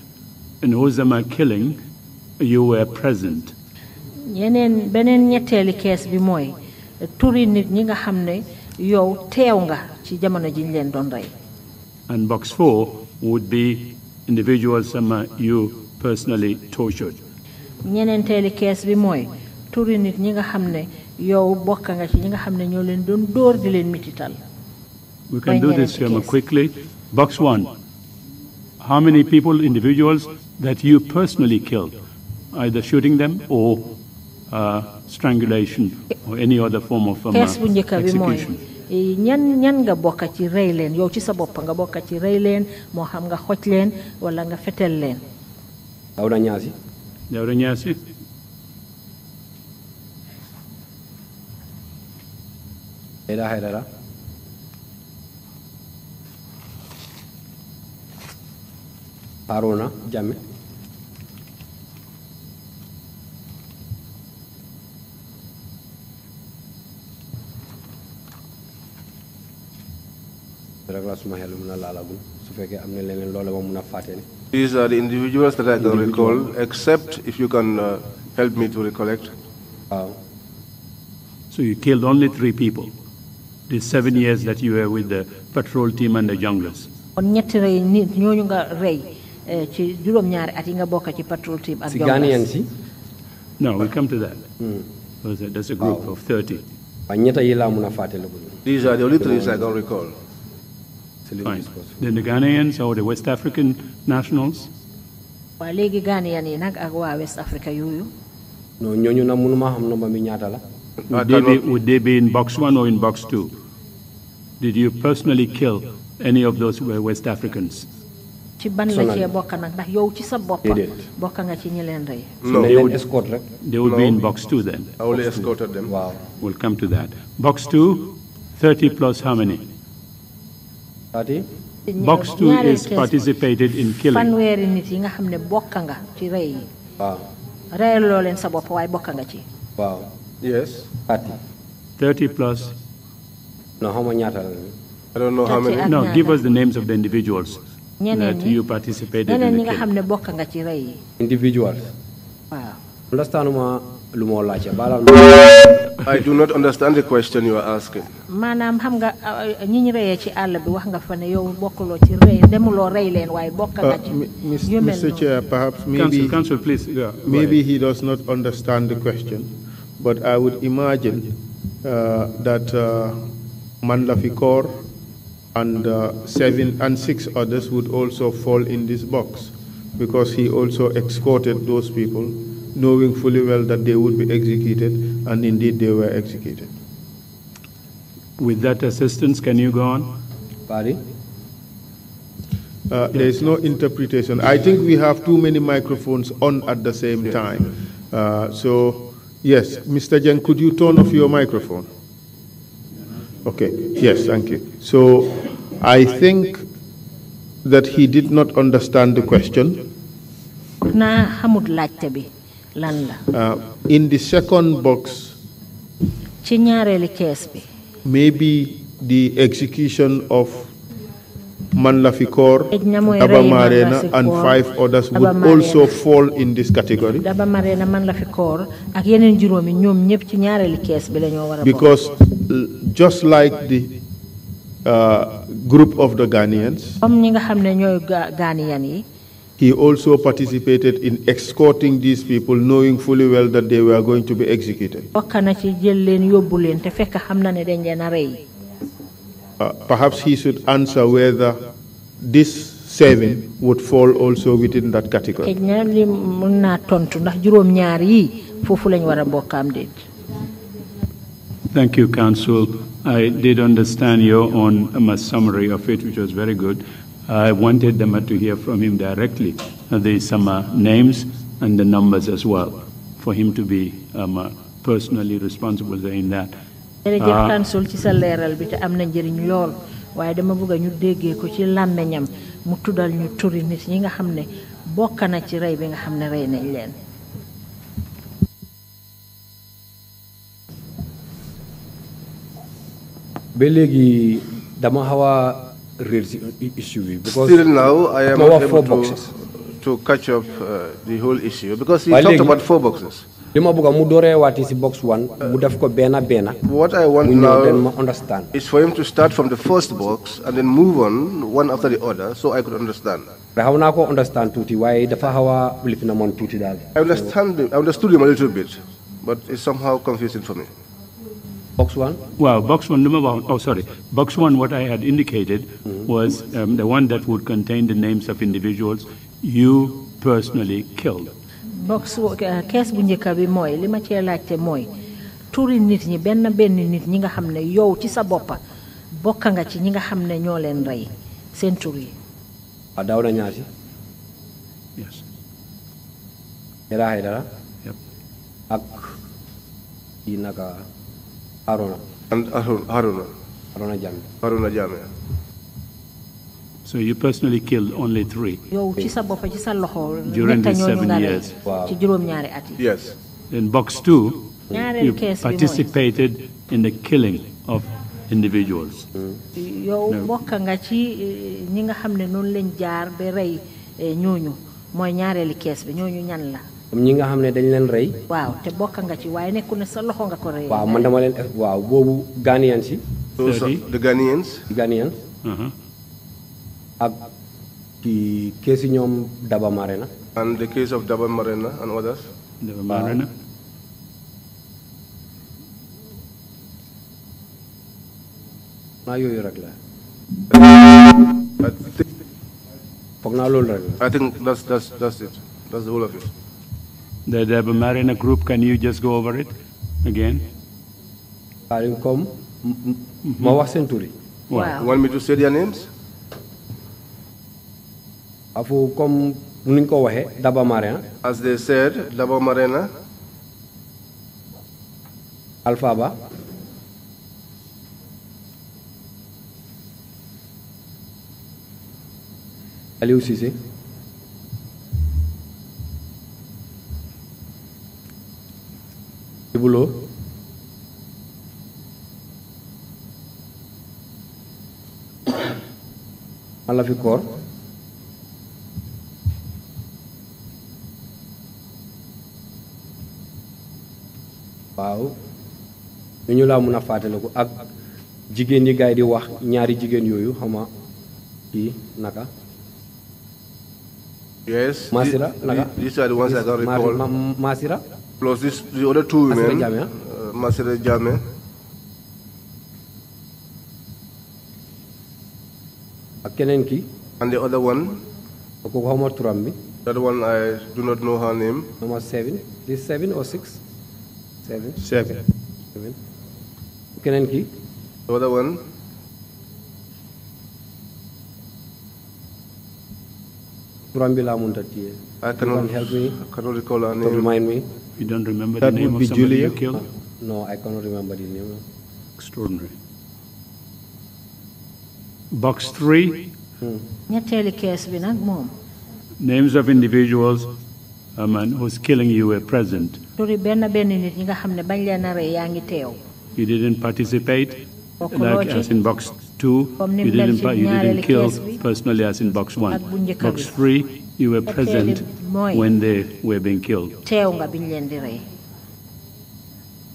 in Osama killing, you were present. yeneen beneen ñetteeli kees bi mooy turi nit ñi nga xam ne yow teew nga ci jamono jiñ leen doon rey. And box four would be individuals sama you personally tortured. ñeneenteeli kees bi mooy turi nit ñi nga xam ne yow bokk nga ci ñi nga xam ne ñoo leen doon dóor di leen mitital. We can do this, Shema, quickly. Box one. How many people, individuals, that you personally killed, either shooting them or uh, strangulation or any other form of um, uh, execution. ñan e, ñan nga bokka ci rey leen yow ci sa bopp nga bokka ci rey leen moo xam nga xoj leen wala nga fetel leen dawda ñaasi ñaasi Haruna These are the individuals that I can recall, except if you can uh, help me to recollect. So you killed only three people. The seven years that you were with the patrol team and the junglers. kon eh, patrol team No, we'll come to that. Mm. That's a group of 30. These are the only three I can recall. Fine. Then the Ghanaians or the West African nationals? walegi Ghanaian yi nag West Africa Would they, be, would they be in box one or in box two? Did you personally kill any of those West Africans? no they would they would be in box two then. I will escorted them. Wow. we'll come to that. box two thirty plus how many party. box two is participated in killing. Wow. nit yes. party. thirty plus. No. How many? I don't know how many. No, give us the names of the individuals that you participated in the killing. Individuals. Wow. Understand I do not understand the question you are asking. maanaam xam nga ñi uh, ñu reyee ci àll bi wax nga fa ne yow bokkuloo ci rey demulo rey leen waaye bokk uh, nga ci. Mr. Chair, perhaps maybe council, Council, please. Yeah, maybe he does not understand the question, but I would imagine uh, that uh, Fikor and uh, seven and six others would also fall in this box because he also escorted those people knowing fully well that they would be executed, and indeed they were executed. With that assistance, can you go on? Pardon? Uh, there is no interpretation. I think we have too many microphones on at the same time. Uh, so, yes, Mr. Jen, could you turn off your microphone? Okay, yes, thank you. So, I think that he did not understand the question. lan la. Uh, in the second box. ci ñaareeli kees bi. maybe the execution of man la fi Manlafikor, Dabamarena, and five others would also fall in this category. Because uh, just like the uh, group of the Ghanaians, He also participated in escorting these people, knowing fully well that they were going to be executed. Uh, perhaps he should answer whether this seven would fall also within that category. Thank you, Council. I did understand your own um, summary of it, which was very good. Uh, I wanted them to hear from him directly. Uh, There's some uh, names and the numbers as well for him to be um, personally responsible in that. jërëjëf waaye dama bëgg a ñu déggee ko ci làmmeñam mu tuddal ñu turi nit ñi nga xam ne bokk na ci rey bi nga xam ne rey nañ leen. ba léegi dama xaw a raise the issue because still now I am not able to, catch up uh, whole issue because he talked ma bëgg mu dooree waati si box one mu def ko benn benn. what I want now ma understand. is for him to start from the first box and then move on one after the other so I could understand. xaw naa ko understand tuuti waaye dafa xaw a lif na moon tuuti daal. I understand I understood him a little bit but it's somehow confusing for me. Box one? Well, box one, number one, oh, sorry. Box one, what I had indicated was um, the one that would contain the names of individuals you personally killed. box uh, case, bu njëkk bi mooy li ma cee laajte mooy turi nit ñi benn benn nit ñi nga xam ne yow ci sa boppa bokk nga ci ñi nga xam ne ñoo leen rey seen tur yi. waaw ah, daaw na ñaar si. yes. Yera Haydara. yëpp ak kii naka. Haruna. And Haruna. Haruna Jame. Haruna Jame. So you personally killed only three during these seven years? Wow. Yes. In box two, you participated in the killing of individuals. yow bokk comme ñi nga xamne dañ leen rey waaw te bokk nga ci waye nekku na sa loxo nga ko rey waaw man dama leen waaw bobu Ghanaians yi de are the hmm ak Daba Marena and the case of Daba Marena and others Daba Marena na yooyu rek la I think that's, that's, that's it. That's the whole of it. the Deva Marina group, can you just go over it again? I will come. Mawa Century. Wow. You want me to say their names? Afu kom ninko wahe Daba Marina. As they said, Daba Marina. Alphaba. Aliou Cissé. Ibu lo? Alla fi koor waaw ñu ñu laa mun a ak jigen yi gaay di wak Nyari jigen yooyu Hama kii naka yes masira naka masira plus this, the other two women, Masere uh, Masere Jame. Akenenki. And the other one. That one I do not know her name. Number seven. This seven or six? Seven. Seven. Seven. Kenenki. The other one. Turambi Lamuntati. I cannot, help me. I cannot recall her name. To remind me. You don't remember that the name of somebody Julia? you killed? No, I cannot remember the name. Extraordinary. Box three. Hmm. Names of individuals A man who's killing you a present. You didn't participate, like as in box two. You didn't, you didn't kill personally, as in box one. Box three, you were present. Moi. when they were being killed.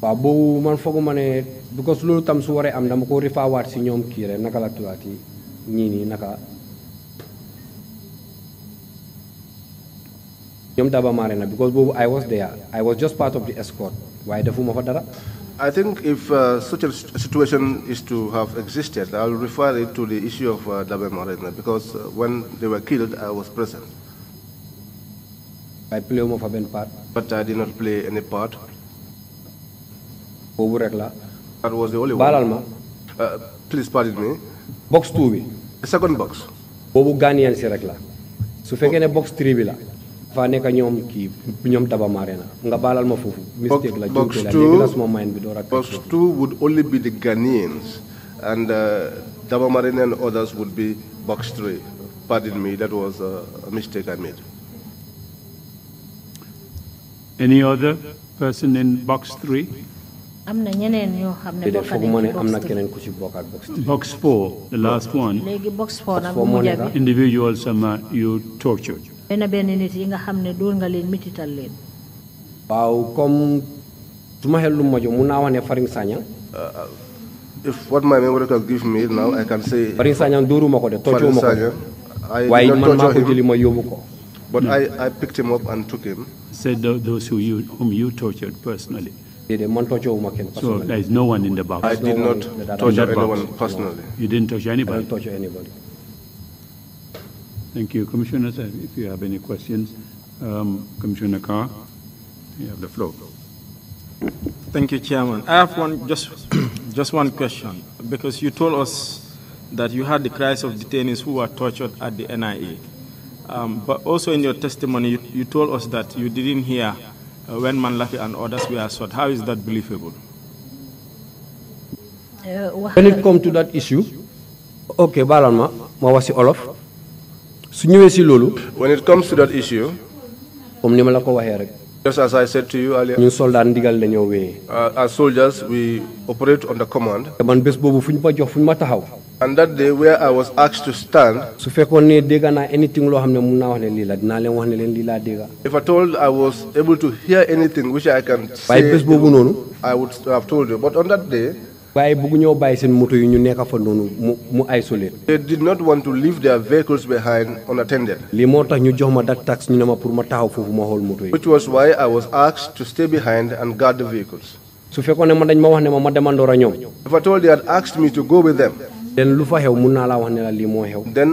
Babu man fogu mane because lolu tam su waré am dama ko rifa wat ci ñom ki ré naka la tuati ñi ni naka ñom daba maré na because bobu I was there I was just part of the escort waye defuma fa dara I think if uh, such a situation is to have existed, I'll refer it to the issue of uh, Dabe Morena because uh, when they were killed, I was present. I play him part. But I did not play any part. Over rekla. That was the only one. Balalma. Uh, please pardon me. Box two bi. The second box. Bobu Ghanaian si So if fekkee box three bi la. fa nekk ñoom kii ñoom nga baalal ma foofu. mistake la juute la léegi la suma mind bi door ak. box two would only be the Ghanaians and uh, Dabamarene and others would be box three. Pardon me, that was uh, a mistake I made. any other person in box three. am na ñeneen ñoo xam ne bokk nañ ci am na keneen ku ci bokk ak box three. box four the last one. léegi box four nag mu jabi. individuals sama you tortured. benn benn nit yi nga xam ne dóor nga leen mitital leen. waaw comme su ma lu ma jox naa wax ne Faring Sanyang. Uh, if what my memory Faring Sanyang dóoruma ko de. Faring Sanyang tojjuma ko waaye man maa jëli ma yóbbu ko. But I, I picked him up and took him. Said those who you, whom you tortured personally. So there is no one in the box. I did not torture anyone personally. You didn't torture anybody. I didn't torture anybody. Thank you, commissioners. If you have any questions, um, Commissioner Carr, you have the floor. Thank you, Chairman. I have one just just one question because you told us that you had the cries of detainees who were tortured at the NIA. Um, but also in your testimony, you, you, told us that you didn't hear uh, when Manlafi and others were assaulted. How is that believable? Uh, when it comes to that issue, okay, Balanma, Mawasi Olof, When it comes to that issue, just as I said to you earlier, uh, as soldiers, we operate under command. On that day where I was asked to stand, if I told I was able to hear anything which I can say, I would have told you. But on that day, they did not want to leave their vehicles behind unattended. Which was why I was asked to stay behind and guard the vehicles. If I told they had asked me to go with them, lu mun naa la then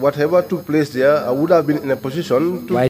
whatever took place there, I would have been in a position to